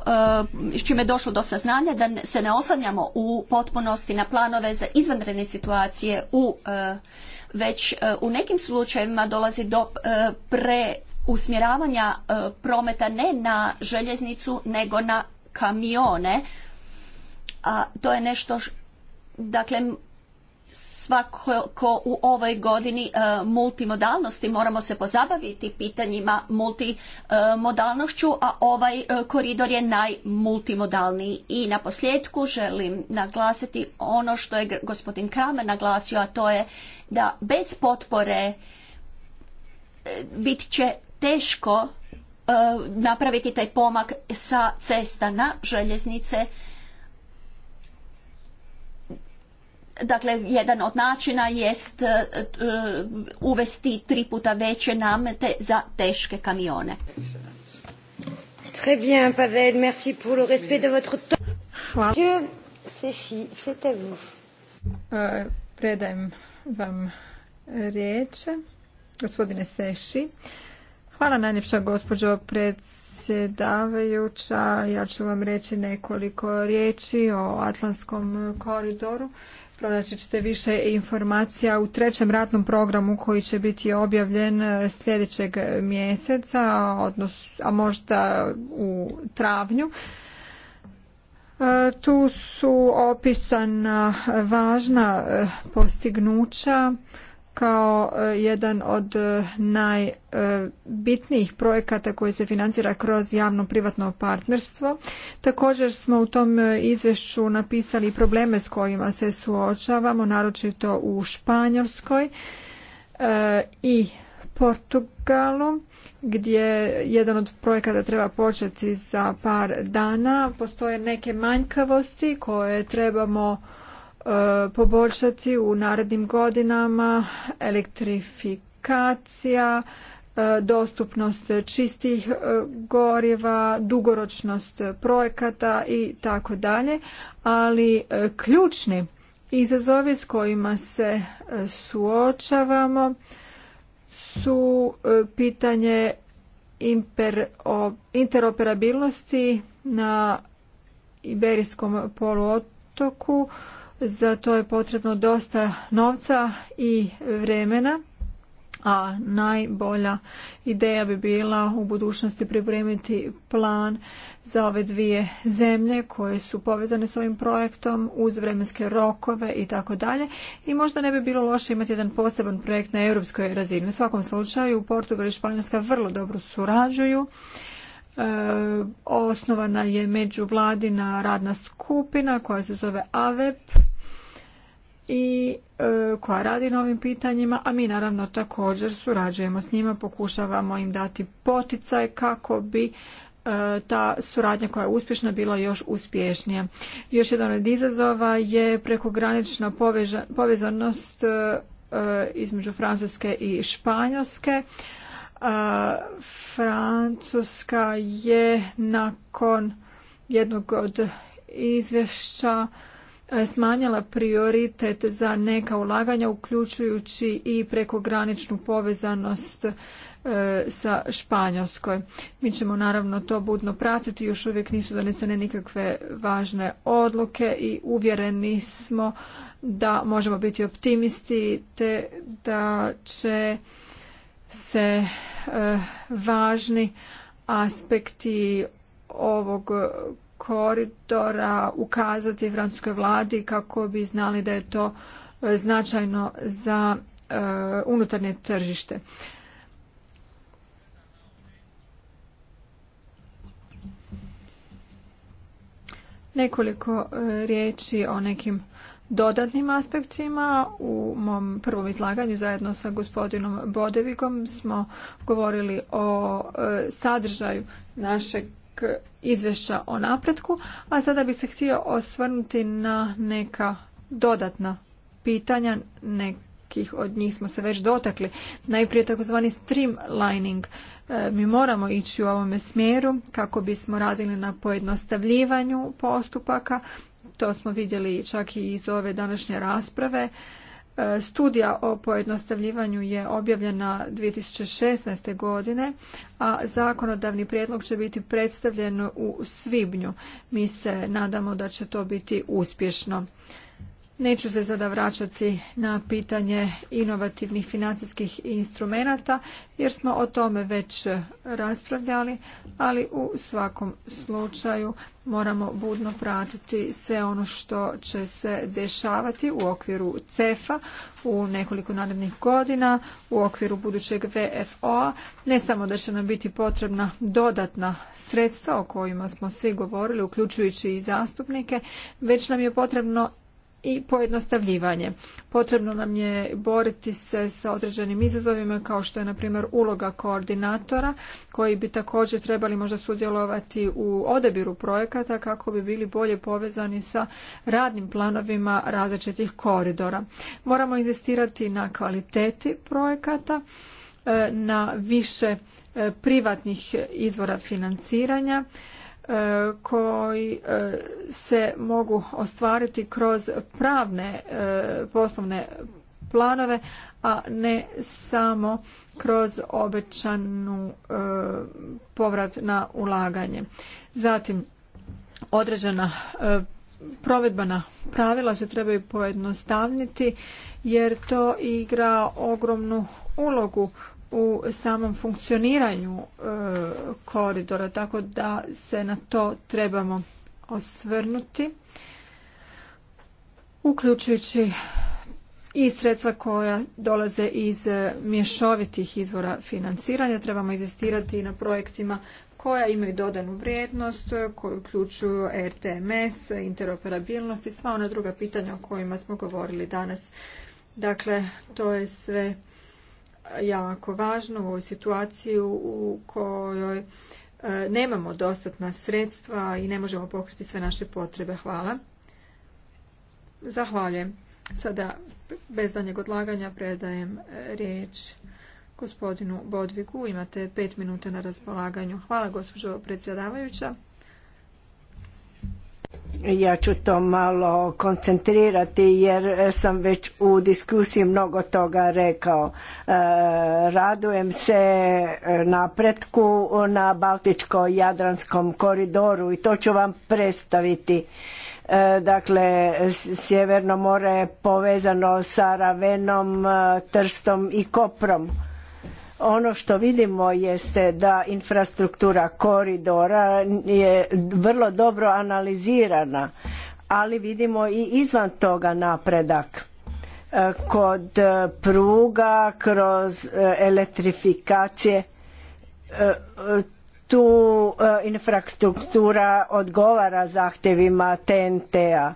D: čime je došlo do saznanja da se ne oslanjamo u potpunosti na planove za izvanredne situacije u već u nekim slučajevima dolazi do preusmjeravanja prometa ne na željeznicu nego na kamione a to je nešto Dakle, svako ko u ovoj godini e, multimodalnosti moramo se pozabaviti pitanjima multimodalnošću, e, a ovaj e, koridor je najmultimodalniji. I na posljedku želim naglasiti ono što je gospodin Kramer naglasio, a to je da bez potpore bit će teško napraviti taj pomak sa cesta na željeznice Dakle, jedan od načina jest e, e, uvesti tri puta veće namete za teške kamione.
B: E, predajem vam riječ, gospodine Seši. Hvala najljepša gospođo predsjedavajuća. Ja ću vam reći nekoliko riječi o Atlantskom koridoru. Pronaći ćete više informacija u trećem ratnom programu koji će biti objavljen e, sljedećeg e, mjeseca, odnos, a možda u travnju. E, tu su opisana važna postignuća kao e, jedan od e, najbitnijih projekata koji se financira kroz javno-privatno partnerstvo. Također smo u tom e, izvješću napisali probleme s kojima se suočavamo, naročito u Španjolskoj i Portugalu gdje jedan od projekata treba početi za par dana. Postoje neke manjkavosti koje trebamo E, poboljšati u narednim godinama elektrifikacija, e, dostupnost čistih e, goriva, dugoročnost projekata i tako dalje, ali ključni izazovi s kojima se suočavamo su pitanje interoperabilnosti na Iberijskom poluotoku, za to je potrebno dosta novca i vremena, a najbolja ideja bi bila u budućnosti pripremiti plan za ove dvije zemlje koje su povezane s ovim projektom uz vremenske rokove i tako dalje i možda ne bi bilo loše imati jedan poseban projekt na europskoj razini. U svakom slučaju Portugal i Španjolska vrlo dobro surađuju. E, osnovana je međuvladina radna skupina koja se zove AVEP i e, koja radi na ovim pitanjima, a mi naravno također surađujemo s njima, pokušavamo im dati poticaj kako bi e, ta suradnja koja je uspješna bila još uspješnija. Još jedan od izazova je prekogranična povezanost e, između Francuske i Španjolske. Francuska je nakon jednog od izvješća E, smanjila prioritet za neka ulaganja uključujući i prekograničnu povezanost e, sa Španjolskoj. Mi ćemo naravno to budno pratiti, još uvijek nisu donesene nikakve važne odluke i uvjereni smo da možemo biti optimisti te da će se e, važni aspekti ovog koridora ukazati francuskoj vladi kako bi znali da je to e, značajno za e, unutarnje tržište. Nekoliko e, riječi o nekim dodatnim aspektima. U mom prvom izlaganju zajedno sa gospodinom Bodevigom smo govorili o sadržaju našeg izvješća o napretku, a sada bih se htio osvrnuti na neka dodatna pitanja, nekih od njih smo se već dotakli. Najprije takozvani streamlining. E, mi moramo ići u ovome smjeru kako bismo radili na pojednostavljivanju postupaka. To smo vidjeli čak i iz ove današnje rasprave E, studija o pojednostavljivanju je objavljena 2016. godine, a zakonodavni prijedlog će biti predstavljen u svibnju. Mi se nadamo da će to biti uspješno. Neću se sada vraćati na pitanje inovativnih financijskih instrumenata jer smo o tome već raspravljali, ali u svakom slučaju moramo budno pratiti sve ono što će se dešavati u okviru CEFA u nekoliko narednih godina, u okviru budućeg VFO-a. Ne samo da će nam biti potrebna dodatna sredstva o kojima smo svi govorili, uključujući i zastupnike, već nam je potrebno i pojednostavljivanje. Potrebno nam je boriti se sa određenim izazovima kao što je na primjer uloga koordinatora koji bi također trebali možda sudjelovati u odabiru projekata kako bi bili bolje povezani sa radnim planovima različitih koridora. Moramo inzistirati na kvaliteti projekata, e, na više e, privatnih izvora financiranja E, koji e, se mogu ostvariti kroz pravne e, poslovne planove, a ne samo kroz obećanu povrat na ulaganje. Zatim, određena provedbana pravila se trebaju pojednostavniti jer to igra ogromnu ulogu u samom funkcioniranju e, koridora, tako da se na to trebamo osvrnuti, uključujući i sredstva koja dolaze iz mješovitih izvora financiranja. Trebamo izistirati i na projektima koja imaju dodanu vrijednost, koju uključuju RTMS, interoperabilnost i sva ona druga pitanja o kojima smo govorili danas. Dakle, to je sve jako važno u ovoj situaciji u kojoj e, nemamo dostatna sredstva i ne možemo pokriti sve naše potrebe. Hvala. Zahvaljujem. Sada bez danjeg odlaganja predajem e, riječ gospodinu Bodviku. Imate pet minuta na raspolaganju. Hvala gospođo predsjedavajuća.
C: Ja ću to malo koncentrirati jer sam već u diskusiji mnogo toga rekao. E, radujem se napretku na Baltičko-Jadranskom koridoru i to ću vam predstaviti. E, dakle, Sjeverno more je povezano sa Ravenom, e, Trstom i Koprom ono što vidimo jeste da infrastruktura koridora je vrlo dobro analizirana, ali vidimo i izvan toga napredak e, kod pruga, kroz e, elektrifikacije. E, tu infrastruktura odgovara zahtjevima TNT-a.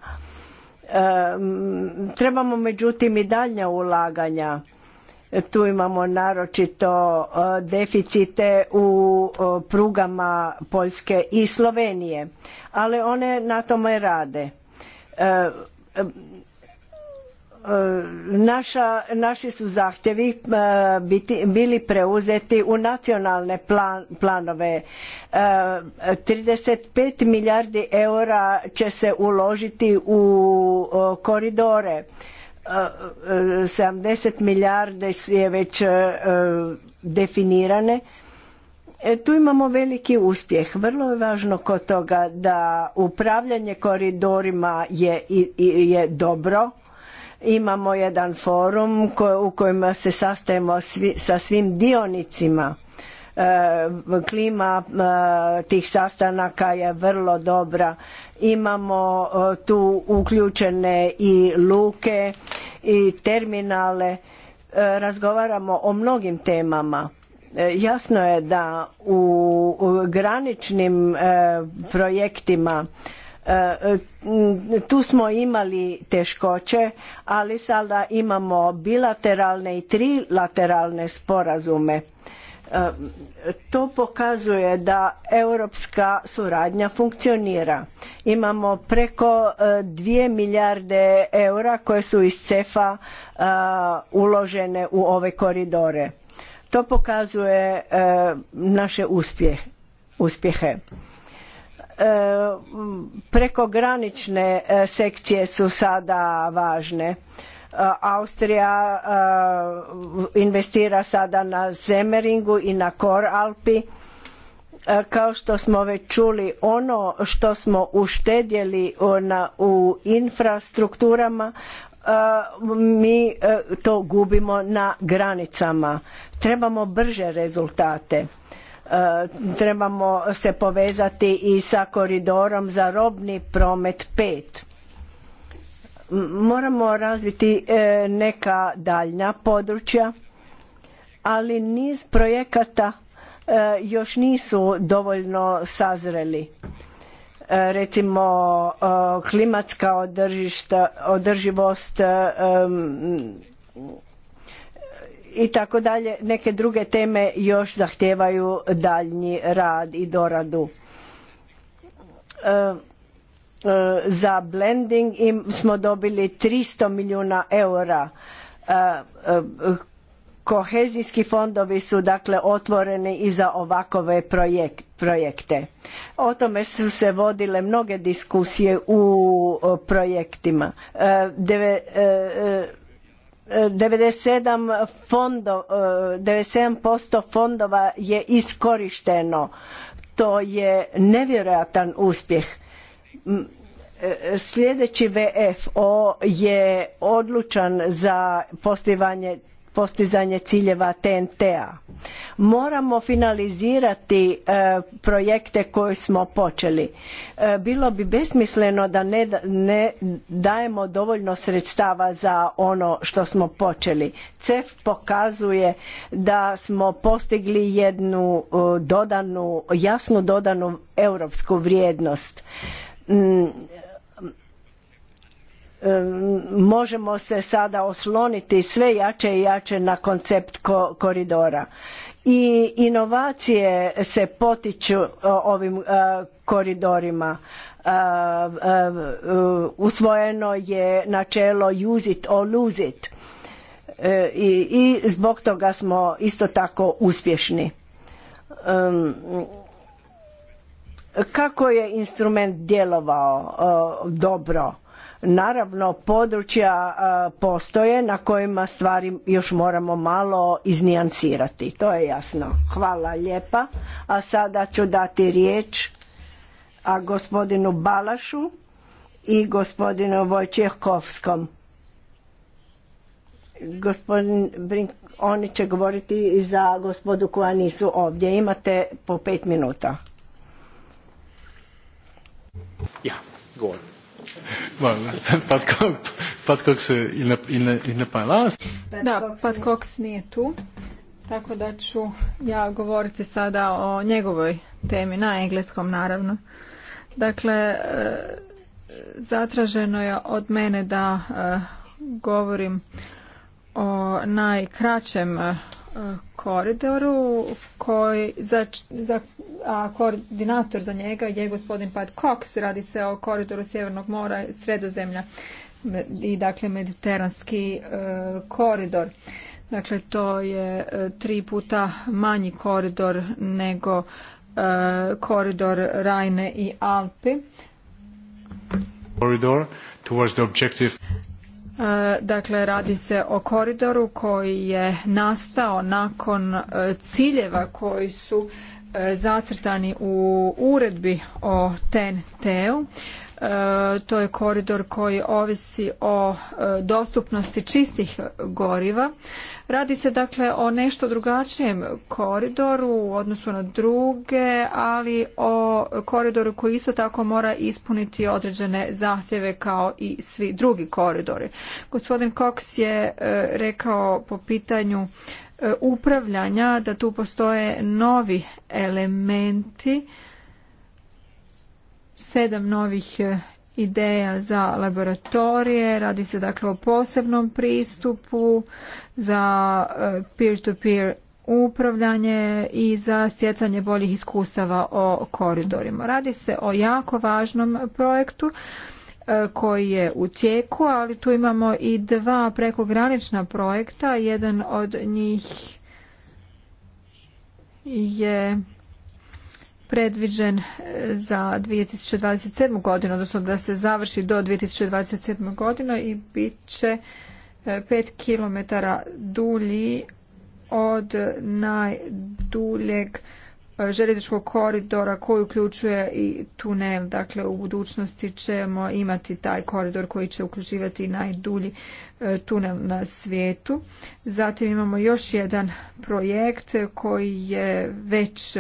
C: Trebamo međutim i daljnja ulaganja tu imamo naročito e, deficite u e, prugama Poljske i Slovenije, ali one na tome rade. E, naši su zahtjevi bili preuzeti u nacionalne planove. planove. 35 milijardi eura će se uložiti u koridore 70 milijarde je već e, definirane. E, tu imamo veliki uspjeh. Vrlo je važno kod toga da upravljanje koridorima je, je dobro. Imamo jedan forum u kojima se sastajemo svi, sa svim dionicima klima e, tih sastanaka je vrlo dobra. Imamo e, tu uključene i luke i terminale. E, razgovaramo o mnogim temama. Jasno je da u graničnim projektima tu smo imali teškoće, ali sada imamo bilateralne i trilateralne sporazume to pokazuje da europska suradnja funkcionira. Imamo preko e, dvije milijarde eura koje su iz CEFA e, uložene u ove koridore. To pokazuje e, naše uspjehe. Prekogranične sekcije su sada važne Austrija investira sada na Zemeringu i na Koralpi. Alpi. Kao što smo već čuli, ono što smo uštedjeli u infrastrukturama, mi to gubimo na granicama. Trebamo brže rezultate. Trebamo se povezati i sa koridorom za robni promet 5 Moramo razviti e, neka daljna područja, ali niz projekata e, još nisu dovoljno sazreli. E, recimo klimatska održivost i tako dalje. Neke druge teme još zahtijevaju daljnji rad i doradu Eh, za blending im smo dobili 300 milijuna eura eh, eh, kohezijski fondovi su dakle otvoreni i za ovakove projekte o tome su se vodile mnoge diskusije u projektima 97 97% fondova je iskorišteno to je nevjerojatan uspjeh sljedeći VFO je odlučan za postizanje ciljeva TNT-a. Moramo finalizirati e, projekte koje smo počeli. E, bilo bi besmisleno da ne, ne dajemo dovoljno sredstava za ono što smo počeli. CEF pokazuje da smo postigli jednu e, dodanu, jasnu dodanu europsku vrijednost. Mm, mm, možemo se sada osloniti sve jače i jače na koncept koridora i inovacije se potiču ovim koridorima usvojeno je načelo use it or lose it e, i zbog toga smo isto tako uspješni um, kako je instrument djelovao e, dobro? Naravno, područja e, postoje na kojima stvari još moramo malo iznijancirati, To je jasno. Hvala lijepa. A sada ću dati riječ a gospodinu Balašu i gospodinu Vojčehkovskom. Gospodin oni će govoriti za gospodu koja nisu ovdje. Imate po pet minuta.
A: Ja, Pat,
B: Cox Da, nije tu, tako da ću ja govoriti sada o njegovoj temi, na engleskom naravno. Dakle, e, zatraženo je od mene da e, govorim o najkraćem e, koridoru koji za, za, a koordinator za njega je gospodin Pat Cox radi se o koridoru Sjevernog mora Sredozemlja i dakle mediteranski e, koridor dakle to je e, tri puta manji koridor nego e, koridor Rajne i Alpi
A: koridor towards
B: E, dakle, radi se o koridoru koji je nastao nakon e, ciljeva koji su e, zacrtani u uredbi o TNT-u. To je koridor koji ovisi o dostupnosti čistih goriva Radi se dakle o nešto drugačijem koridoru u odnosu na druge, ali o koridoru koji isto tako mora ispuniti određene zahtjeve kao i svi drugi koridori. Gospodin Cox je e, rekao po pitanju e, upravljanja da tu postoje novi elementi sedam novih e, ideja za laboratorije, radi se dakle o posebnom pristupu za e, peer-to-peer upravljanje i za stjecanje boljih iskustava o koridorima. Radi se o jako važnom projektu e, koji je u tijeku, ali tu imamo i dva prekogranična projekta. Jedan od njih je predviđen e, za 2027. godinu, odnosno da se završi do 2027. godinu i bit će 5 e, km dulji od najduljeg e, željezničkog koridora koji uključuje i tunel. Dakle, u budućnosti ćemo imati taj koridor koji će uključivati najdulji tunel na svijetu. Zatim imamo još jedan projekt koji je već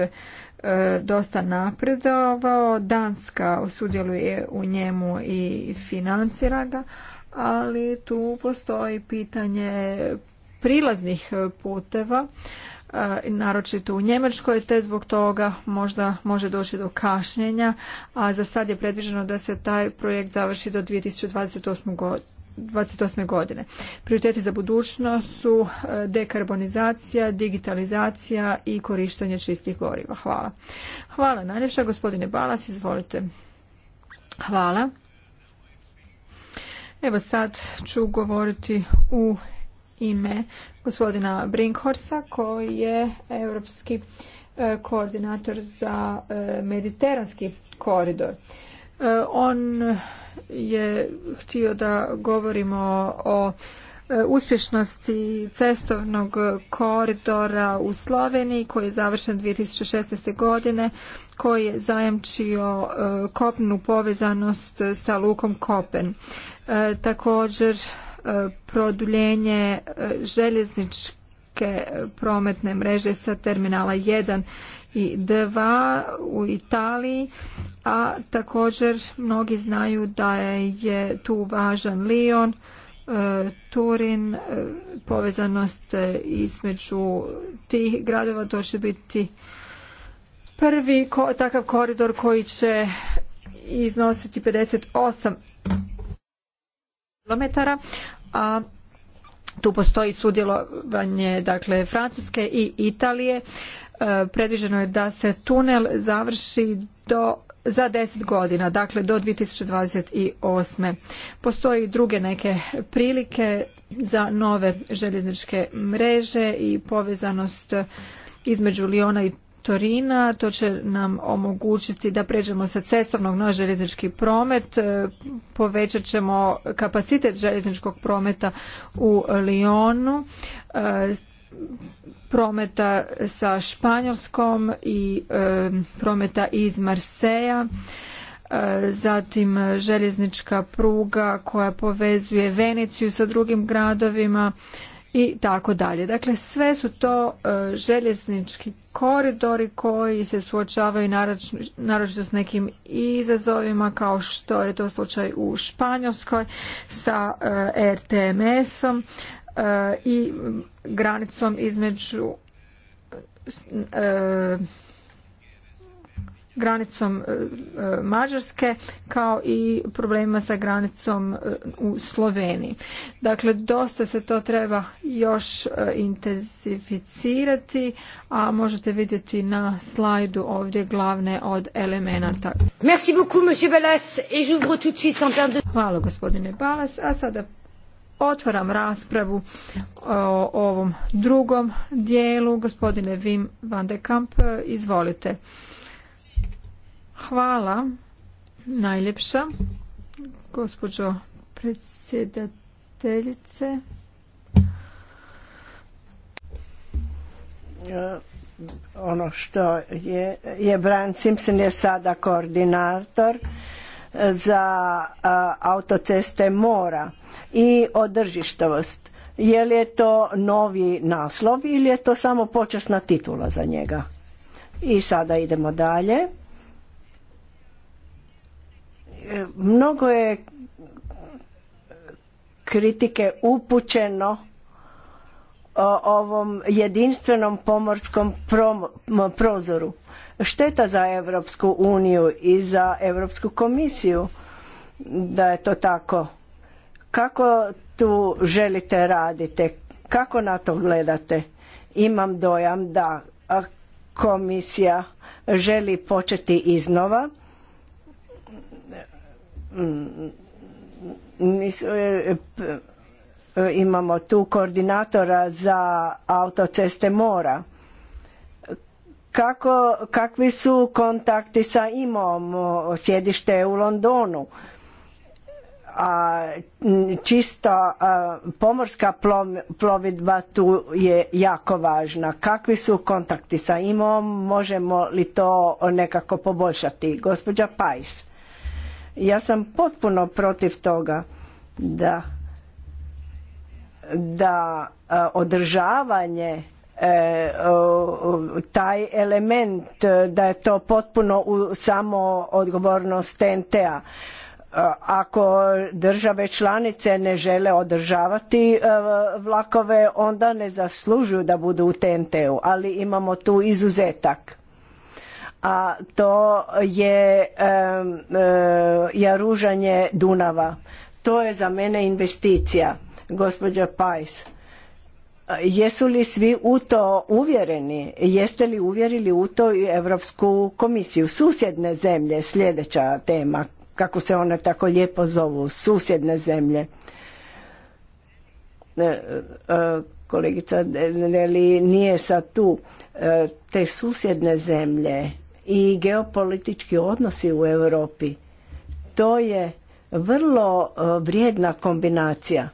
B: E, dosta napredovao. Danska sudjeluje u njemu i financira ga, ali tu postoji pitanje prilaznih puteva, e, naročito u Njemačkoj, te zbog toga možda može doći do kašnjenja, a za sad je predviđeno da se taj projekt završi do 2028. godine 28. godine. Prioriteti za budućnost su e, dekarbonizacija, digitalizacija i korištenje čistih goriva. Hvala. Hvala najljepša. Gospodine Balas, izvolite. Hvala. Evo sad ću govoriti u ime gospodina Brinkhorsa koji je europski e, koordinator za e, mediteranski koridor. On je htio da govorimo o uspješnosti cestovnog koridora u Sloveniji koji je završen 2016. godine koji je zajamčio e, kopnu povezanost sa lukom Kopen. E, također e, produljenje željezničke prometne mreže sa terminala 1 i 2 u Italiji a također mnogi znaju da je tu važan Lion, e, Turin, e, povezanost e, između tih gradova, to će biti prvi takav koridor koji će iznositi 58 km, a tu postoji sudjelovanje dakle, Francuske i Italije. Predviđeno je da se tunel završi do za deset godina, dakle do 2028. Postoji druge neke prilike za nove željezničke mreže i povezanost između Liona i Torina. To će nam omogućiti da pređemo sa cestovnog na željeznički promet. E, povećat ćemo kapacitet željezničkog prometa u Lionu e, prometa sa Španjolskom i prometa iz Marseja e, zatim željeznička pruga koja povezuje Veneciju sa drugim gradovima i tako dalje. Dakle, sve su to e, željeznički koridori koji se suočavaju naročito s nekim izazovima kao što je to slučaj u Španjolskoj sa e, RTMS-om. E, i granicom između e, granicom e, Mađarske kao i problema sa granicom u Sloveniji. Dakle, dosta se to treba još intenzificirati, a možete vidjeti na slajdu ovdje glavne od elemenata. Merci beaucoup, monsieur et Hvala, gospodine Balas, a sada Otvaram raspravu e, o ovom drugom dijelu. Gospodine Wim van de Kamp, e, izvolite. Hvala najljepša, gospođo predsjedateljice.
C: E, ono što je, je Brian Simpson je sada koordinator za autoceste mora i održištovost. Je li je to novi naslov ili je to samo počasna titula za njega? I sada idemo dalje. E, mnogo je kritike upućeno ovom jedinstvenom pomorskom prozoru šteta za Europsku uniju i za Europsku komisiju da je to tako. Kako tu želite radite? Kako na to gledate? Imam dojam da komisija želi početi iznova imamo tu koordinatora za autoceste mora kako, kakvi su kontakti sa IMOM, sjedište u Londonu, a čista pomorska plovidba tu je jako važna. Kakvi su kontakti sa IMOM, možemo li to nekako poboljšati? Gospođa Pajs, ja sam potpuno protiv toga da da održavanje E, taj element e, da je to potpuno u samo odgovornost TNT-a e, ako države članice ne žele održavati vlakove onda ne zaslužuju da budu u TNT-u ali imamo tu izuzetak a to je jaružanje Dunava to je za mene investicija gospođa Pajs Eh, jesu li svi u to uvjereni? Jeste li uvjerili u to i Europsku komisiju? Susjedne zemlje, sljedeća tema, kako se one tako lijepo zovu, susjedne zemlje. Eh, eh, kolegica Neli nije sad tu. Te susjedne zemlje i geopolitički odnosi u Europi, to je vrlo vrijedna kombinacija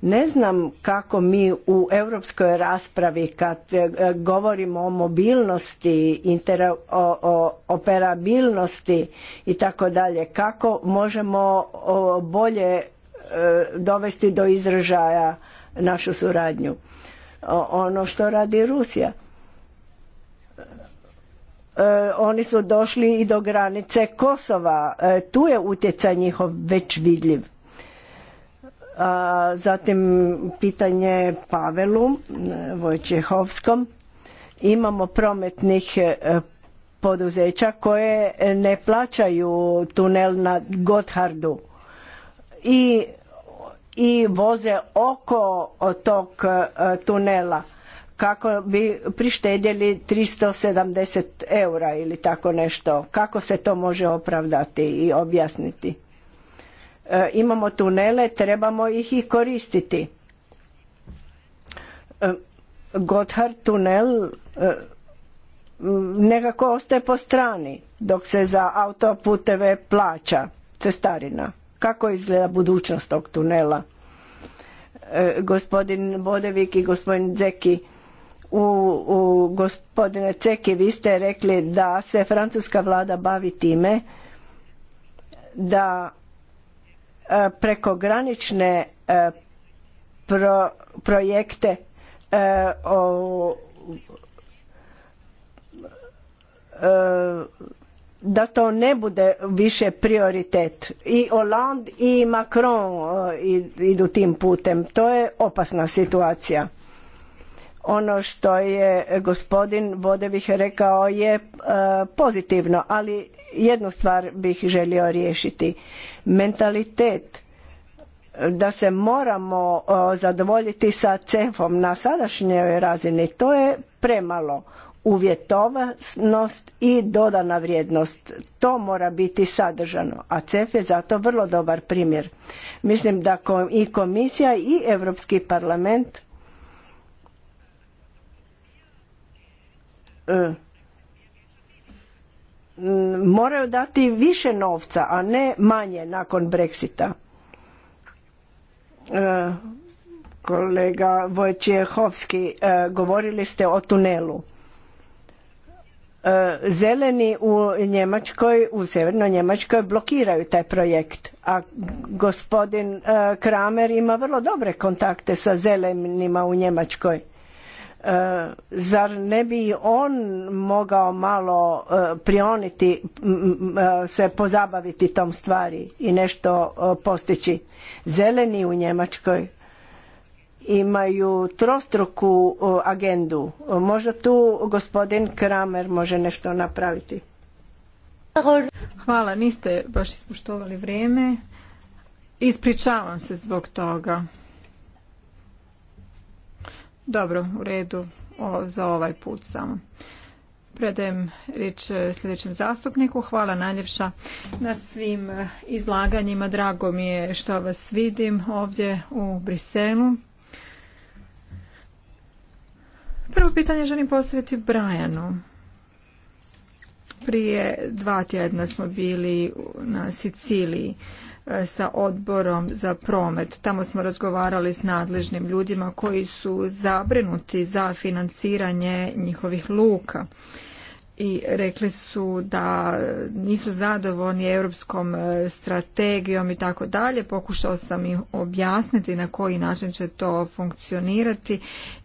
C: ne znam kako mi u europskoj raspravi kad e, govorimo o mobilnosti, operabilnosti i tako dalje, kako možemo bolje e, dovesti do izražaja našu suradnju. Ono što radi Rusija. E, oni su došli i do granice Kosova. Tu je utjecaj njihov već vidljiv a zatim pitanje Pavelu e, Vojčehovskom. Imamo prometnih e, poduzeća koje ne plaćaju tunel na Gothardu i, i voze oko tog e, tunela kako bi prištedjeli 370 eura ili tako nešto. Kako se to može opravdati i objasniti? E, imamo tunele, trebamo ih i koristiti. E, Gotthard tunel e, nekako ostaje po strani dok se za autoputeve plaća cestarina. Kako izgleda budućnost tog tunela? Gospodin Bodevik i gospodin Zeki u, gospodine Ceki vi ste rekli da se francuska vlada bavi time da E, prekogranične e, projekte e, da to ne bude više prioritet. I Hollande i Macron idu tim putem. To je opasna situacija ono što je gospodin Vodevih rekao je e, pozitivno, ali jednu stvar bih želio riješiti. Mentalitet da se moramo e, zadovoljiti sa cefom na sadašnjoj razini, to je premalo uvjetovanost i dodana vrijednost. To mora biti sadržano, a CEF je zato vrlo dobar primjer. Mislim da i komisija i Europski parlament E, moraju dati više novca, a ne manje nakon Brexita. E, kolega Vojčehovski, e, govorili ste o tunelu. zeleni u Njemačkoj, u Sjevernoj Njemačkoj blokiraju taj projekt, a gospodin Kramer ima vrlo dobre kontakte sa zelenima u Njemačkoj E, zar ne bi on mogao malo e, prioniti, e, se pozabaviti tom stvari i nešto postići. Zeleni u Njemačkoj imaju trostruku agendu. Možda tu gospodin Kramer može nešto napraviti.
B: Hvala, niste baš ispoštovali vrijeme. Ispričavam se zbog toga. Dobro, u redu o, za ovaj put samo. Predajem riječ e, sljedećem zastupniku. Hvala najljepša na svim e, izlaganjima. Drago mi je što vas vidim ovdje u Briselu. Prvo pitanje želim postaviti Brajanu. Prije dva tjedna smo bili na Siciliji. E, sa odborom za promet. Tamo smo razgovarali s nadležnim ljudima koji su zabrinuti za financiranje njihovih luka i rekli su da nisu zadovoljni europskom e, strategijom i tako dalje. Pokušao sam im objasniti na koji način će to funkcionirati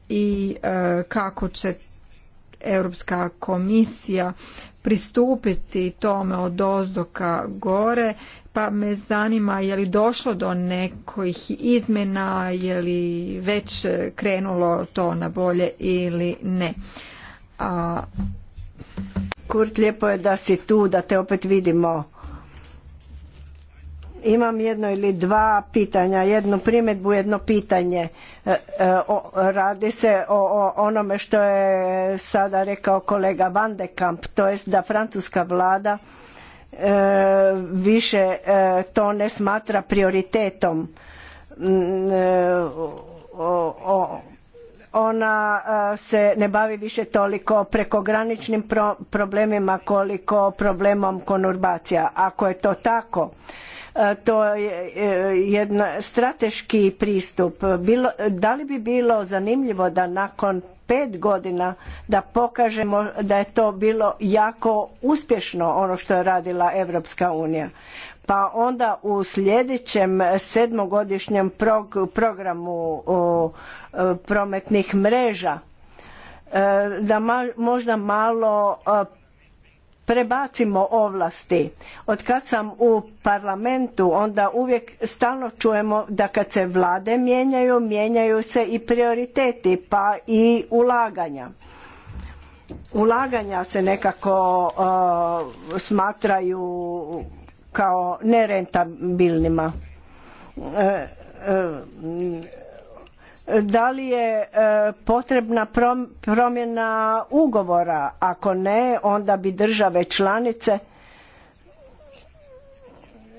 B: i e, kako će Europska komisija pristupiti tome od ozdoka gore pa me zanima je li došlo do nekojih izmjena, je li već krenulo to na bolje ili ne. A...
C: Kurt, lijepo je da si tu, da te opet vidimo. Imam jedno ili dva pitanja, jednu primjedbu, jedno pitanje. E, e, radi se o, o onome što je sada rekao kolega Van de Kamp, to jest da francuska vlada E, više e, to ne smatra prioritetom. Mm, e, ona se ne bavi više toliko prekograničnim problemima koliko problemom konurbacija. Ako je to tako, to je jedan strateški pristup. Bilo, da li bi bilo zanimljivo da nakon pet godina da pokažemo da je to bilo jako uspješno ono što je radila Europska unija. Pa onda u sljedećem sedmogodišnjem programu prometnih mreža e, da možda malo e, prebacimo ovlasti. Od kad sam u parlamentu onda uvijek stalno čujemo da kad se vlade mijenjaju, mijenjaju se i prioriteti pa i ulaganja. Ulaganja se nekako smatraju kao nerentabilnima. Uh, da li je e, potrebna promjena ugovora ako ne onda bi države članice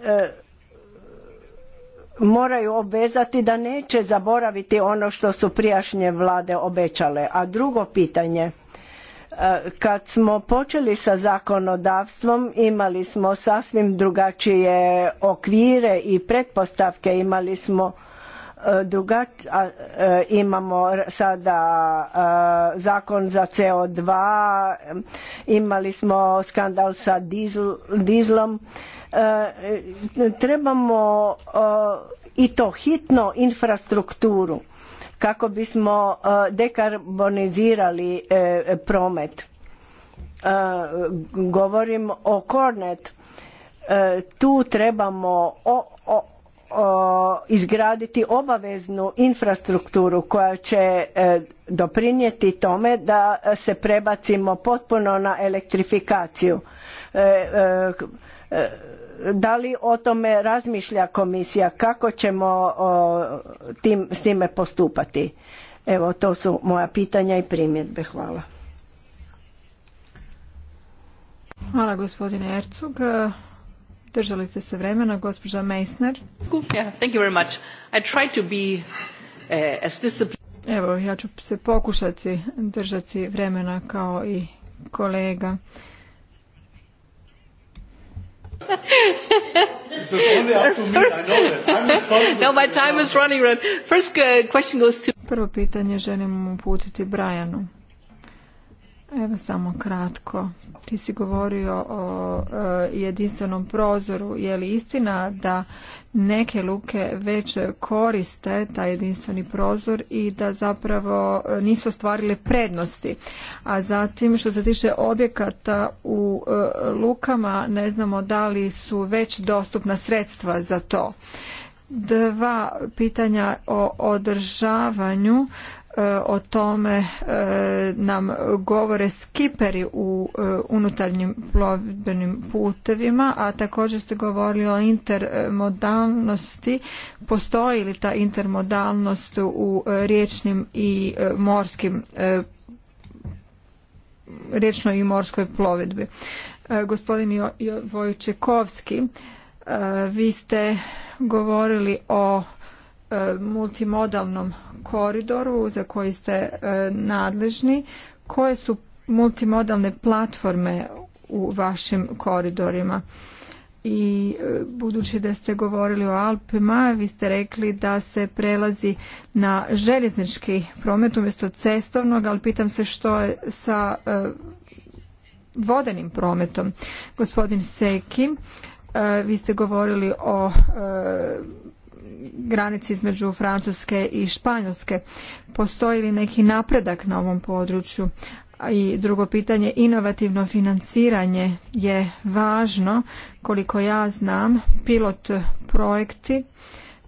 C: e, moraju obvezati da neće zaboraviti ono što su prijašnje vlade obećale a drugo pitanje e, kad smo počeli sa zakonodavstvom imali smo sasvim drugačije okvire i pretpostavke imali smo Druga, e, imamo sada e, zakon za CO2, imali smo skandal sa dizlom. E, trebamo i to hitno infrastrukturu kako bismo dekarbonizirali promet. Govorim o Kornet. Tu trebamo o, izgraditi obaveznu infrastrukturu koja će e, doprinijeti tome da se prebacimo potpuno na elektrifikaciju. E, e, da li o tome razmišlja komisija? Kako ćemo s time postupati? Evo, to su moja pitanja i primjedbe. Hvala.
B: Hvala gospodine Ercug. Držali ste se vremena, gospođa Meissner. Evo, ja ću se pokušati držati vremena kao i kolega. Prvo pitanje želim uputiti Brajanu. Evo samo kratko. Ti si govorio o e, jedinstvenom prozoru. Je li istina da neke luke već koriste taj jedinstveni prozor i da zapravo nisu ostvarile prednosti? A zatim što se tiče objekata u e, lukama ne znamo da li su već dostupna sredstva za to. Dva pitanja o održavanju E, o tome e, nam govore skiperi u e, unutarnjim plovidbenim putevima, a također ste govorili o intermodalnosti. Postoji li ta intermodalnost u riječnim i morskim riječnoj i morskoj plovidbi. Gospodin Vojčekovski, vi ste govorili o E, multimodalnom koridoru za koji ste e, nadležni. Koje su multimodalne platforme u vašim koridorima? i e, budući da ste govorili o Alpima, vi ste rekli da se prelazi na željeznički promet umjesto cestovnog, ali pitam se što je sa vodenim prometom. Gospodin Seki, vi ste govorili o granici između Francuske i Španjolske. Postoji li neki napredak na ovom području? I drugo pitanje, inovativno financiranje je važno. Koliko ja znam, pilot projekti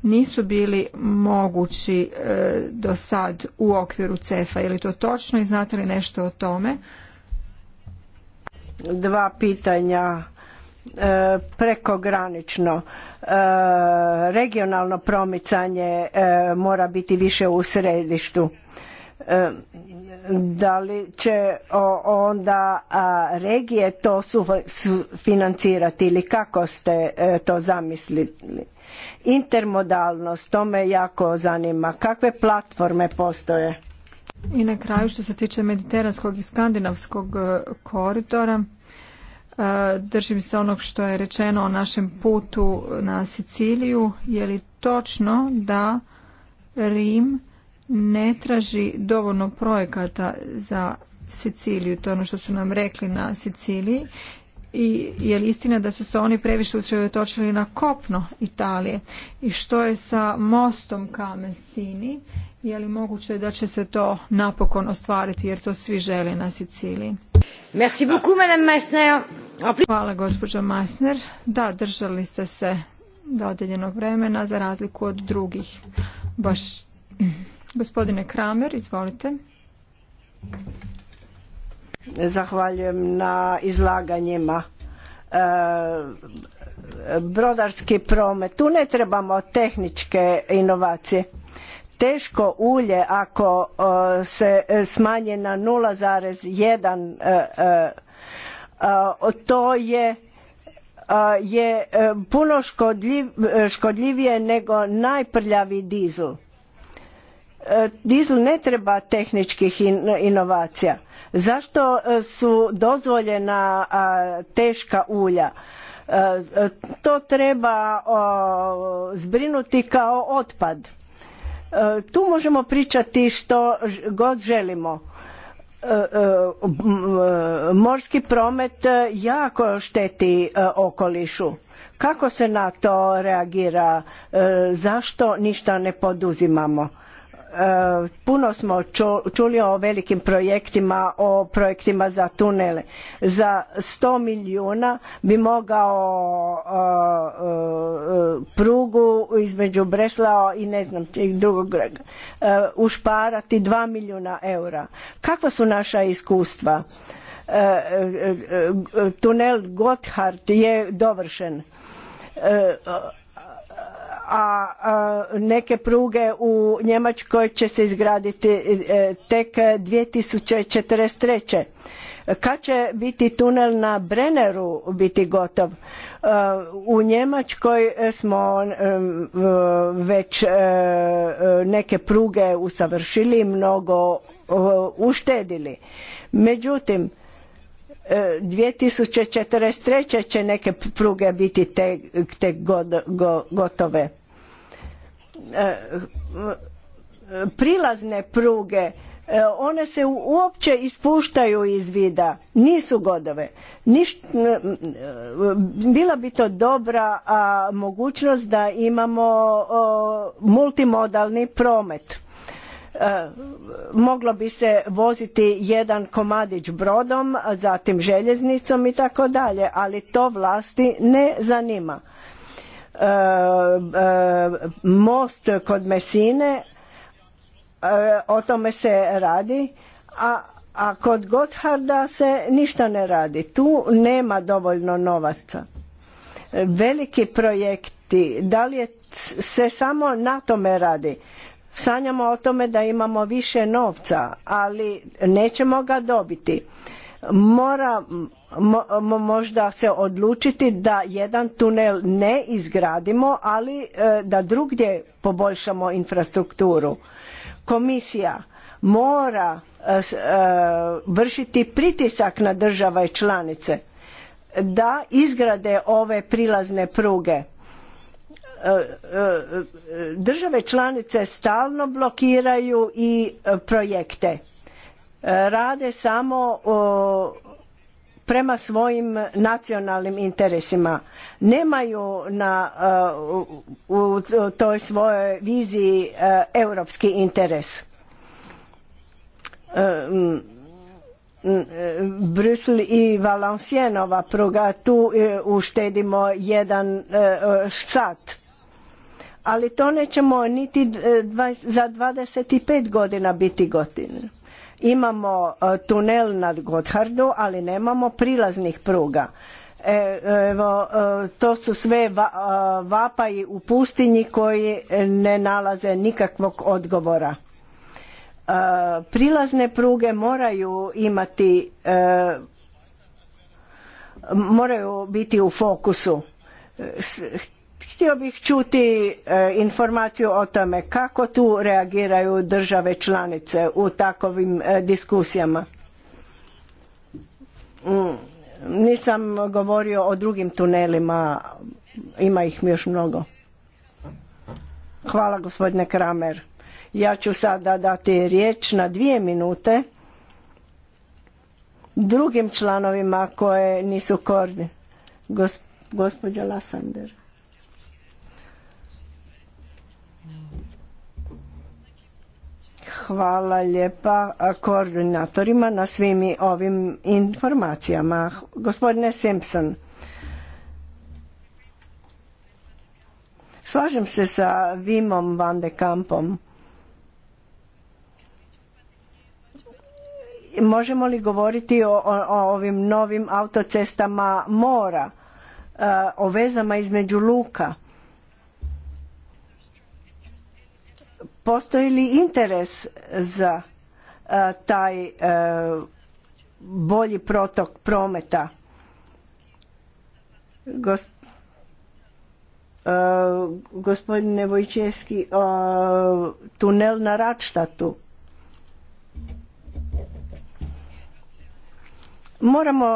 B: nisu bili mogući e, do sad u okviru CEFA. Je li to točno i znate li nešto o tome?
C: Dva pitanja E, prekogranično e, regionalno promicanje e, mora biti više u središtu da li će onda regije to financirati ili kako ste to zamislili intermodalnost to me jako zanima kakve platforme postoje
B: i na kraju što se tiče mediteranskog i skandinavskog koridora E, držim se onog što je rečeno o našem putu na Siciliju. Je li točno da Rim ne traži dovoljno projekata za Siciliju? To je ono što su nam rekli na Siciliji. I je li istina da su se oni previše usredotočili na kopno Italije? I što je sa mostom ka Je li moguće da će se to napokon ostvariti jer to svi žele na Siciliji? Merci Hvala, gospođo Masner. Da, držali ste se dodijeljenog vremena za razliku od drugih. Baš... Gospodine Kramer, izvolite.
C: Zahvaljujem na izlaganjima. E, brodarski promet, tu ne trebamo tehničke inovacije teško ulje ako e, se e, smanje na 0,1 e, to je je puno škodljivije nego najprljavi dizel. Dizel ne treba tehničkih inovacija. Zašto su dozvoljena teška ulja? To treba zbrinuti kao otpad E, tu možemo pričati što god želimo. E, e, morski promet jako šteti okolišu. Kako se na to reagira? Zašto ništa ne poduzimamo? Eh, puno smo čuli o velikim projektima, o projektima za tunele. Za 100 milijuna bi mogao eh, eh, prugu između Breslao i ne znam i drugog ušparati 2 milijuna eura. Kakva su naša iskustva? Tunel Gotthard je dovršen a neke pruge u Njemačkoj će se izgraditi e, tek 2043. Kad će biti tunel na Brenneru biti gotov? E, u Njemačkoj smo e, već neke pruge usavršili, mnogo uštedili. Međutim, 2043. će neke pruge biti tek gotove. Eh, prilazne pruge eh, one se uopće ispuštaju iz vida nisu godove eh, bila bi to dobra mogućnost da imamo multimodalni promet moglo bi se voziti jedan komadić brodom zatim željeznicom i tako dalje ali to vlasti ne zanima most kod Mesine, e, o tome se radi, a, a kod Gotharda se ništa ne radi. Tu nema dovoljno novaca. Veliki projekti, da li se samo na tome radi? Sanjamo o tome da imamo više novca, ali nećemo ga dobiti. Mora možda se odlučiti da jedan tunel ne izgradimo, ali e, da drugdje poboljšamo infrastrukturu. Komisija mora e, e, vršiti pritisak na države članice da izgrade ove prilazne pruge države članice stalno blokiraju i projekte rade samo prema svojim nacionalnim interesima nemaju na uh, u toj svojoj viziji uh, europski interes um, mm, Brusel i Valencijenova pruga tu uh, uštedimo jedan sat ali to nećemo niti za 25 godina biti gotovi Imamo e, tunel nad Gotthardu, ali nemamo prilaznih pruga. E, evo, e, to su sve vapaji u pustinji koji ne nalaze nikakvog odgovora. Prilazne pruge moraju imati moraju biti u fokusu Htio bih čuti e, informaciju o tome kako tu reagiraju države članice u takovim e, diskusijama. Mm, nisam govorio o drugim tunelima, ima ih još mnogo. Hvala gospodine Kramer. Ja ću sada dati riječ na dvije minute drugim članovima koje nisu korni. gospođa Lasander. Hvala lijepa koordinatorima na svim ovim informacijama. Gospodine Simpson, slažem se sa Vimom van de Kampom. Možemo li govoriti o, o ovim novim autocestama mora, e, o vezama između luka? Postoji li interes za e, taj e, bolji protok prometa? E, gospodin gospodine tunel na Račtatu. Moramo,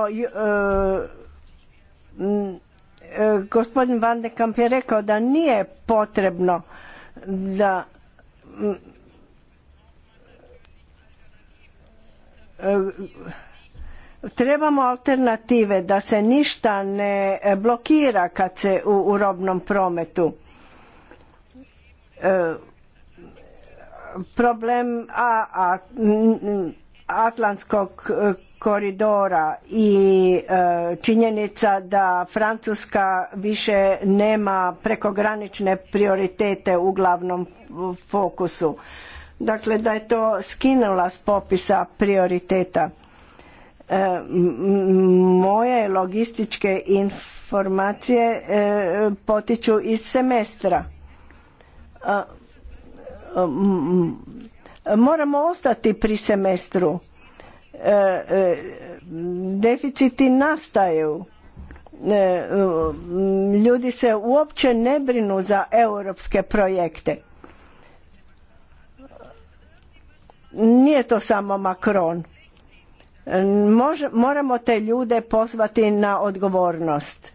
C: gospodin Van de je rekao da nije potrebno da Mm. trebamo alternative da se ništa ne blokira kad se u, u robnom prometu e, problem a, a, Atlantskog koridora i e, činjenica da Francuska više nema prekogranične prioritete u glavnom fokusu. Dakle, da je to skinula s popisa prioriteta. E, moje logističke informacije e, potiču iz semestra. Moramo ostati pri semestru E, e, deficiti nastaju e, ljudi se uopće ne brinu za europske projekte nije to samo Macron moramo te ljude pozvati na odgovornost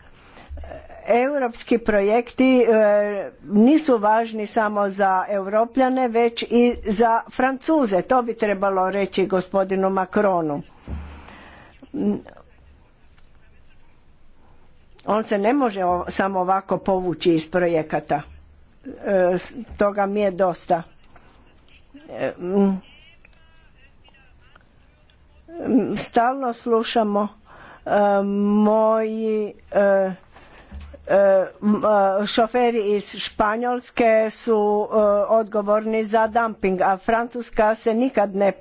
C: europski projekti e, nisu važni samo za europljane već i za francuze to bi trebalo reći gospodinu macronu on se ne može samo ovako povući iz projekata e, toga mi je dosta e, stalno slušamo moji Eh, eh, šoferi iz Španjolske su eh, odgovorni za dumping, a Francuska se nikad ne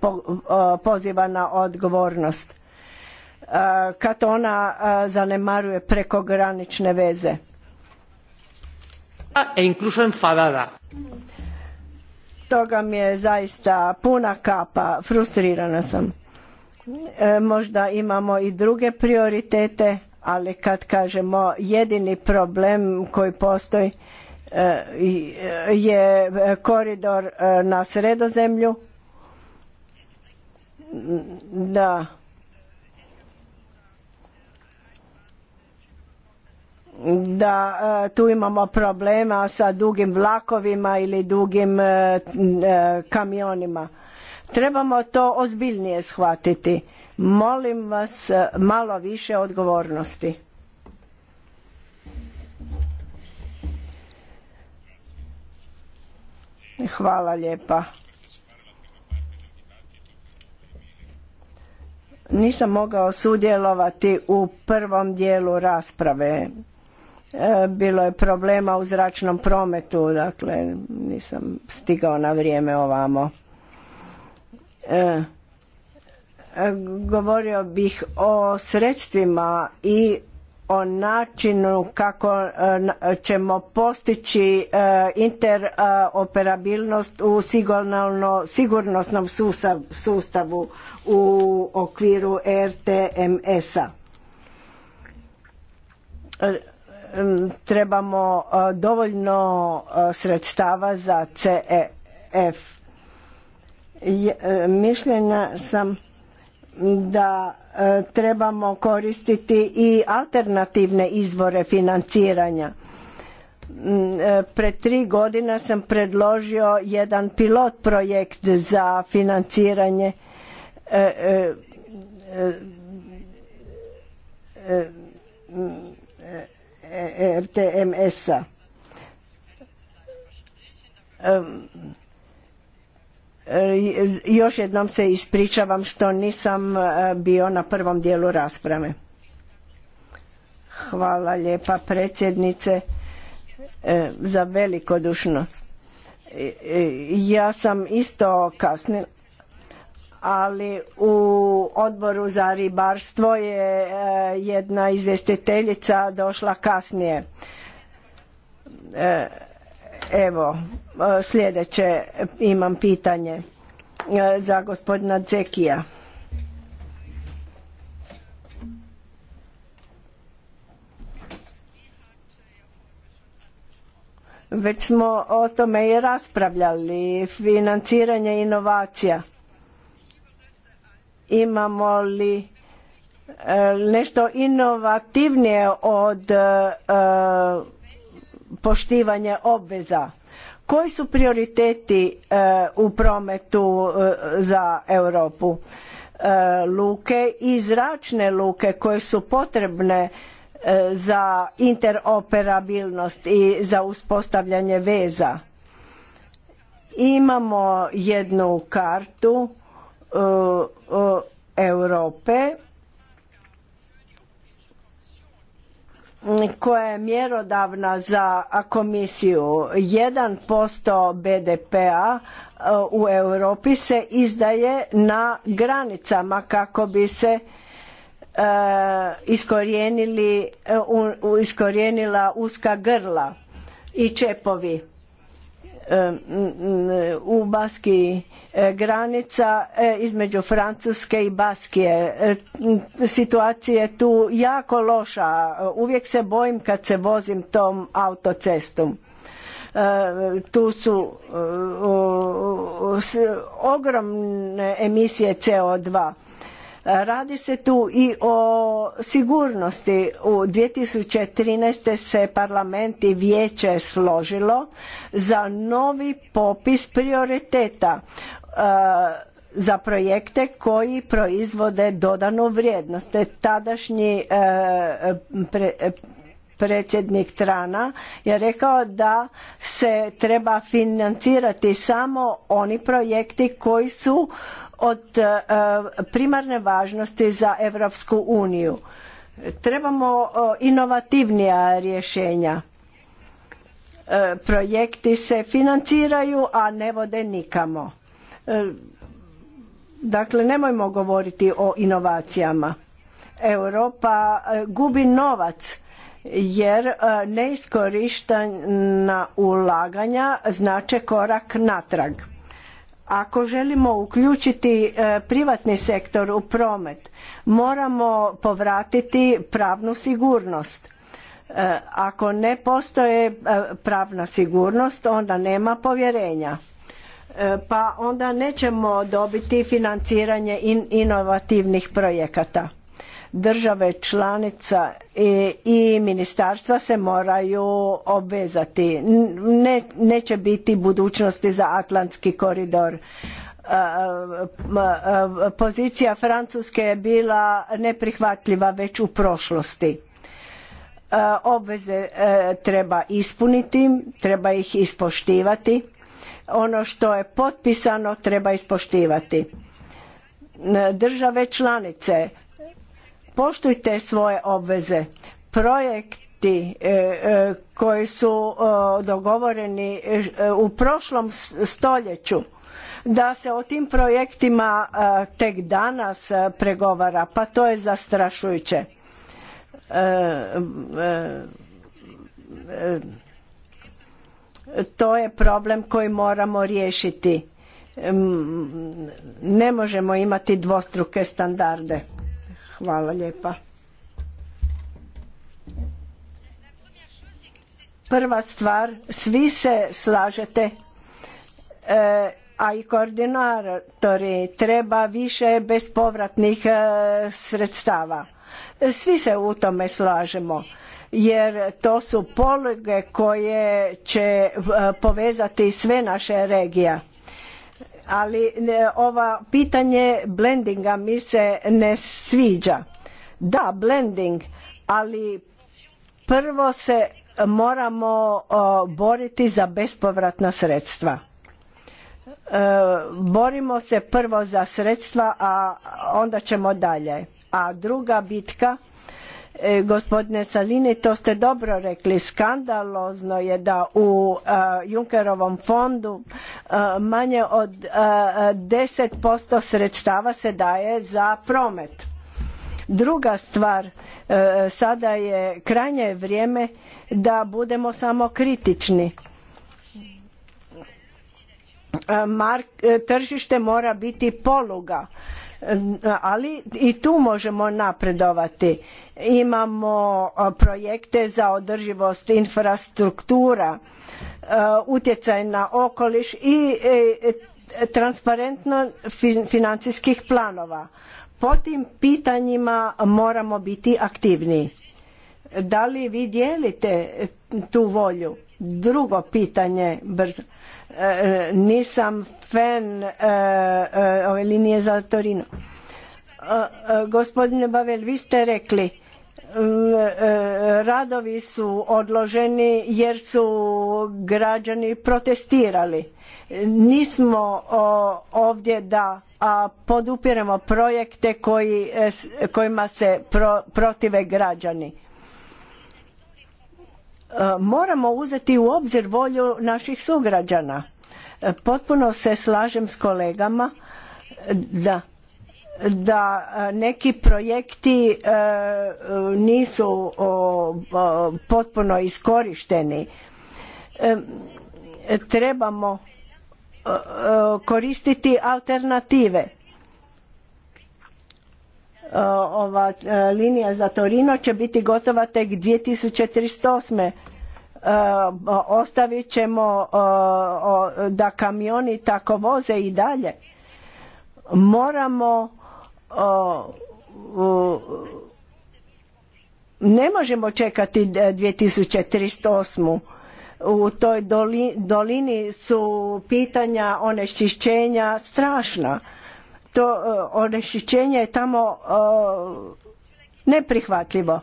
C: poziva na odgovornost kad ona zanemaruje prekogranične veze. E Toga mi je zaista puna kapa, frustrirana sam. Možda imamo i druge prioritete ali kad kažemo jedini problem koji postoji e, e, je koridor e, na sredozemlju da da tu imamo problema sa dugim vlakovima ili dugim kamionima trebamo to ozbiljnije shvatiti Molim vas e, malo više odgovornosti. Hvala lijepa. Nisam mogao sudjelovati u prvom dijelu rasprave. E, bilo je problema u zračnom prometu, dakle nisam stigao na vrijeme ovamo. E, govorio bih o sredstvima i o načinu kako e, ćemo postići e, interoperabilnost u sigurnosnom sustavu u okviru RTMS-a. E, trebamo dovoljno sredstava za CEF. Mišljenja sam da trebamo koristiti i alternativne izvore financiranja. Pred tri godina sam predložio jedan pilot projekt za financiranje RTMS-a E, još jednom se ispričavam što nisam e, bio na prvom dijelu rasprave. Hvala lijepa predsjednice e, za velikodušnost. Ja sam isto kasnila, ali u odboru za ribarstvo je jedna izvjestiteljica došla kasnije. Evo, e, sljedeće imam pitanje e, za gospodina Zekija. Već smo o tome i raspravljali, financiranje inovacija. Imamo li e, nešto inovativnije od poštivanje obveza. Koji su prioriteti e, u prometu e, za Europu? E, luke i zračne luke koje su potrebne za interoperabilnost i za uspostavljanje veza. Imamo jednu kartu Europe koja je mjerodavna za komisiju 1% BDP-a uh, u Europi se izdaje na granicama kako bi se uh, uh, iskorijenila uska grla i čepovi E, u Baski e, granica e, između Francuske i Baskije. Situacija je tu jako loša. Uvijek se bojim kad se vozim tom autocestom. Tu su ogromne emisije CO2 Radi se tu i o sigurnosti. U 2013. se parlament i vijeće složilo za novi popis prioriteta e, za projekte koji proizvode dodanu vrijednost. Tadašnji e, predsjednik Trana je rekao da se treba financirati samo oni projekti koji su od e, primarne važnosti za Europsku uniju. Trebamo e, inovativnija rješenja. E, projekti se financiraju, a ne vode nikamo. Dakle, nemojmo govoriti o inovacijama. Europa gubi novac jer neiskorištena ulaganja znače korak natrag ako želimo uključiti e, privatni sektor u promet moramo povratiti pravnu sigurnost e, ako ne postoje e, pravna sigurnost onda nema povjerenja pa onda nećemo dobiti financiranje inovativnih projekata države članica i, ministarstva se moraju obvezati. neće biti budućnosti za Atlantski koridor. Pozicija Francuske je bila neprihvatljiva već u prošlosti. Obveze e, treba ispuniti, treba ih ispoštivati. Ono što je potpisano treba ispoštivati države članice poštujte svoje obveze. Projekti e, e, koji su e, dogovoreni u prošlom stoljeću da se o tim projektima tek danas pregovara, pa to je zastrašujuće. To je problem koji moramo riješiti. Ne možemo imati dvostruke standarde. Hvala lijepa. Prva stvar, svi se slažete, e, a i koordinatori treba više bespovratnih e, sredstava. Svi se u tome slažemo jer to su poluge koje će e, povezati sve naše regije ali ova pitanje blendinga mi se ne sviđa. Da, blending, ali prvo se moramo boriti za bespovratna sredstva. E, borimo se prvo za sredstva, a onda ćemo dalje. A druga bitka E, gospodine Salini, to ste dobro rekli. Skandalozno je da u e, Junkerovom fondu e, manje od posto sredstava se daje za promet. Druga stvar, sada je krajnje vrijeme da budemo samo kritični. Mark, tržište mora biti poluga ali i tu možemo napredovati. Imamo projekte za održivost infrastruktura, utjecaj na okoliš i e, transparentno financijskih planova. Po tim pitanjima moramo biti aktivni. Da li vi dijelite tu volju? Drugo pitanje brzo Eh, nisam fan eh, eh, ove linije za Torino. Gospodine Bavel, vi ste rekli radovi su odloženi jer su građani protestirali. Nismo ovdje da podupiremo projekte kojima se protive građani moramo uzeti u obzir volju naših sugrađana. E, potpuno se slažem s kolegama da da e, neki projekti e, nisu potpuno iskorišteni. trebamo koristiti alternative Eh, ova eh, linija za Torino će biti gotova tek 2038. Eh, ostavit ćemo da kamioni tako voze i dalje. Moramo ne možemo čekati 2308. U toj dolini su pitanja onečišćenja strašna to e, onečišćenje je tamo e, neprihvatljivo.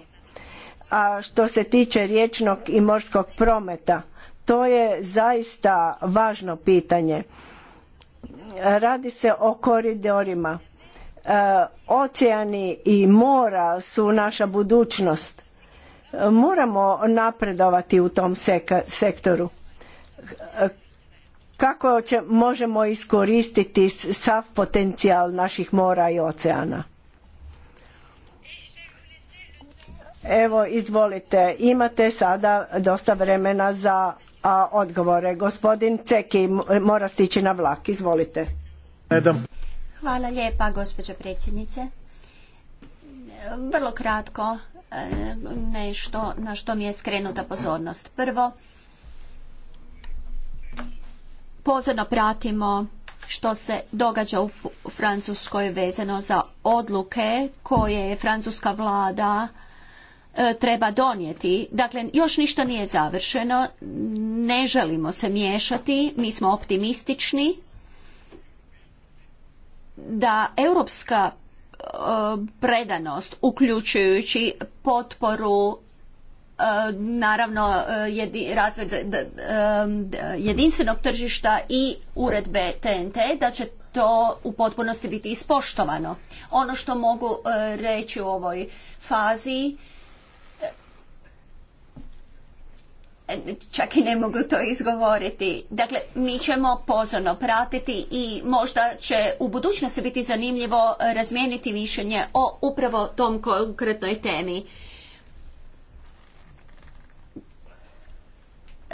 C: A što se tiče riječnog i morskog prometa, to je zaista važno pitanje. Radi se o koridorima. E, oceani i mora su naša budućnost. Moramo napredovati u tom sektoru kako možemo iskoristiti sav potencijal naših mora i oceana. Evo, izvolite, imate sada dosta vremena za odgovore. Gospodin Ceki mora stići na vlak, izvolite.
D: Hvala lijepa, gospođo predsjednice. Vrlo kratko e, nešto na što mi je skrenuta pozornost. Prvo, pozorno pratimo što se događa u Francuskoj vezano za odluke koje je francuska vlada e, treba donijeti. Dakle, još ništa nije završeno, ne želimo se miješati, mi smo optimistični da europska e, predanost uključujući potporu Eh, naravno eh, razvoj jedinstvenog tržišta i uredbe TNT, da će to u potpunosti biti ispoštovano. Ono što mogu eh, reći u ovoj fazi, čak i ne mogu to izgovoriti. Dakle, mi ćemo pozorno pratiti i možda će u budućnosti biti zanimljivo razmijeniti mišljenje o upravo tom konkretnoj temi.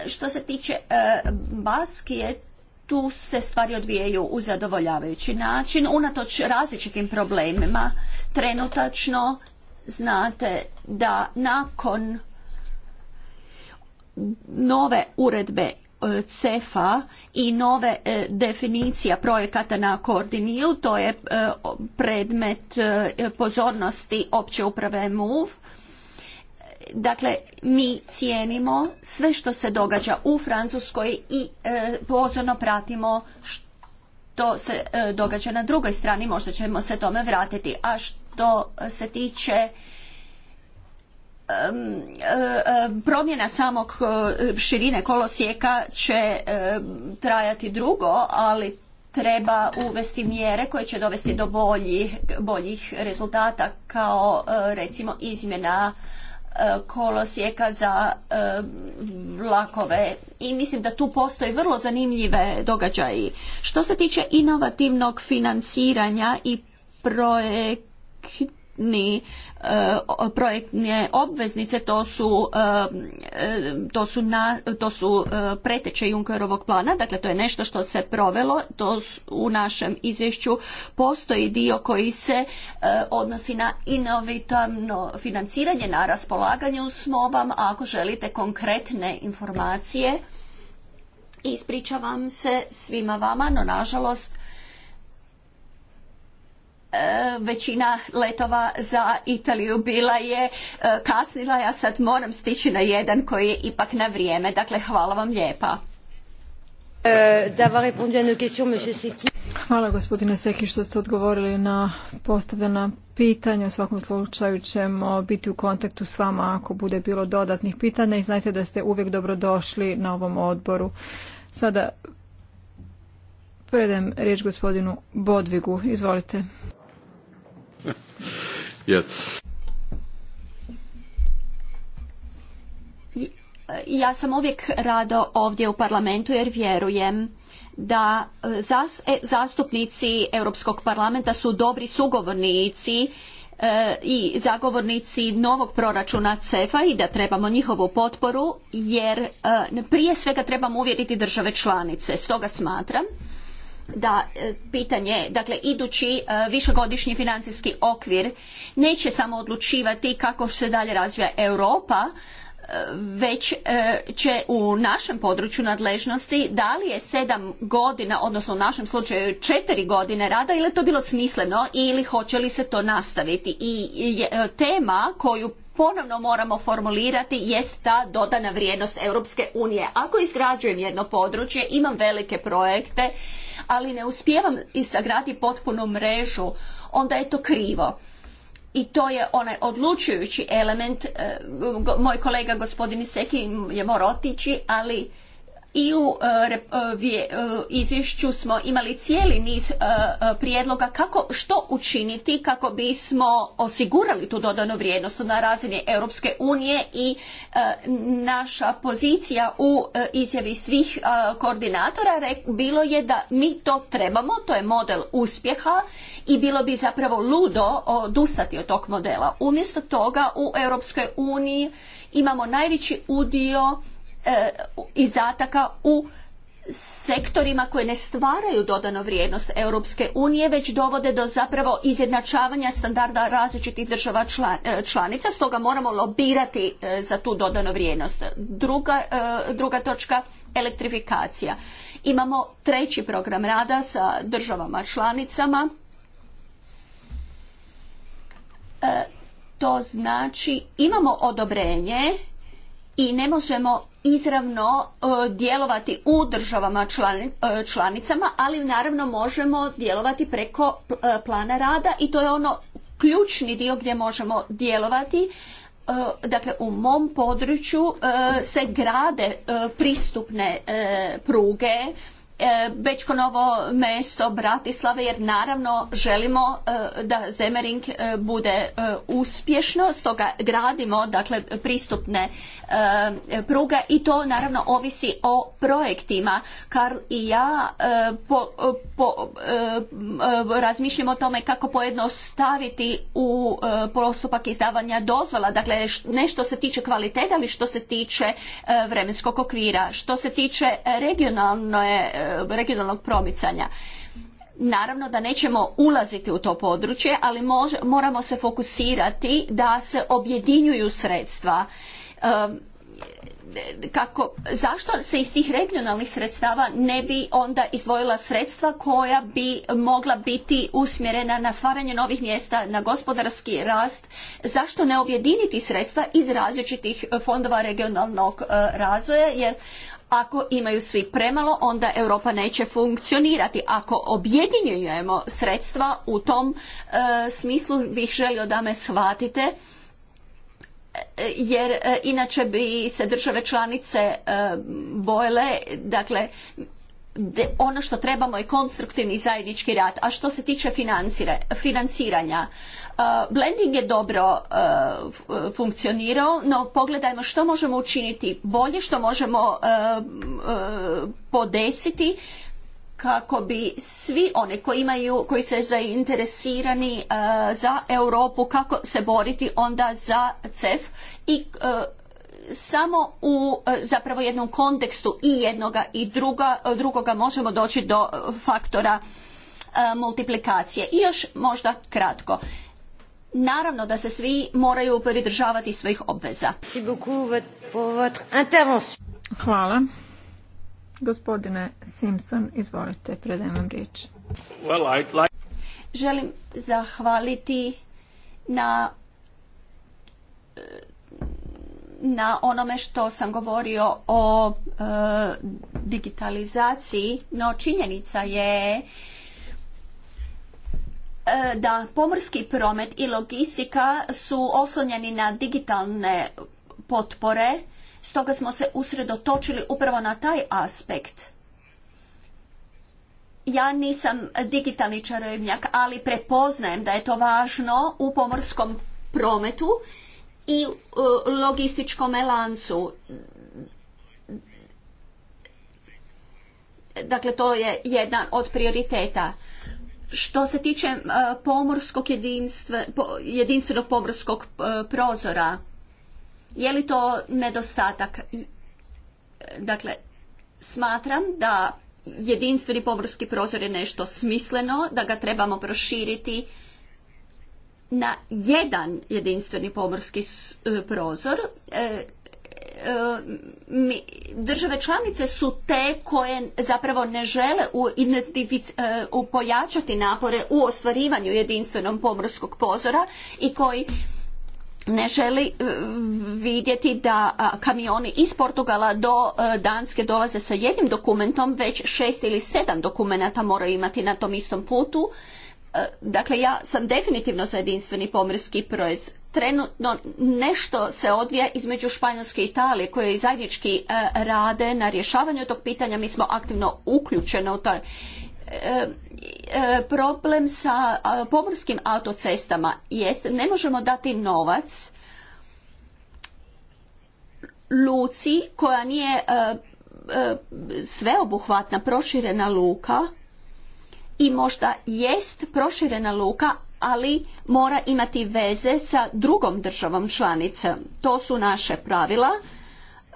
D: Što se tiče e, Baskije, tu se stvari odvijaju u zadovoljavajući način, unatoč različitim problemima. Trenutačno znate da nakon nove uredbe e, CEFA i nove e, definicija projekata na koordiniju, to je predmet pozornosti opće uprave MUV Dakle, mi cijenimo sve što se događa u Francuskoj i e, pozorno pratimo što se e, događa na drugoj strani, možda ćemo se tome vratiti. A što se tiče e, promjena samog širine kolosijeka će trajati drugo, ali treba uvesti mjere koje će dovesti do boljih rezultata kao recimo izmjena E, kolosijeka za e, vlakove i mislim da tu postoje vrlo zanimljive događaji. Što se tiče inovativnog financiranja i projekta projektni eh, projektne obveznice to su eh, to su, to su eh, preteče Junkerovog plana dakle to je nešto što se provelo to u našem izvješću postoji dio koji se odnosi na inovitavno financiranje na raspolaganju s vam ako želite konkretne informacije ispričavam se svima vama no nažalost većina letova za Italiju bila je e, kasnila, ja sad moram stići na jedan koji je ipak na vrijeme. Dakle, hvala vam lijepa. E,
B: hvala gospodine Seki što ste odgovorili na postavljena pitanja. U svakom slučaju ćemo biti u kontaktu s vama ako bude bilo dodatnih pitanja i znajte da ste uvijek dobrodošli na ovom odboru. Sada predajem riječ gospodinu Bodvigu.
D: Izvolite. Ja sam uvijek rado ovdje u parlamentu jer vjerujem da e, e, zastupnici Europskog parlamenta su dobri sugovornici e, i zagovornici novog proračuna CEFA i da trebamo njihovu potporu jer prije svega trebamo uvjeriti države članice. Stoga smatram da e, pitanje, dakle idući e, višegodišnji financijski okvir neće samo odlučivati kako se dalje razvija Europa, već e, će u našem području nadležnosti da li je sedam godina, odnosno u našem slučaju četiri godine rada ili je to bilo smisleno ili hoće li se to nastaviti. I e, tema koju ponovno moramo formulirati jest ta dodana vrijednost Europske unije. Ako izgrađujem jedno područje, imam velike projekte, ali ne uspijevam i sagraditi potpunu mrežu, onda je to krivo i to je onaj odlučujući element. E, moj kolega gospodin Iseki je morao otići, ali i u e, e, e, izvješću smo imali cijeli niz prijedloga kako što učiniti kako bismo osigurali tu dodanu vrijednost na razini Europske unije i naša pozicija u izjavi svih koordinatora bilo je da mi to trebamo, to je model uspjeha i bilo bi zapravo ludo odustati od tog modela. Umjesto toga u Europskoj uniji imamo najveći udio E, izdataka u sektorima koje ne stvaraju dodanu vrijednost Europske unije već dovode do zapravo izjednačavanja standarda različitih država e, članica, stoga moramo lobirati e, za tu dodanu vrijednost. Druga, druga točka, elektrifikacija. Imamo treći program rada sa državama članicama. To znači imamo odobrenje i ne možemo izravno e, djelovati u državama e, članicama, ali naravno možemo djelovati preko e, plana rada i to je ono ključni dio gdje možemo djelovati. Dakle, u mom području se grade pristupne pruge E, Bečko novo mesto Bratislave jer naravno želimo e, da Zemering e, bude uspješno, stoga gradimo dakle pristupne pruga i to naravno ovisi o projektima. Karl i ja po, razmišljamo o tome kako pojednostaviti u postupak izdavanja dozvola, dakle ne što se tiče kvaliteta ali što se tiče vremenskog okvira. Što se tiče regionalne regionalnog promicanja. Naravno da nećemo ulaziti u to područje, ali moramo se fokusirati da se objedinjuju sredstva. Ehm, kako, zašto se iz tih regionalnih sredstava ne bi onda izdvojila sredstva koja bi mogla biti usmjerena na stvaranje novih mjesta, na gospodarski rast? Zašto ne objediniti sredstva iz različitih fondova regionalnog e, razvoja? Jer ako imaju svi premalo, onda Europa neće funkcionirati. Ako objedinjujemo sredstva u tom e, smislu bih želio da me shvatite jer e, inače bi se države članice e, bojele, dakle ono što trebamo je konstruktivni zajednički rad. A što se tiče financiranja, e, blending je dobro funkcionirao, no pogledajmo što možemo učiniti bolje, što možemo podesiti kako bi svi oni koji imaju, koji se zainteresirani eh, za Europu kako se boriti onda za CEF i eh, samo u eh, zapravo jednom kontekstu i jednoga i druga, drugoga možemo doći do faktora multiplikacije. I još možda kratko. Naravno da se svi moraju pridržavati svojih obveza. Hvala
B: Gospodine Simpson, izvolite, predajem riječ.
D: Želim zahvaliti na na onome što sam govorio o e, digitalizaciji, no činjenica je e, da pomorski promet i logistika su oslonjeni na digitalne potpore Stoga smo se usredotočili upravo na taj aspekt ja nisam digitalni čarobnjak, ali prepoznajem da je to važno u pomorskom prometu i e, logističkom lancu. Dakle, to je jedan od prioriteta. Što se tiče e, pomorskog jedinstvenog pomorskog e, prozora, je li to nedostatak? Dakle, smatram da jedinstveni pomorski prozor je nešto smisleno, da ga trebamo proširiti na jedan jedinstveni pomorski e, prozor. E, e, države članice su te koje zapravo ne žele pojačati napore u ostvarivanju jedinstvenog pomorskog pozora i koji ne želi e, vidjeti da kamioni iz Portugala do e, Danske dolaze sa jednim dokumentom, već šest ili sedam dokumenata moraju imati na tom istom putu. E, dakle, ja sam definitivno za jedinstveni pomorski projez. Trenutno nešto se odvija između Španjolske i Italije koje zajednički rade na rješavanju tog pitanja. Mi smo aktivno uključeni u to E, e, problem sa pomorskim autocestama jest ne možemo dati novac luci koja nije e, sveobuhvatna proširena luka i možda jest proširena luka, ali mora imati veze sa drugom državom članicom. To su naše pravila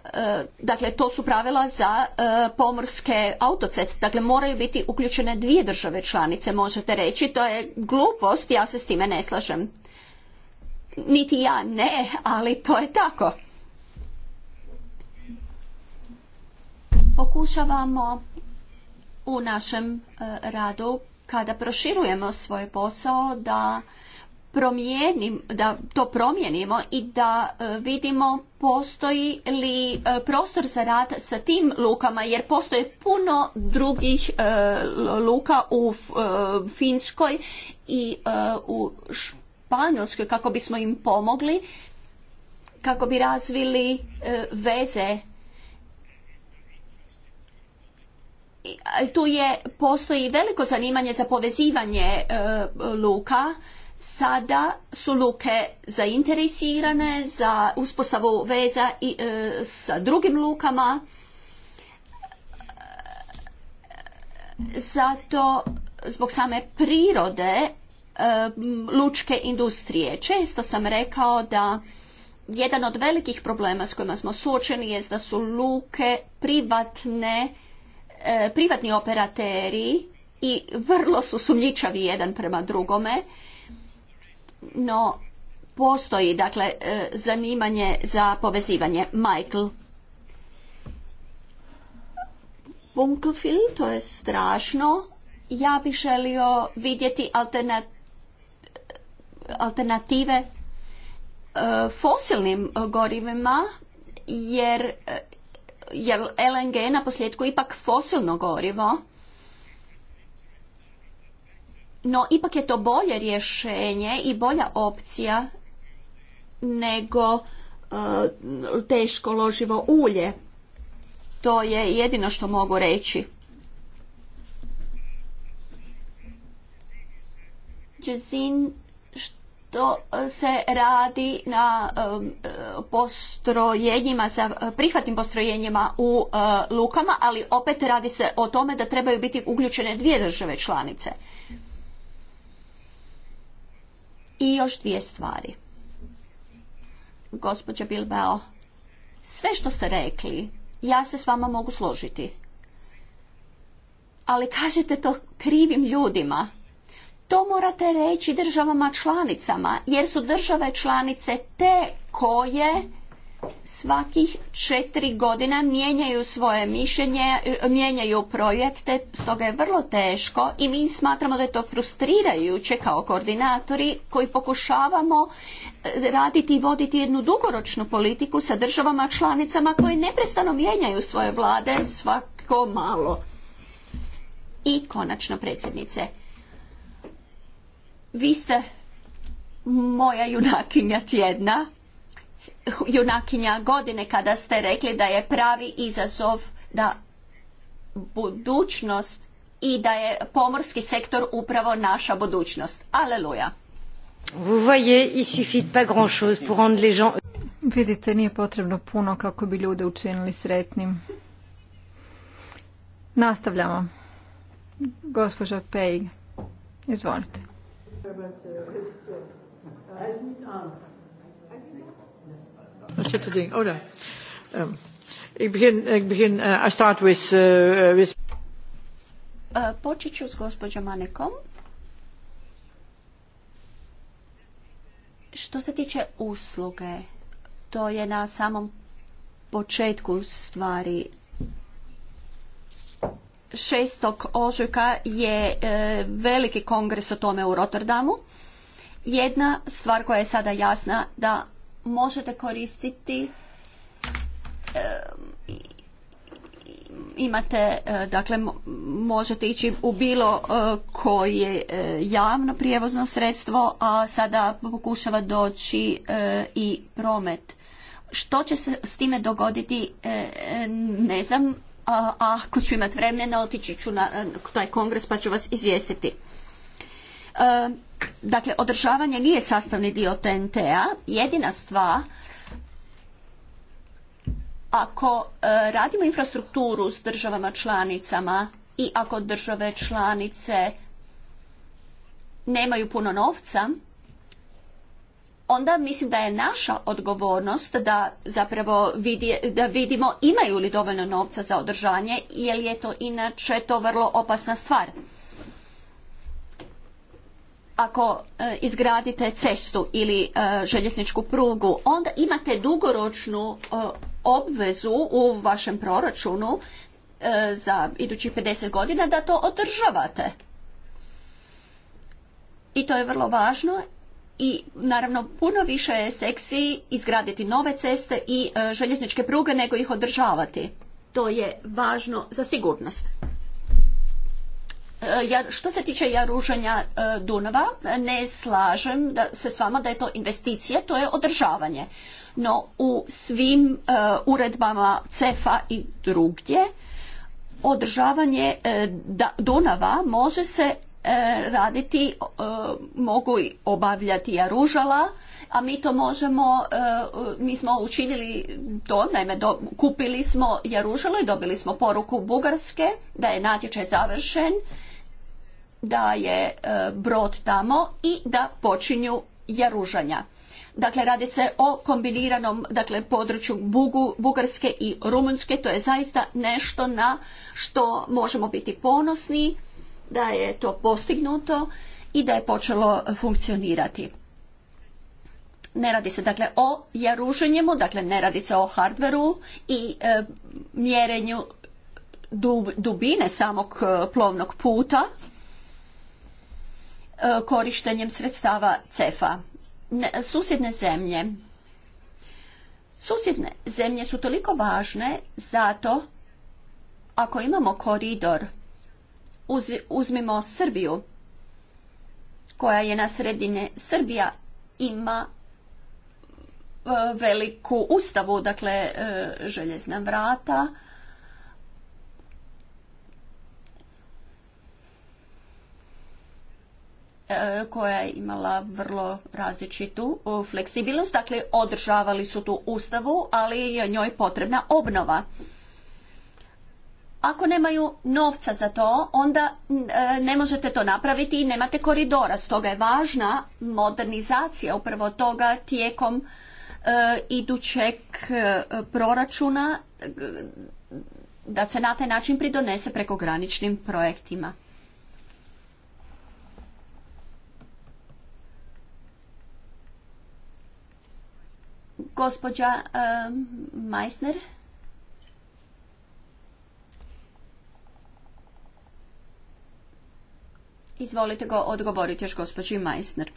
D: E, dakle to su pravila za e, pomorske autoceste, dakle moraju biti uključene dvije države članice, možete reći, to je glupost, ja se s time ne slažem. Niti ja ne, ali to je tako. Pokušavamo u našem e, radu kada proširujemo svoj posao da promijenim, da to promijenimo i da e, vidimo postoji li e, prostor za rad sa tim lukama jer postoje puno drugih e, luka u Finskoj i u Španjolskoj kako bismo im pomogli kako bi razvili veze tu je postoji veliko zanimanje za povezivanje luka sada su luke zainteresirane za uspostavu veza i, e, sa drugim lukama zato zbog same prirode e, lučke industrije često sam rekao da jedan od velikih problema s kojima smo suočeni je da su luke privatne e, privatni operateri i vrlo su sumnjičavi jedan prema drugome no postoji dakle e, zanimanje za povezivanje. Michael film, to je strašno. Ja bih želio vidjeti alternative e, fosilnim gorivima, jer, e, jer LNG je na posljedku ipak fosilno gorivo no ipak je to bolje rješenje i bolja opcija nego e, teško loživo ulje. To je jedino što mogu reći. Džezin što se radi na e, postrojenjima, za prihvatnim postrojenjima u e, lukama, ali opet radi se o tome da trebaju biti uključene dvije države članice. I još dvije stvari. Gospođa Bilbao, sve što ste rekli, ja se s vama mogu složiti. Ali kažete to krivim ljudima. To morate reći državama članicama, jer su države članice te koje svakih četiri godina mijenjaju svoje mišljenje, mijenjaju projekte, stoga je vrlo teško i mi smatramo da je to frustrirajuće kao koordinatori koji pokušavamo e, raditi i voditi jednu dugoročnu politiku sa državama članicama koje neprestano mijenjaju svoje vlade svako malo. I konačno predsjednice, vi ste moja junakinja tjedna, junakinja godine kada ste rekli da je pravi izazov da budućnost i da je pomorski sektor upravo naša budućnost. Aleluja.
A: Vous voyez, il suffit pas grand chose
B: Vidite, nije potrebno puno kako bi ljude učinili sretnim. Nastavljamo. Gospođa pej izvolite
D: počet ću s gospođom Manekom. Što se tiče usluge, to je na samom početku stvari 6. ožujka je eh, veliki kongres o tome u Rotterdamu. Jedna stvar koja je sada jasna da možete koristiti eh, imate, eh, dakle, možete ići u bilo eh, koje javno prijevozno sredstvo, a sada pokušava doći i promet. Što će se s time dogoditi, ne znam, a ako ću imati vremena, otići ću na taj kongres pa ću vas izvijestiti. Dakle, održavanje nije sastavni dio TNT-a. Jedina stvar, ako e, radimo infrastrukturu s državama članicama i ako države članice nemaju puno novca, onda mislim da je naša odgovornost da zapravo da vidimo imaju li dovoljno novca za održanje, jer je to inače to vrlo opasna stvar ako e, izgradite cestu ili e, željezničku prugu, onda imate dugoročnu e, obvezu u vašem proračunu za idućih 50 godina da to održavate. I to je vrlo važno i naravno puno više je seksi izgraditi nove ceste i željezničke pruge nego ih održavati. To je važno za sigurnost. E, što se tiče jaružanja e, Dunava, ne slažem se s vama da je to investicija, to je održavanje. No u svim e, uredbama CEFA i drugdje održavanje Dunava može se raditi, mogu obavljati jaružala, a mi to možemo, mi smo učinili to, naime kupili smo jaružalo i dobili smo poruku Bugarske da je natječaj završen da je e, brod tamo i da počinju jaružanja. Dakle, radi se o kombiniranom dakle, području Bugu, Bugarske i Rumunjske. To je zaista nešto na što možemo biti ponosni, da je to postignuto i da je počelo funkcionirati. Ne radi se dakle o jaruženjemu, dakle ne radi se o hardveru i e, mjerenju dubine samog e, plovnog puta, E, korištenjem sredstava CEFA. Susjedne zemlje. Susjedne zemlje su toliko važne zato ako imamo koridor, uzmimo Srbiju, koja je na sredine Srbija, ima e, veliku ustavu, dakle e, željezna vrata, E, koja je imala vrlo različitu e, fleksibilnost. Dakle, održavali su tu ustavu, ali je njoj potrebna obnova. Ako nemaju novca za to, onda e, ne možete to napraviti i nemate koridora. Stoga je važna modernizacija upravo toga tijekom idućeg proračuna da se na taj način pridonese prekograničnim projektima. Gospođa Meissner Izvolite go odgovoriti još gospođi Meissner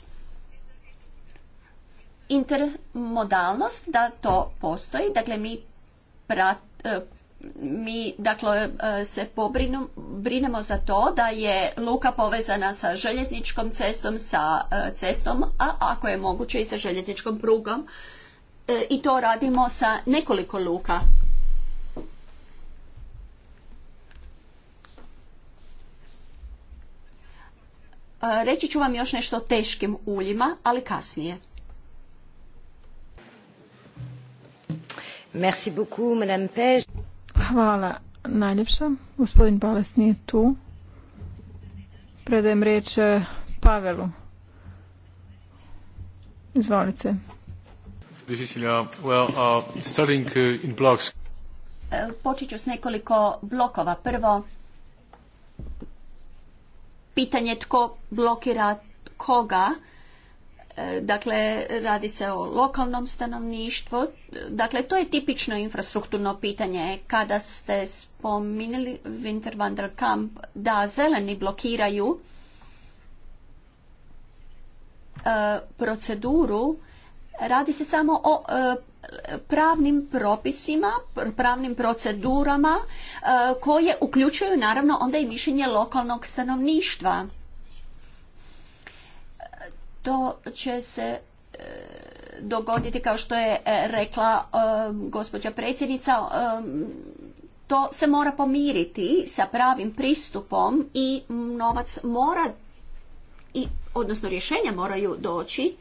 D: Intermodalnost, da to postoji, dakle mi eh, mi dakle eh, se pobrinemo za to da je luka povezana sa željezničkom cestom, sa eh, cestom, a ako je moguće i sa željezničkom prugom. E, i to radimo sa nekoliko luka. E, reći ću vam još nešto o teškim uljima, ali kasnije. Merci beaucoup, Hvala najljepša.
B: Gospodin Bales nije tu. Predajem riječ e, Pavelu.
D: Izvolite.
A: Uh, uh, uh,
D: e, počet ću s nekoliko blokova. Prvo, pitanje tko blokira koga. E, dakle, radi se o lokalnom stanovništvu. Dakle, to je tipično infrastrukturno pitanje. Kada ste spominjali Winter van Kamp, da zeleni blokiraju e, proceduru Radi se samo o e, pravnim propisima, pravnim procedurama e, koje uključuju naravno onda i mišljenje lokalnog stanovništva. To će se e, dogoditi kao što je rekla gospođa predsjednica to se mora pomiriti sa pravim pristupom i novac mora i odnosno rješenja moraju doći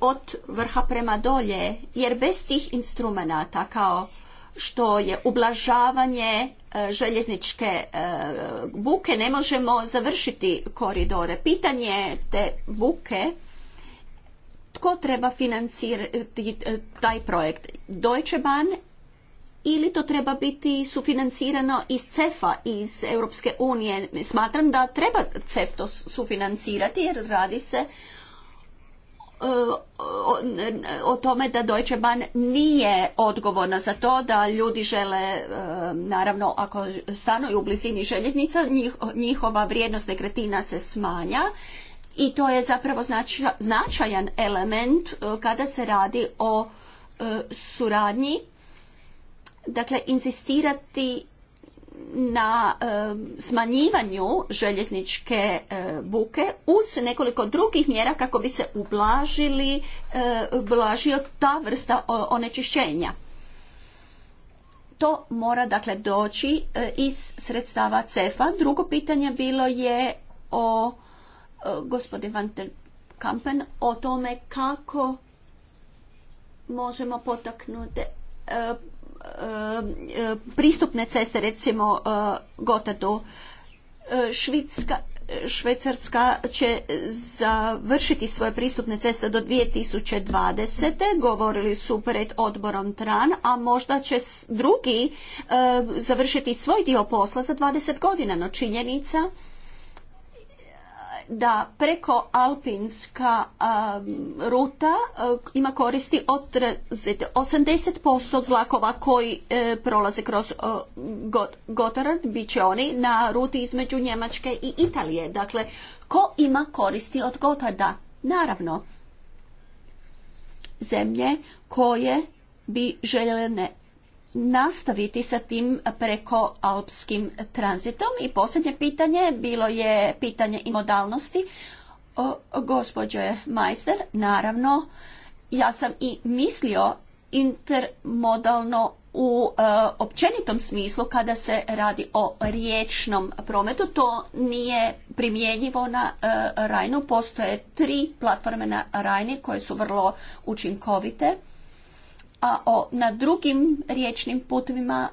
D: od vrha prema dolje, jer bez tih instrumenata kao što je ublažavanje e, željezničke e, buke ne možemo završiti koridore. Pitanje te buke tko treba financirati e, taj projekt? Deutsche Bahn ili to treba biti sufinancirano iz CEFA, iz Europske unije. Smatram da treba CEF to sufinancirati jer radi se o, tome da Deutsche Bahn nije odgovorna za to da ljudi žele, e, naravno ako stanuju u blizini željeznica, njihova vrijednost nekretina se smanja i to je zapravo značajan element e, kada se radi o e, suradnji. Dakle, insistirati na e, smanjivanju željezničke e, buke uz nekoliko drugih mjera kako bi se ublažili, e, ublažio ta vrsta onečišćenja. To mora dakle doći iz sredstava CEFA. Drugo pitanje bilo je o gospodin Van der Kampen o tome kako možemo potaknuti Eh, eh, pristupne ceste, recimo eh, gotatu švicarska Švecarska će završiti svoje pristupne ceste do 2020. Govorili su pred odborom TRAN, a možda će drugi završiti svoj dio posla za 20 godina. No činjenica da preko alpinska um, ruta uh, ima koristi od 80% vlakova koji uh, prolaze kroz uh, Gotard, bit će oni na ruti između Njemačke i Italije. Dakle, ko ima koristi od gotarda Naravno, zemlje koje bi željele nastaviti sa tim preko alpskim tranzitom. I posljednje pitanje bilo je pitanje modalnosti. Gospođe Majster, naravno, ja sam i mislio intermodalno u e, općenitom smislu kada se radi o riječnom prometu. To nije primjenjivo na e, Rajnu. Postoje tri platforme na Rajni koje su vrlo učinkovite a o, na drugim riječnim putvima,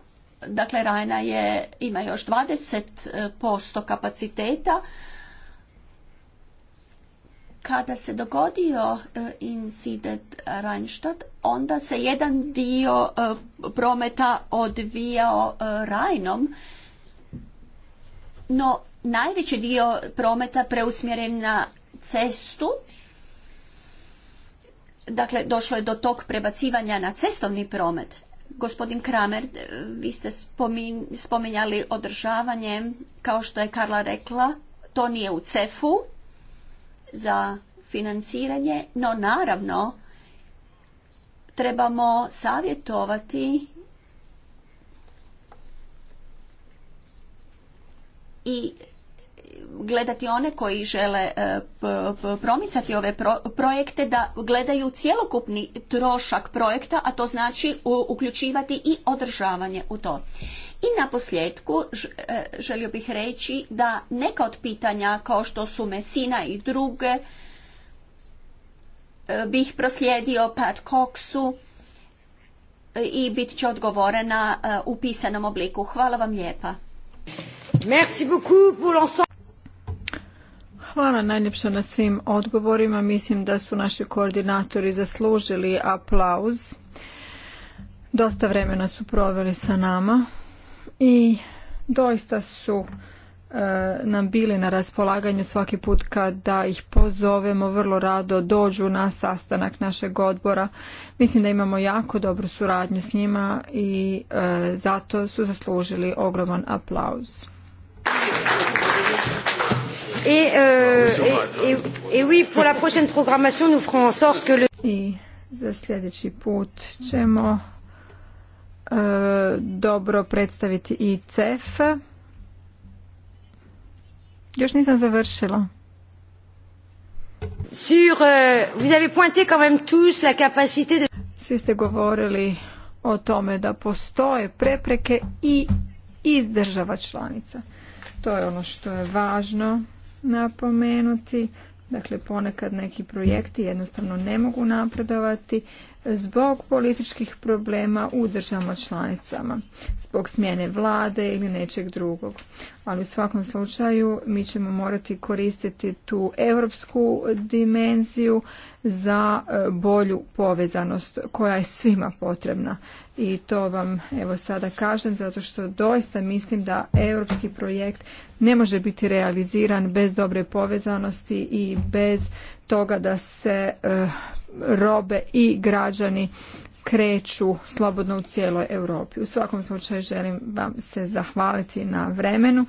D: dakle Rajna je, ima još 20% e, kapaciteta. Kada se dogodio e, incident Rajnštad, onda se jedan dio e, prometa odvijao Rajnom, no najveći dio prometa preusmjeren na cestu Dakle, došlo je do tog prebacivanja na cestovni promet. Gospodin Kramer, vi ste spominjali održavanje, kao što je Karla rekla, to nije u cefu za financiranje, no naravno trebamo savjetovati i gledati one koji žele e, promicati ove projekte da gledaju cjelokupni trošak projekta, a to znači uključivati i održavanje u to. I na posljedku e, želio bih reći da neka od pitanja kao što su Mesina i druge e, bih proslijedio Pat Coxu i bit će odgovorena u pisanom obliku. Hvala vam lijepa.
B: Hvala najljepša na svim odgovorima. Mislim da su naši koordinatori zaslužili aplauz. Dosta vremena su proveli sa nama i doista su e, nam bili na raspolaganju svaki put kada ih pozovemo vrlo rado dođu na sastanak našeg odbora mislim da imamo jako dobru suradnju s njima i e, zato su zaslužili ogroman aplauz Et, euh, et, et, et oui, pour la prochaine programmation, nous ferons en sorte que le... I za sljedeći put ćemo uh, dobro predstaviti i CEF. Još nisam završila. Sur, euh, vous avez pointé quand même tous la capacité de... Svi ste govorili o tome da postoje prepreke i iz država članica. To je ono što je važno napomenuti. Dakle, ponekad neki projekti jednostavno ne mogu napredovati zbog političkih problema u državama članicama, zbog smjene vlade ili nečeg drugog. Ali u svakom slučaju mi ćemo morati koristiti tu europsku dimenziju za e, bolju povezanost koja je svima potrebna i to vam evo sada kažem zato što doista mislim da europski projekt ne može biti realiziran bez dobre povezanosti i bez toga da se eh, robe i građani kreću slobodno u cijeloj Europi. U svakom slučaju želim vam se zahvaliti na vremenu.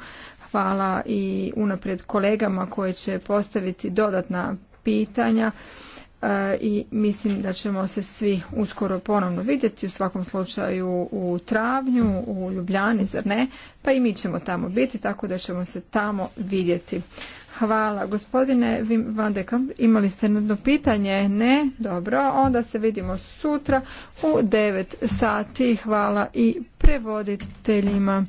B: Hvala i unaprijed kolegama koji će postaviti dodatna pitanja. E, i mislim da ćemo se svi uskoro ponovno vidjeti u svakom slučaju u travnju u Ljubljani, zar ne? Pa i mi ćemo tamo biti, tako da ćemo se tamo vidjeti. Hvala. Gospodine Van imali ste jedno pitanje? Ne? Dobro. Onda se vidimo sutra u 9 sati. Hvala i prevoditeljima.